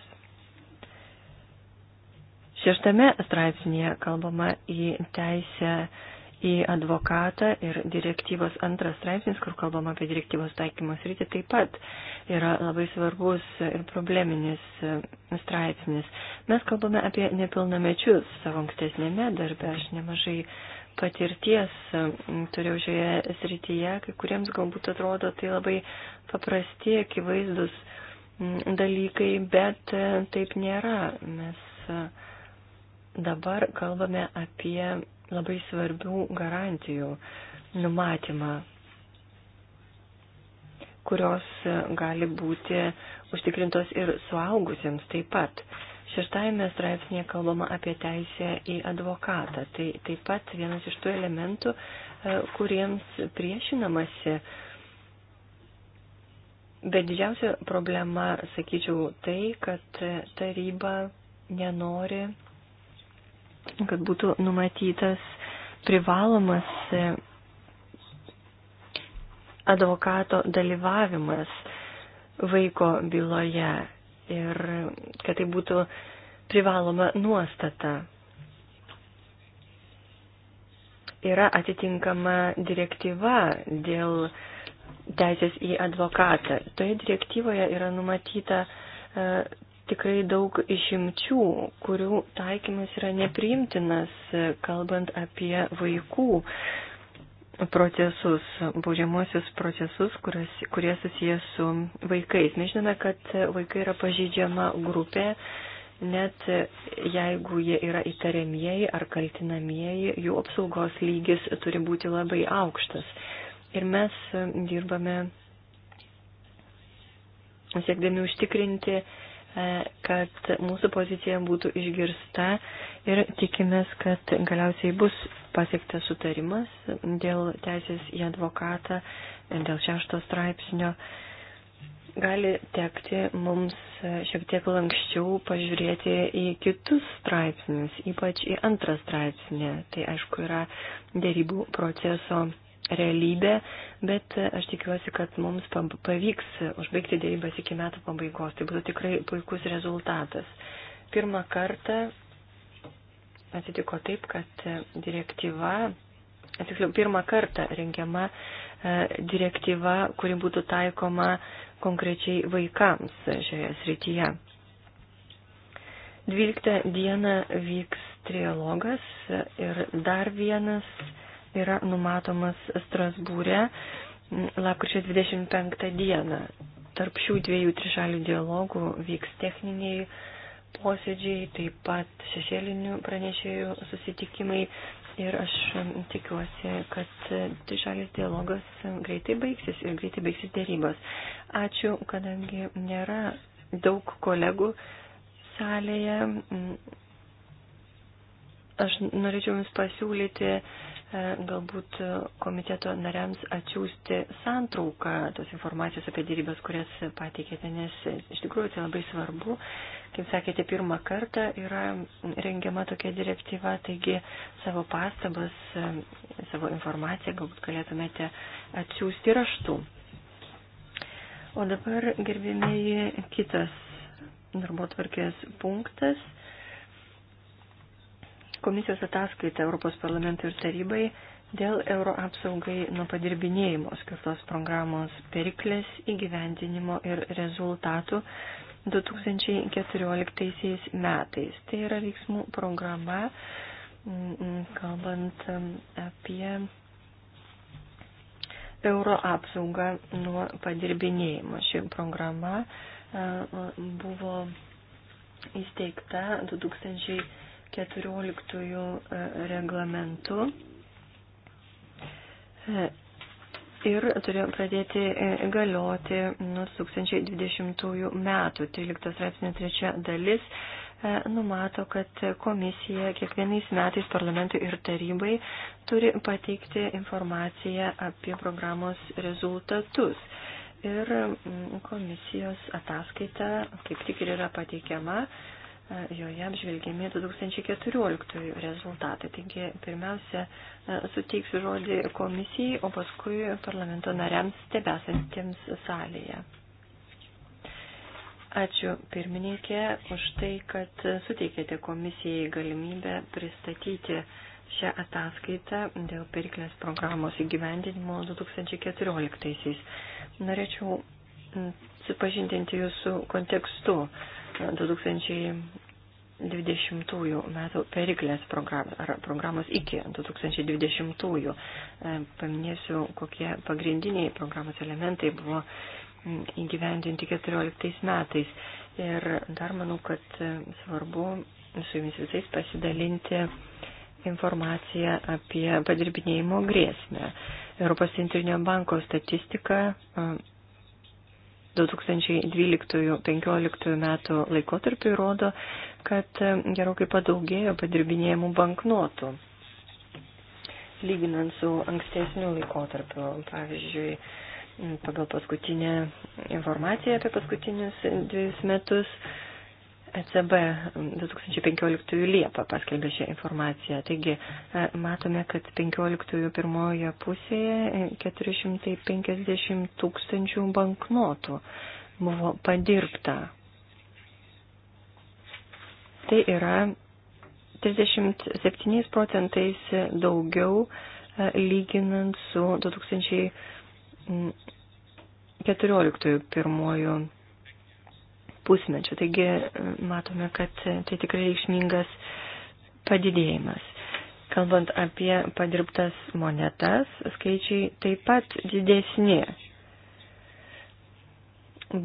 Šeštame straipsnėje kalbama į teisę į advokatą ir direktyvos antras straipsnis, kur kalbama apie direktyvos taikymos rytį, taip pat yra labai svarbus ir probleminis e, straipsnis. Mes kalbame apie nepilnamečius savo ankstesnėme darbe. Aš nemažai patirties e, turėjau šioje srityje, kai kuriems galbūt atrodo tai labai paprasti, akivaizdus dalykai, bet e, taip nėra. Mes Dabar kalbame apie labai svarbių garantijų numatymą, kurios gali būti užtikrintos ir suaugusiems taip pat. Šeštajame straipsnėje kalbama apie teisę į advokatą. Tai taip pat vienas iš tų elementų, e, kuriems priešinamasi. Bet didžiausia problema, sakyčiau, tai, kad taryba nenori kad būtų numatytas privalomas e, advokato dalyvavimas vaiko byloje ir kad tai būtų privaloma nuostata. Yra atitinkama direktyva dėl teisės į advokatą. Toje direktyvoje yra numatyta e, tikrai daug išimčių, kurių taikymas yra nepriimtinas, kalbant apie vaikų procesus, baudžiamosius procesus, kurios, kurie susijęs su vaikais. Mes žinome, kad vaikai yra pažeidžiama grupė, net jeigu jie yra įtariamieji ar kaltinamieji, jų apsaugos lygis turi būti labai aukštas. Ir mes dirbame siekdami užtikrinti E, kad mūsų pozicija būtų išgirsta ir tikimės, kad galiausiai bus pasiektas sutarimas dėl teisės į advokatą, dėl šešto straipsnio. Gali tekti mums šiek tiek lankščiau pažiūrėti į kitus straipsnius, ypač į antrą straipsnį. Tai aišku yra dėrybų proceso realybė, bet aš tikiuosi, kad mums pavyks užbaigti dėrybas iki metų pabaigos. Tai būtų tikrai puikus rezultatas. Pirmą kartą atsitiko taip, kad direktyva, tiksliau, pirmą kartą rengiama e, direktyva, kuri būtų taikoma konkrečiai vaikams šioje srityje. 12 dieną vyks trialogas ir dar vienas yra numatomas Strasbūrė lapkričio 25 dieną. Tarp šių dviejų trišalių dialogų vyks techniniai posėdžiai, taip pat šešėlinių pranešėjų susitikimai ir aš tikiuosi, kad trišalis dialogas greitai baigsis ir greitai baigsis dėrybos. Ačiū, kadangi nėra daug kolegų salėje. Aš norėčiau Jums pasiūlyti E, galbūt komiteto nariams atsiųsti santrauką tos informacijos apie dėrybas, kurias pateikėte, nes iš tikrųjų tai labai svarbu. Kaip sakėte, pirmą kartą yra rengiama tokia direktyva, taigi savo pastabas, e, savo informaciją galbūt galėtumėte atsiųsti raštu. O dabar, gerbėmėji, kitas darbo tvarkės punktas komisijos ataskaitą Europos parlamentui ir tarybai dėl euro apsaugai nuo padirbinėjimo skirtos programos periklės įgyvendinimo ir rezultatų 2014 metais. Tai yra veiksmų programa, kalbant apie euro apsaugą nuo padirbinėjimo. Ši programa buvo įsteigta 2014 14 e, reglamentu e, ir turėjo pradėti e, galioti nuo 2020 metų. 13 straipsnio trečia dalis numato, kad komisija kiekvienais metais parlamentui ir tarybai turi pateikti informaciją apie programos rezultatus. Ir mm, komisijos ataskaita kaip tik ir yra pateikiama E, joje apžvelgiami 2014 rezultatai. Taigi pirmiausia e, suteiksiu žodį komisijai, o paskui parlamento nariams stebesantiems salėje. Ačiū pirmininkė už tai, kad suteikėte komisijai galimybę pristatyti šią ataskaitą dėl periklės programos įgyvendinimo 2014. -aisiais. Norėčiau supažindinti jūsų kontekstu 2020 metų periklės program, ar programos iki 2020. E, paminėsiu, kokie pagrindiniai programos elementai buvo įgyvendinti 2014 metais. Ir dar manau, kad e, svarbu su jumis visais pasidalinti informaciją apie padirbinėjimo grėsmę. Europos centrinio banko statistika 2012-2015 metų laikotarpiu rodo, kad gerokai padaugėjo padirbinėjimų banknotų, lyginant su ankstesniu laikotarpiu. Pavyzdžiui, pagal paskutinę informaciją apie paskutinius dviejus metus ECB 2015 Liepą paskelbė šią informaciją. Taigi e, matome, kad 15 pirmoje pusėje 450 e, tūkstančių banknotų buvo padirbta. Tai yra 37 procentais daugiau e, lyginant su 2014 pirmoju pusmečio. Taigi e, matome, kad tai tikrai reikšmingas padidėjimas. Kalbant apie padirbtas monetas, skaičiai taip pat didesni.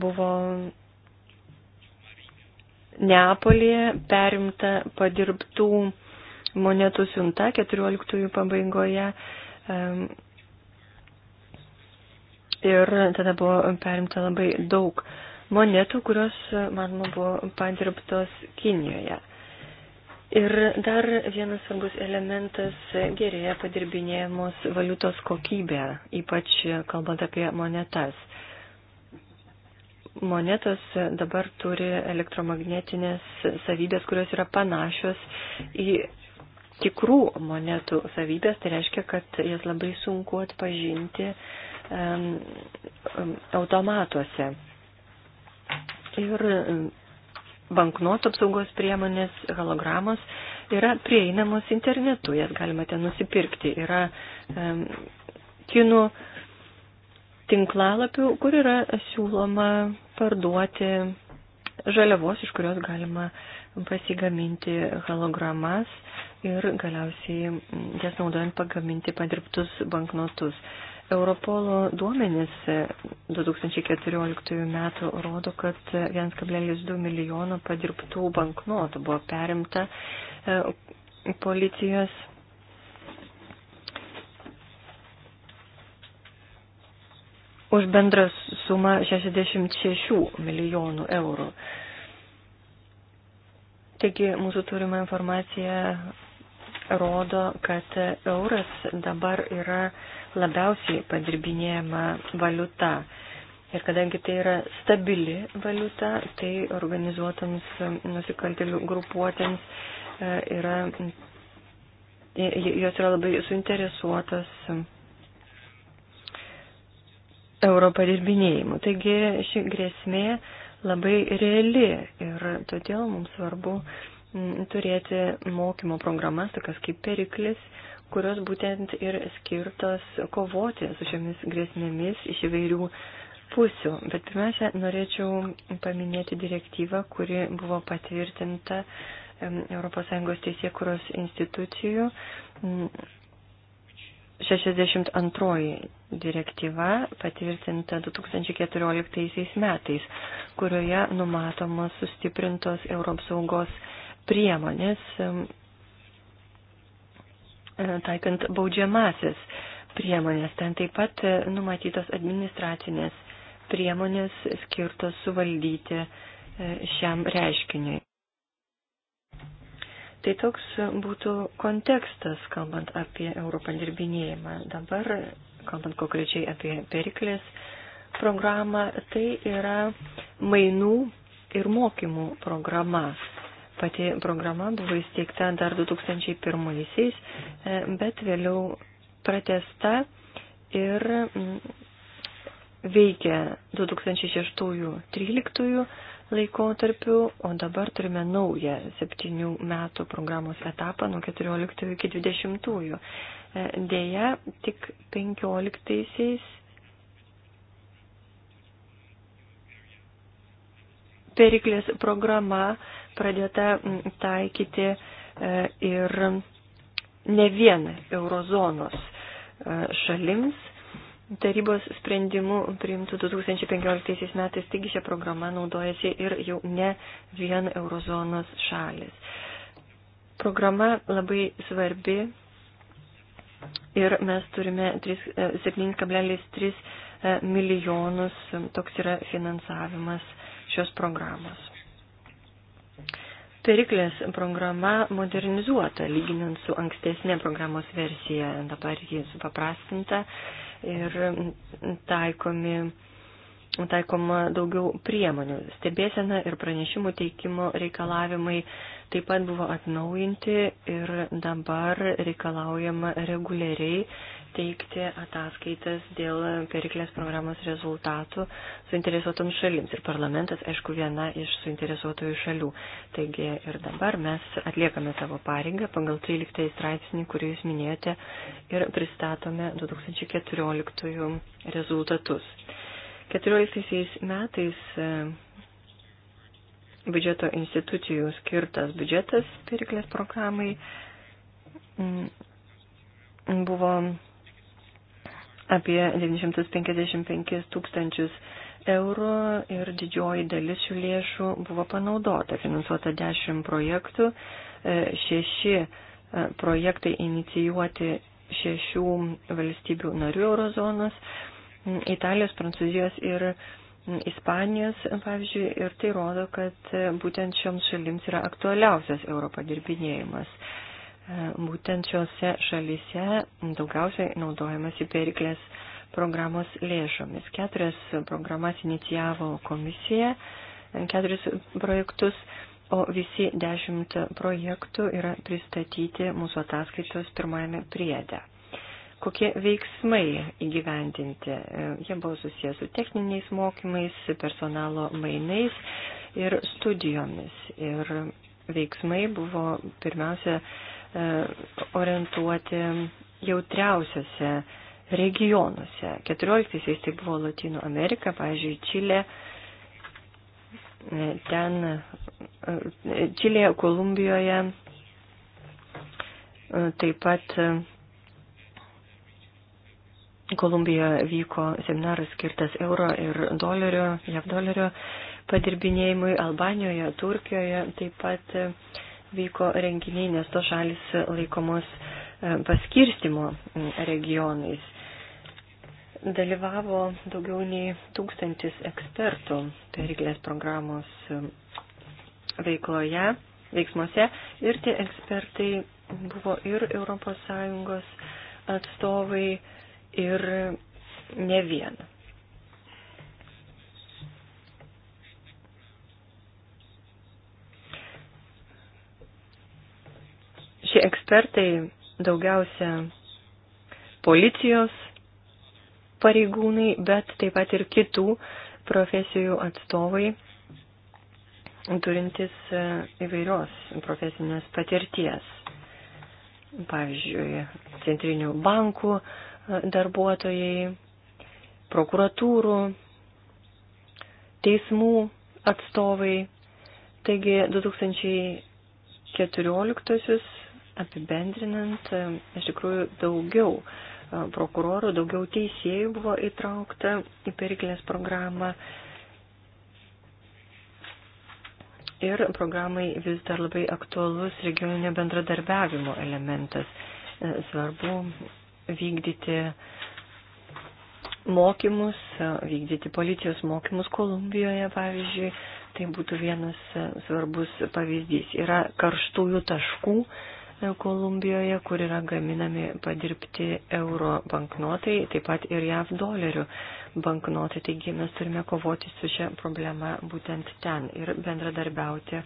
Buvo Neapolėje perimta padirbtų monetų siunta 14 pabaigoje. Ir tada buvo perimta labai daug monetų, kurios, e, manoma, buvo padirbtos Kinijoje. Ir dar vienas svarbus elementas - gerėja padirbinėjamos valiutos kokybė, ypač kalbant apie monetas. Monetos dabar turi elektromagnetinės savybės, kurios yra panašios į tikrų monetų savybės, tai reiškia, kad jas labai sunku atpažinti um, automatuose ir e, banknotų apsaugos priemonės, hologramos yra prieinamos internetu, jas galima ten nusipirkti. Yra um, kinų tinklalapių, kur yra siūloma parduoti žaliavos, iš kurios galima pasigaminti hologramas ir galiausiai jas naudojant pagaminti padirbtus banknotus. Uh, Europolo duomenys 2014 e, metų rodo, kad 1,2 milijono padirbtų banknotų buvo perimta e, policijos. Už bendrą sumą 66 milijonų eurų. Taigi mūsų turima informacija rodo, kad euras dabar yra uh, labiausiai padirbinėjama valiuta. Ir kadangi tai yra stabili valiuta, tai organizuotams nusikaltelių grupuotėms e, yra, e, jos yra labai suinteresuotas euro padirbinėjimu. Taigi ši grėsmė labai reali ir todėl mums svarbu turėti mokymo programas, tokias kaip periklis, kurios būtent ir skirtos kovoti su šiomis grėsmėmis iš įvairių pusių. Bet pirmiausia, norėčiau paminėti direktyvą, kuri buvo patvirtinta ES teisėkuros institucijų 62 direktyva patvirtinta 2014 metais, kurioje numatomos sustiprintos Europos saugos priemonės E, taikant baudžiamasis priemonės. Ten taip pat e, numatytos administracinės priemonės skirtos suvaldyti e, šiam reiškiniui. Tai toks būtų kontekstas, kalbant apie europandirbinėjimą. Dabar, kalbant konkrečiai apie periklės programą, tai yra mainų ir mokymų programa Pati programa buvo įsteigta dar 2001-aisiais, e, bet vėliau pratesta ir mm, veikia 2006-2013 laikotarpiu, o dabar turime naują septynių metų programos etapą nuo 14 iki 20. -ųjų. Deja, tik 15 periklės programa pradėta taikyti e, ir ne vien eurozonos e, šalims. Tarybos sprendimu priimtų 2015 metais, taigi šią programą naudojasi ir jau ne vien eurozonos šalis. Programa labai svarbi ir mes turime 7,3 e, milijonus, toks yra finansavimas šios programos. Periklės programa modernizuota, lyginant su ankstesnė programos versija. Dabar ji supaprastinta ir taikomi taikoma daugiau priemonių. Stebėsena ir pranešimų teikimo reikalavimai taip pat buvo atnaujinti ir dabar reikalaujama reguliariai teikti ataskaitas dėl periklės programos rezultatų suinteresuotoms šalims. Ir parlamentas, aišku, viena iš suinteresuotojų šalių. Taigi ir dabar mes atliekame savo pareigą pagal 13 straipsnį, kurį jūs minėjote, ir pristatome 2014 rezultatus. 14 metais e, biudžeto institucijų skirtas biudžetas Periklės programai mm, buvo apie 955 tūkstančius eurų ir didžioji dalis šių lėšų buvo panaudota. Finansuota 10 projektų, 6 e, e, projektai inicijuoti šešių valstybių narių eurozonos Italijos, Prancūzijos ir Ispanijos, pavyzdžiui, ir tai rodo, kad būtent šioms šalims yra aktualiausias Europo dirbinėjimas. Būtent šiuose šalise daugiausiai naudojamas įperiklės programos lėšomis. Keturias programas inicijavo komisija, keturis projektus, o visi dešimt projektų yra pristatyti mūsų ataskaitos pirmajame priede kokie veiksmai įgyvendinti. E, jie buvo susijęs su techniniais mokymais, personalo mainais ir studijomis. Ir veiksmai buvo pirmiausia e, orientuoti jautriausiose regionuose. 14-aisiais tai buvo Latino Amerika, pavyzdžiui, Čilė, e, ten Čilėje, Kolumbijoje, taip pat Kolumbijoje vyko seminaras skirtas euro ir dolerio, jav dolerio padirbinėjimui, Albanijoje, Turkijoje taip pat vyko renginiai, nes to šalis laikomos e, paskirstimo regionais. Dalyvavo daugiau nei tūkstantis ekspertų periklės programos veikloje, veiksmuose ir tie ekspertai buvo ir ES atstovai, ir ne vieną. Šie ekspertai daugiausia policijos pareigūnai, bet taip pat ir kitų profesijų atstovai, turintis e, įvairios profesinės patirties. Pavyzdžiui, centrinių bankų darbuotojai, prokuratūrų, teismų atstovai. Taigi 2014 apibendrinant, iš tikrųjų daugiau e, prokurorų, daugiau teisėjų buvo įtraukta į periklės programą. ir programai vis dar labai aktualus regioninio bendradarbiavimo elementas. E, svarbu vykdyti mokymus, vykdyti policijos mokymus Kolumbijoje, pavyzdžiui, tai būtų vienas svarbus pavyzdys. Yra karštųjų taškų e, Kolumbijoje, kur yra gaminami padirbti euro banknotai, taip pat ir JAV dolerių banknotai. Taigi mes turime kovoti su šią problemą būtent ten ir bendradarbiauti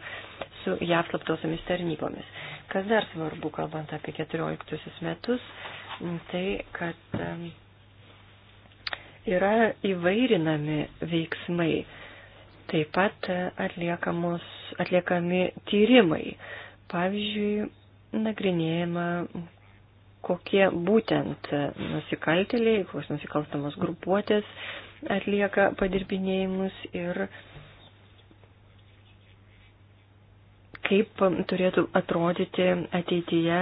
su JAV slaptosiomis tarnybomis. Kas dar svarbu, kalbant apie 14 metus, tai, kad yra įvairinami veiksmai, taip pat atliekami tyrimai. Pavyzdžiui, nagrinėjama, kokie būtent nusikaltėliai, kokios nusikalstamos grupuotės atlieka padirbinėjimus ir kaip turėtų atrodyti ateityje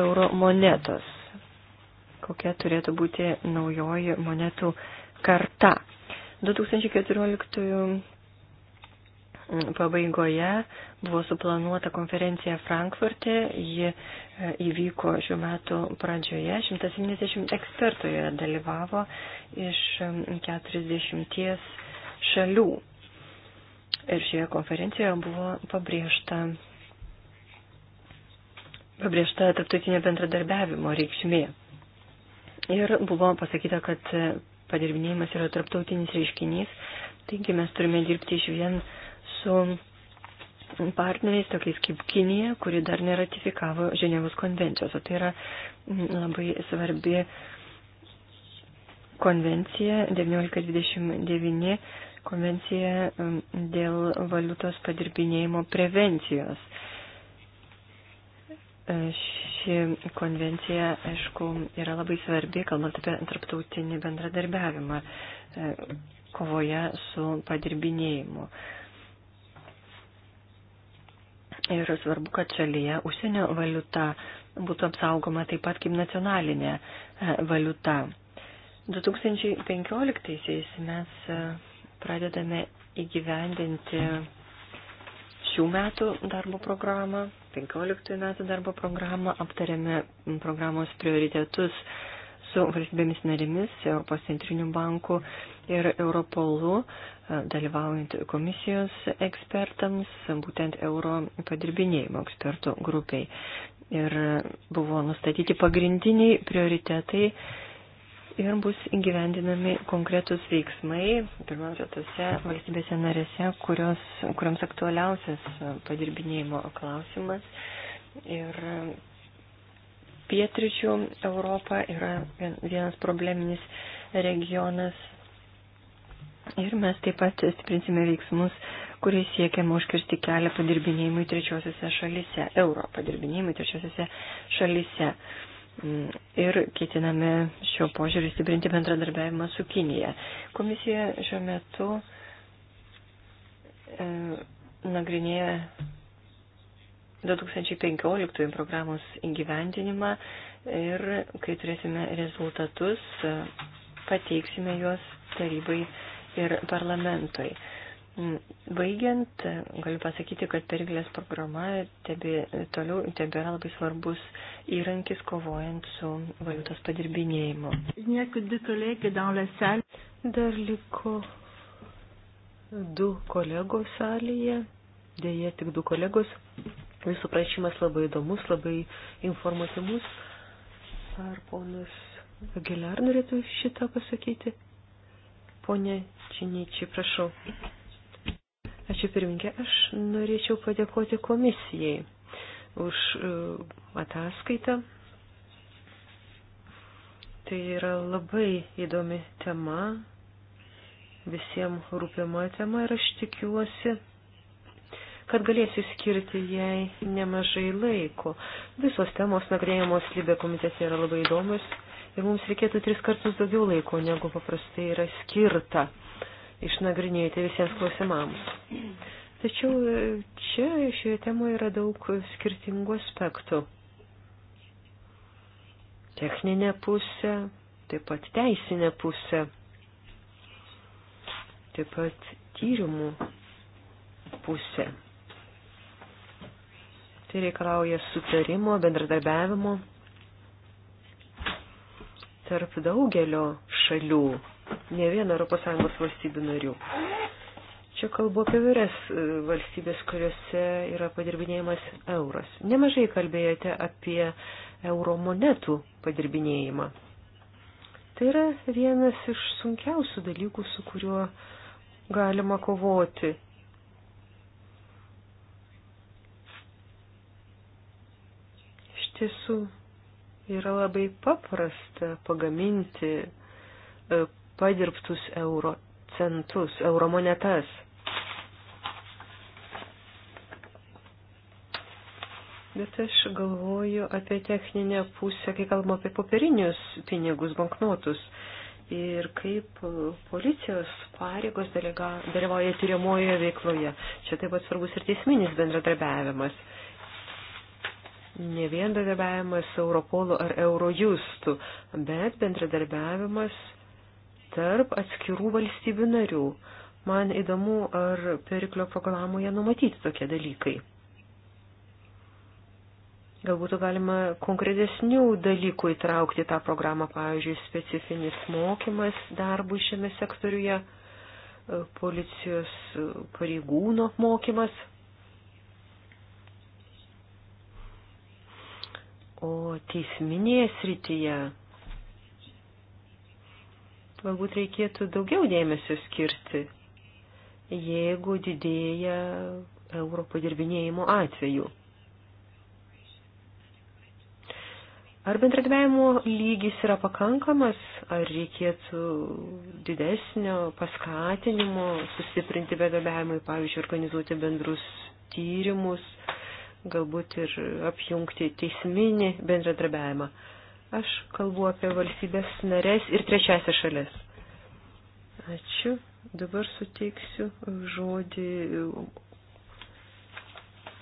euro monetos kokia turėtų būti naujoji monetų karta. 2014 pabaigoje buvo suplanuota konferencija Frankfurte, ji e, įvyko šių metų pradžioje, 170 ekspertų joje dalyvavo iš 40 e, šalių. Ir šioje konferencijoje buvo pabrėžta, pabrėžta tarptautinė bendradarbiavimo reikšmė. Ir buvo pasakyta, kad padirbinėjimas yra tarptautinis reiškinys, taigi mes turime dirbti iš vien su partneriais, tokiais kaip Kinija, kuri dar neratifikavo Ženevos konvencijos. O tai yra labai svarbi konvencija 1929, konvencija dėl valiutos padirbinėjimo prevencijos. E, ši konvencija, aišku, yra labai svarbi, kalbant apie tarptautinį bendradarbiavimą e, kovoje su padirbinėjimu. Ir svarbu, kad šalyje užsienio valiuta būtų apsaugoma taip pat kaip nacionalinė e, valiuta. 2015 mes pradedame įgyvendinti šių metų darbo programą 15 metų darbo programą, aptarėme programos prioritetus su valstybėmis narimis, Europos centriniu banku ir Europolu, e, dalyvaujant komisijos ekspertams, būtent euro padirbinėjimo ekspertų grupiai. Ir buvo nustatyti pagrindiniai prioritetai ir bus įgyvendinami konkretus veiksmai, pirmiausia, tose valstybėse narėse, kurios, kuriams aktualiausias padirbinėjimo klausimas. Ir pietričių Europa yra vienas probleminis regionas. Ir mes taip pat stiprinsime veiksmus, kuriais siekiama užkirsti kelią padirbinėjimui trečiosiuose šalise, euro padirbinėjimui trečiosiuose šalise ir ketiname šio požiūrį stiprinti bendradarbiavimą su Kinija. Komisija šiuo metu e, nagrinėja 2015 programos įgyvendinimą ir kai turėsime rezultatus, pateiksime juos tarybai ir parlamentui. E, Mm, baigiant, galiu pasakyti, kad periglės programa tebe, toliau tebėra labai svarbus įrankis kovojant su valiutos padirbinėjimu. Dar liko du kolegos salėje, dėje tik du kolegos. Visų prašymas labai įdomus, labai informatyvus. Ar ponas Agilar norėtų šitą pasakyti? Pone Činičiai, prašau. Ačiū pirminkė, aš norėčiau padėkoti komisijai už e, ataskaitą. Tai yra labai įdomi tema, visiems rūpima tema ir aš tikiuosi, kad galėsiu skirti jai nemažai laiko. Visos temos nagrėjamos Libė komitete yra labai įdomus ir mums reikėtų tris kartus daugiau laiko, negu paprastai yra skirta išnagrinėti visiems klausimams. Tačiau čia šioje temoje yra daug skirtingų aspektų. Techninė pusė, taip pat teisinė pusė, taip pat tyrimų pusė. Tai reikalauja sutarimo, bendradarbiavimo tarp daugelio šalių ne vieną ES valstybių narių. Čia kalbu apie vyres e, valstybės, kuriuose yra padirbinėjimas euras. Nemažai kalbėjote apie euro monetų padirbinėjimą. Tai yra vienas iš sunkiausių dalykų, su kuriuo galima kovoti. Iš tiesų yra labai paprasta pagaminti e, padirbtus euro centus, euro monetas. Bet aš galvoju apie techninę pusę, kai kalbam apie popierinius pinigus, banknotus. Ir kaip policijos pareigos dalyvauja tyriamojoje veikloje. Čia taip pat svarbus ir teisminis bendradarbiavimas. Ne vien bendradarbiavimas Europolu ar Eurojustu, bet bendradarbiavimas tarp atskirų valstybių narių. Man įdomu, ar periklio programoje numatyti tokie dalykai. Galbūt galima konkretesnių dalykų įtraukti tą programą, pavyzdžiui, specifinis mokymas darbų šiame sektoriuje, policijos pareigūno mokymas. O teisminėje srityje galbūt reikėtų daugiau dėmesio skirti, jeigu didėja euro padirbinėjimo atveju. Ar bendradarbiavimo lygis yra pakankamas, ar reikėtų didesnio paskatinimo, sustiprinti bendradarbiavimui, pavyzdžiui, organizuoti bendrus tyrimus, galbūt ir apjungti teisminį bendradarbiavimą. Aš kalbu apie valstybės narės ir trečiasias šalis. Ačiū. Dabar suteiksiu žodį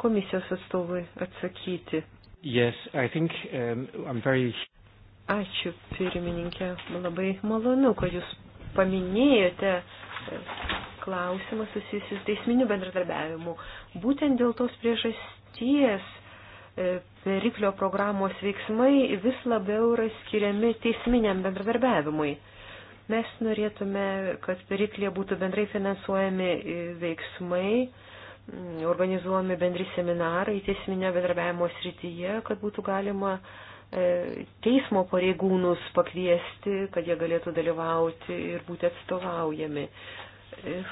komisijos atstovui atsakyti. Yes, I think um, I'm very... Ačiū, pirmininkė. Labai malonu, kad jūs paminėjote e, klausimą susijusius teisminių bendradarbiavimų. Būtent dėl tos priežasties periklio e, programos veiksmai vis labiau yra skiriami teisminiam bendradarbiavimui. Mes norėtume, kad periklė būtų bendrai finansuojami e, veiksmai, organizuojami bendri seminarai teisminio bendradarbiavimo srityje, kad būtų galima e, teismo pareigūnus pakviesti, kad jie galėtų dalyvauti ir būti atstovaujami.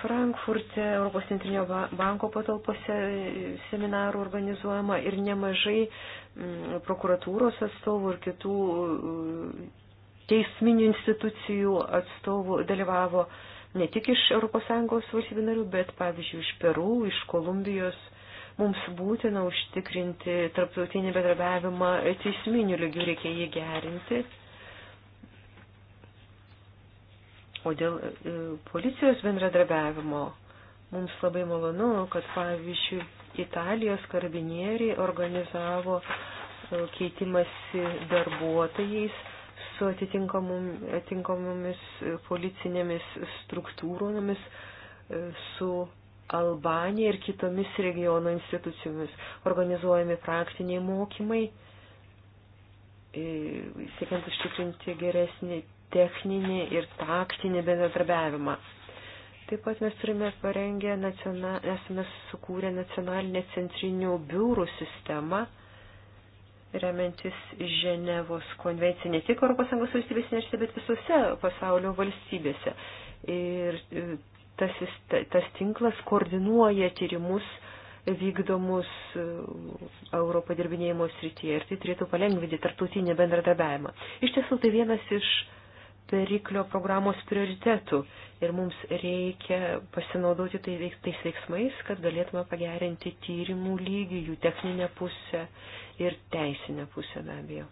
Frankfurte Europos centrinio banko patalpose e, seminarų organizuojama ir nemažai mm, prokuratūros atstovų ir kitų e, teisminių institucijų atstovų dalyvavo ne tik iš ES valstybių narių, bet pavyzdžiui iš Peru, iš Kolumbijos. Mums būtina užtikrinti tarptautinį bedarbiavimą teisminių lygių, reikia jį gerinti. O dėl e, e, policijos bendradarbiavimo mums labai malonu, kad pavyzdžiui Italijos karabinieriai organizavo e, keitimasi darbuotojais su atitinkamomis policinėmis struktūromis, su Albanija ir kitomis regiono institucijomis. Organizuojami praktiniai mokymai, siekiant užtikrinti geresnį techninį ir taktinį bendradarbiavimą. Taip pat mes turime parengę, nacional... esame sukūrę nacionalinę centrinių biurų sistemą, remiantis Ženevos konvenciją ne tik ES valstybėse, nešti, bet visose pasaulio valstybėse. Ir e, tas, tas tinklas koordinuoja tyrimus vykdomus e, Europo dirbinėjimo srityje ir tai turėtų palengvinti tarptautinį bendradarbiavimą. Iš tiesų, tai vienas iš periklio programos prioritetų ir mums reikia pasinaudoti tai tais veiksmais, kad galėtume pagerinti tyrimų lygį, jų techninę pusę ir teisinę pusę be abejo.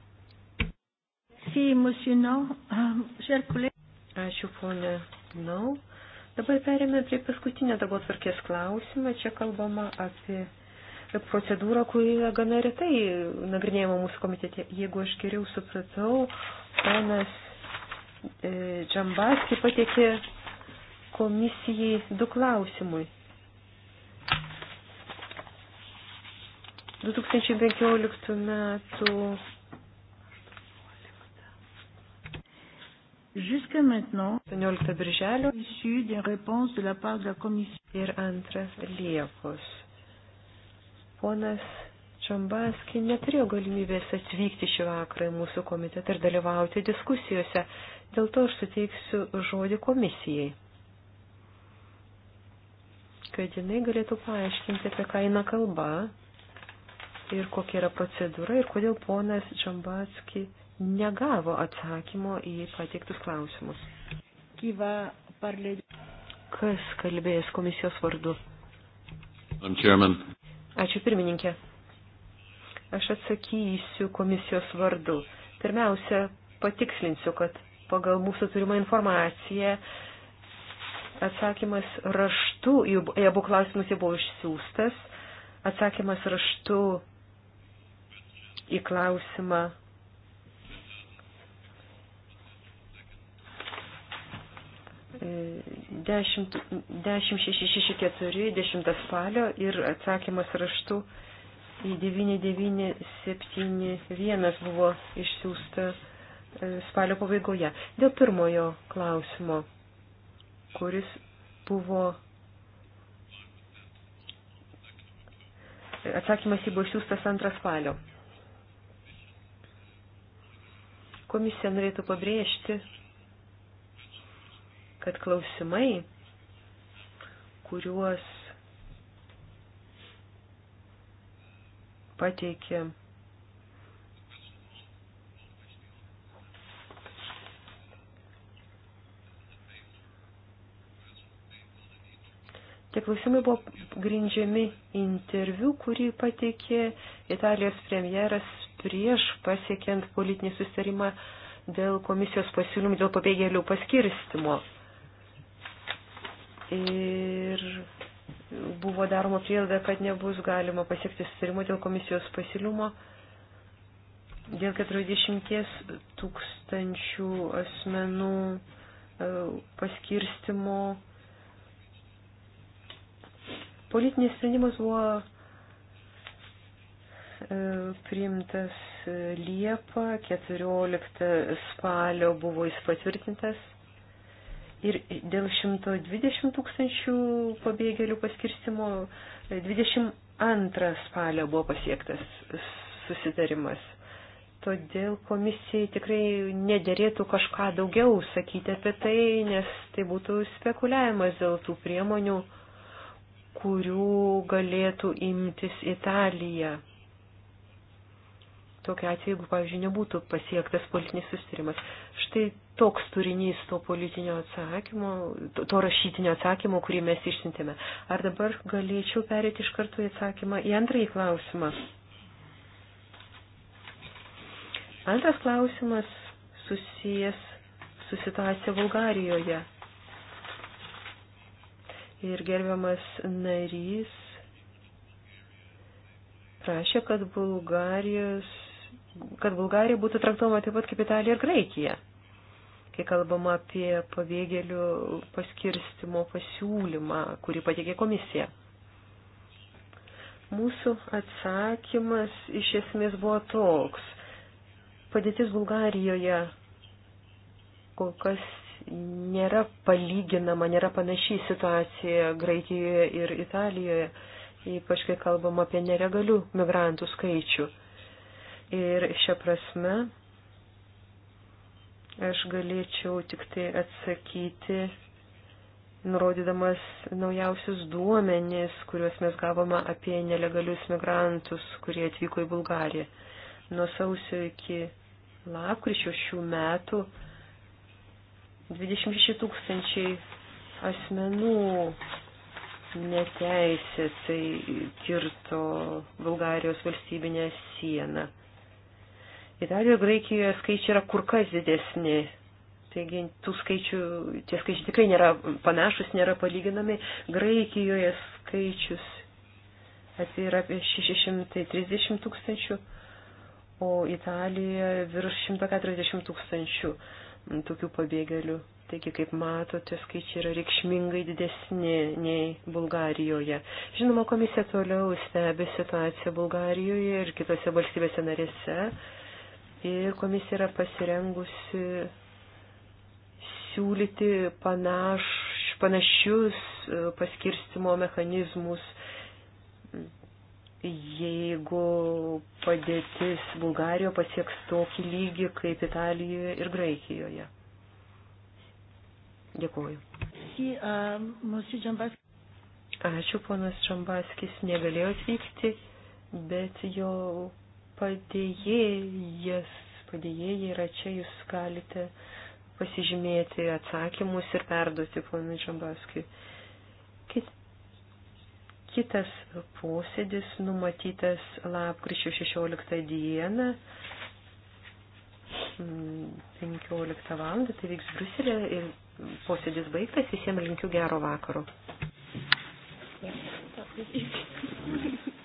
Euh, Ačiū, ponė Nau. Dabar perėmė prie paskutinio dabar tvarkės klausimą. Čia kalbama apie procedūrą, kuri gana retai nagrinėjama mūsų komitete. Jeigu aš geriau supratau, ponas E, Džambaski pateikė komisijai du klausimui. 2015 metų. Jusqu'à maintenant, 18 birželio, issu des réponses de la part de la commission. Ir antras Liepos. Ponas Čambaski neturėjo galimybės atvykti šį vakarą į mūsų komitetą ir dalyvauti diskusijose. Dėl to aš suteiksiu žodį komisijai, kad jinai galėtų paaiškinti, apie ką eina kalba ir kokia yra procedūra ir kodėl ponas Džambatski negavo atsakymo į pateiktus klausimus. Gyva parlė. Kas kalbėjęs komisijos vardu? Ačiū pirmininkė. Aš atsakysiu komisijos vardu. Pirmiausia, patikslinsiu, kad pagal mūsų turimą informaciją atsakymas raštu, į abu klausimus jau buvo išsiųstas, atsakymas raštu į klausimą. Dešimt, dešimt šeši šeši keturi, dešimtas spalio ir atsakymas raštu į 9971 buvo išsiųstas E, spalio pabaigoje. Dėl pirmojo klausimo, kuris buvo. E, atsakymas jį buvo išsiųstas antrą spalio. Komisija norėtų pabrėžti, kad klausimai, kuriuos pateikė Tie klausimai buvo grindžiami interviu, kurį pateikė Italijos premjeras prieš pasiekiant politinį susitarimą dėl komisijos pasiūlymų dėl pabėgėlių paskirstimo. Ir buvo daroma prielaida, kad nebus galima pasiekti sutarimo dėl komisijos pasiūlymo dėl 40 tūkstančių asmenų e, paskirstimo Politinis sprendimas buvo e, priimtas Liepa, 14 spalio buvo jis patvirtintas ir dėl 120 tūkstančių pabėgėlių paskirstimo 22 e, spalio buvo pasiektas susitarimas. Todėl komisijai tikrai nedėrėtų kažką daugiau sakyti apie tai, nes tai būtų spekuliavimas dėl tų priemonių, kurių galėtų imtis Italija. Tokiu atveju, jeigu, pavyzdžiui, nebūtų pasiektas politinis sustarimas. Štai toks turinys to politinio atsakymo, to, to rašytinio atsakymo, kurį mes išsintėme. Ar dabar galėčiau perėti iš karto į atsakymą į antrąjį klausimą? Antras klausimas susijęs su situacija Bulgarijoje ir gerbiamas narys prašė, kad, Bulgarijos, kad Bulgarija būtų traktuoma taip pat kaip Italija ir Graikija, kai kalbama apie pabėgėlių paskirstimo pasiūlymą, kurį pateikė komisija. Mūsų atsakymas iš esmės buvo toks. Padėtis Bulgarijoje kol kas nėra palyginama, nėra panašiai situacija Graikijoje ir Italijoje, ypač kai kalbam apie neregalių migrantų skaičių. Ir šią prasme aš galėčiau tik tai atsakyti, nurodydamas naujausius duomenis, kuriuos mes gavome apie nelegalius migrantus, kurie atvyko į Bulgariją. Nuo sausio iki lapkričio šių metų 26 tūkstančiai asmenų neteisėtai kirto Bulgarijos valstybinę sieną. Italijoje, Graikijoje skaičiai yra kur kas didesni. Taigi tų skaičių, tie skaičiai tikrai nėra panašus, nėra palyginami. Graikijoje skaičius yra apie 630 tūkstančių, o Italijoje virš 140 tūkstančių tokių pabėgėlių. Taigi, kaip matote, skaičiai yra reikšmingai didesni nei Bulgarijoje. Žinoma, komisija toliau stebi situaciją Bulgarijoje ir kitose valstybėse narėse. Ir komisija yra pasirengusi siūlyti panaš, panašius e, paskirstimo mechanizmus jeigu padėtis Bulgarijoje pasieks tokį lygį kaip Italijoje ir Graikijoje. Dėkuoju. Euh, Ačiū, ponas Čambaskis negalėjo atvykti, bet jo padėjėjas, padėjėjai yra čia, jūs galite pasižymėti atsakymus ir perduoti ponui Čambaskiui. Kitas posėdis numatytas lapkričio 16 dieną 15 mm, val. Tai vyks Bruselė ir posėdis baigtas. Visiems linkiu gero vakaro. Yeah.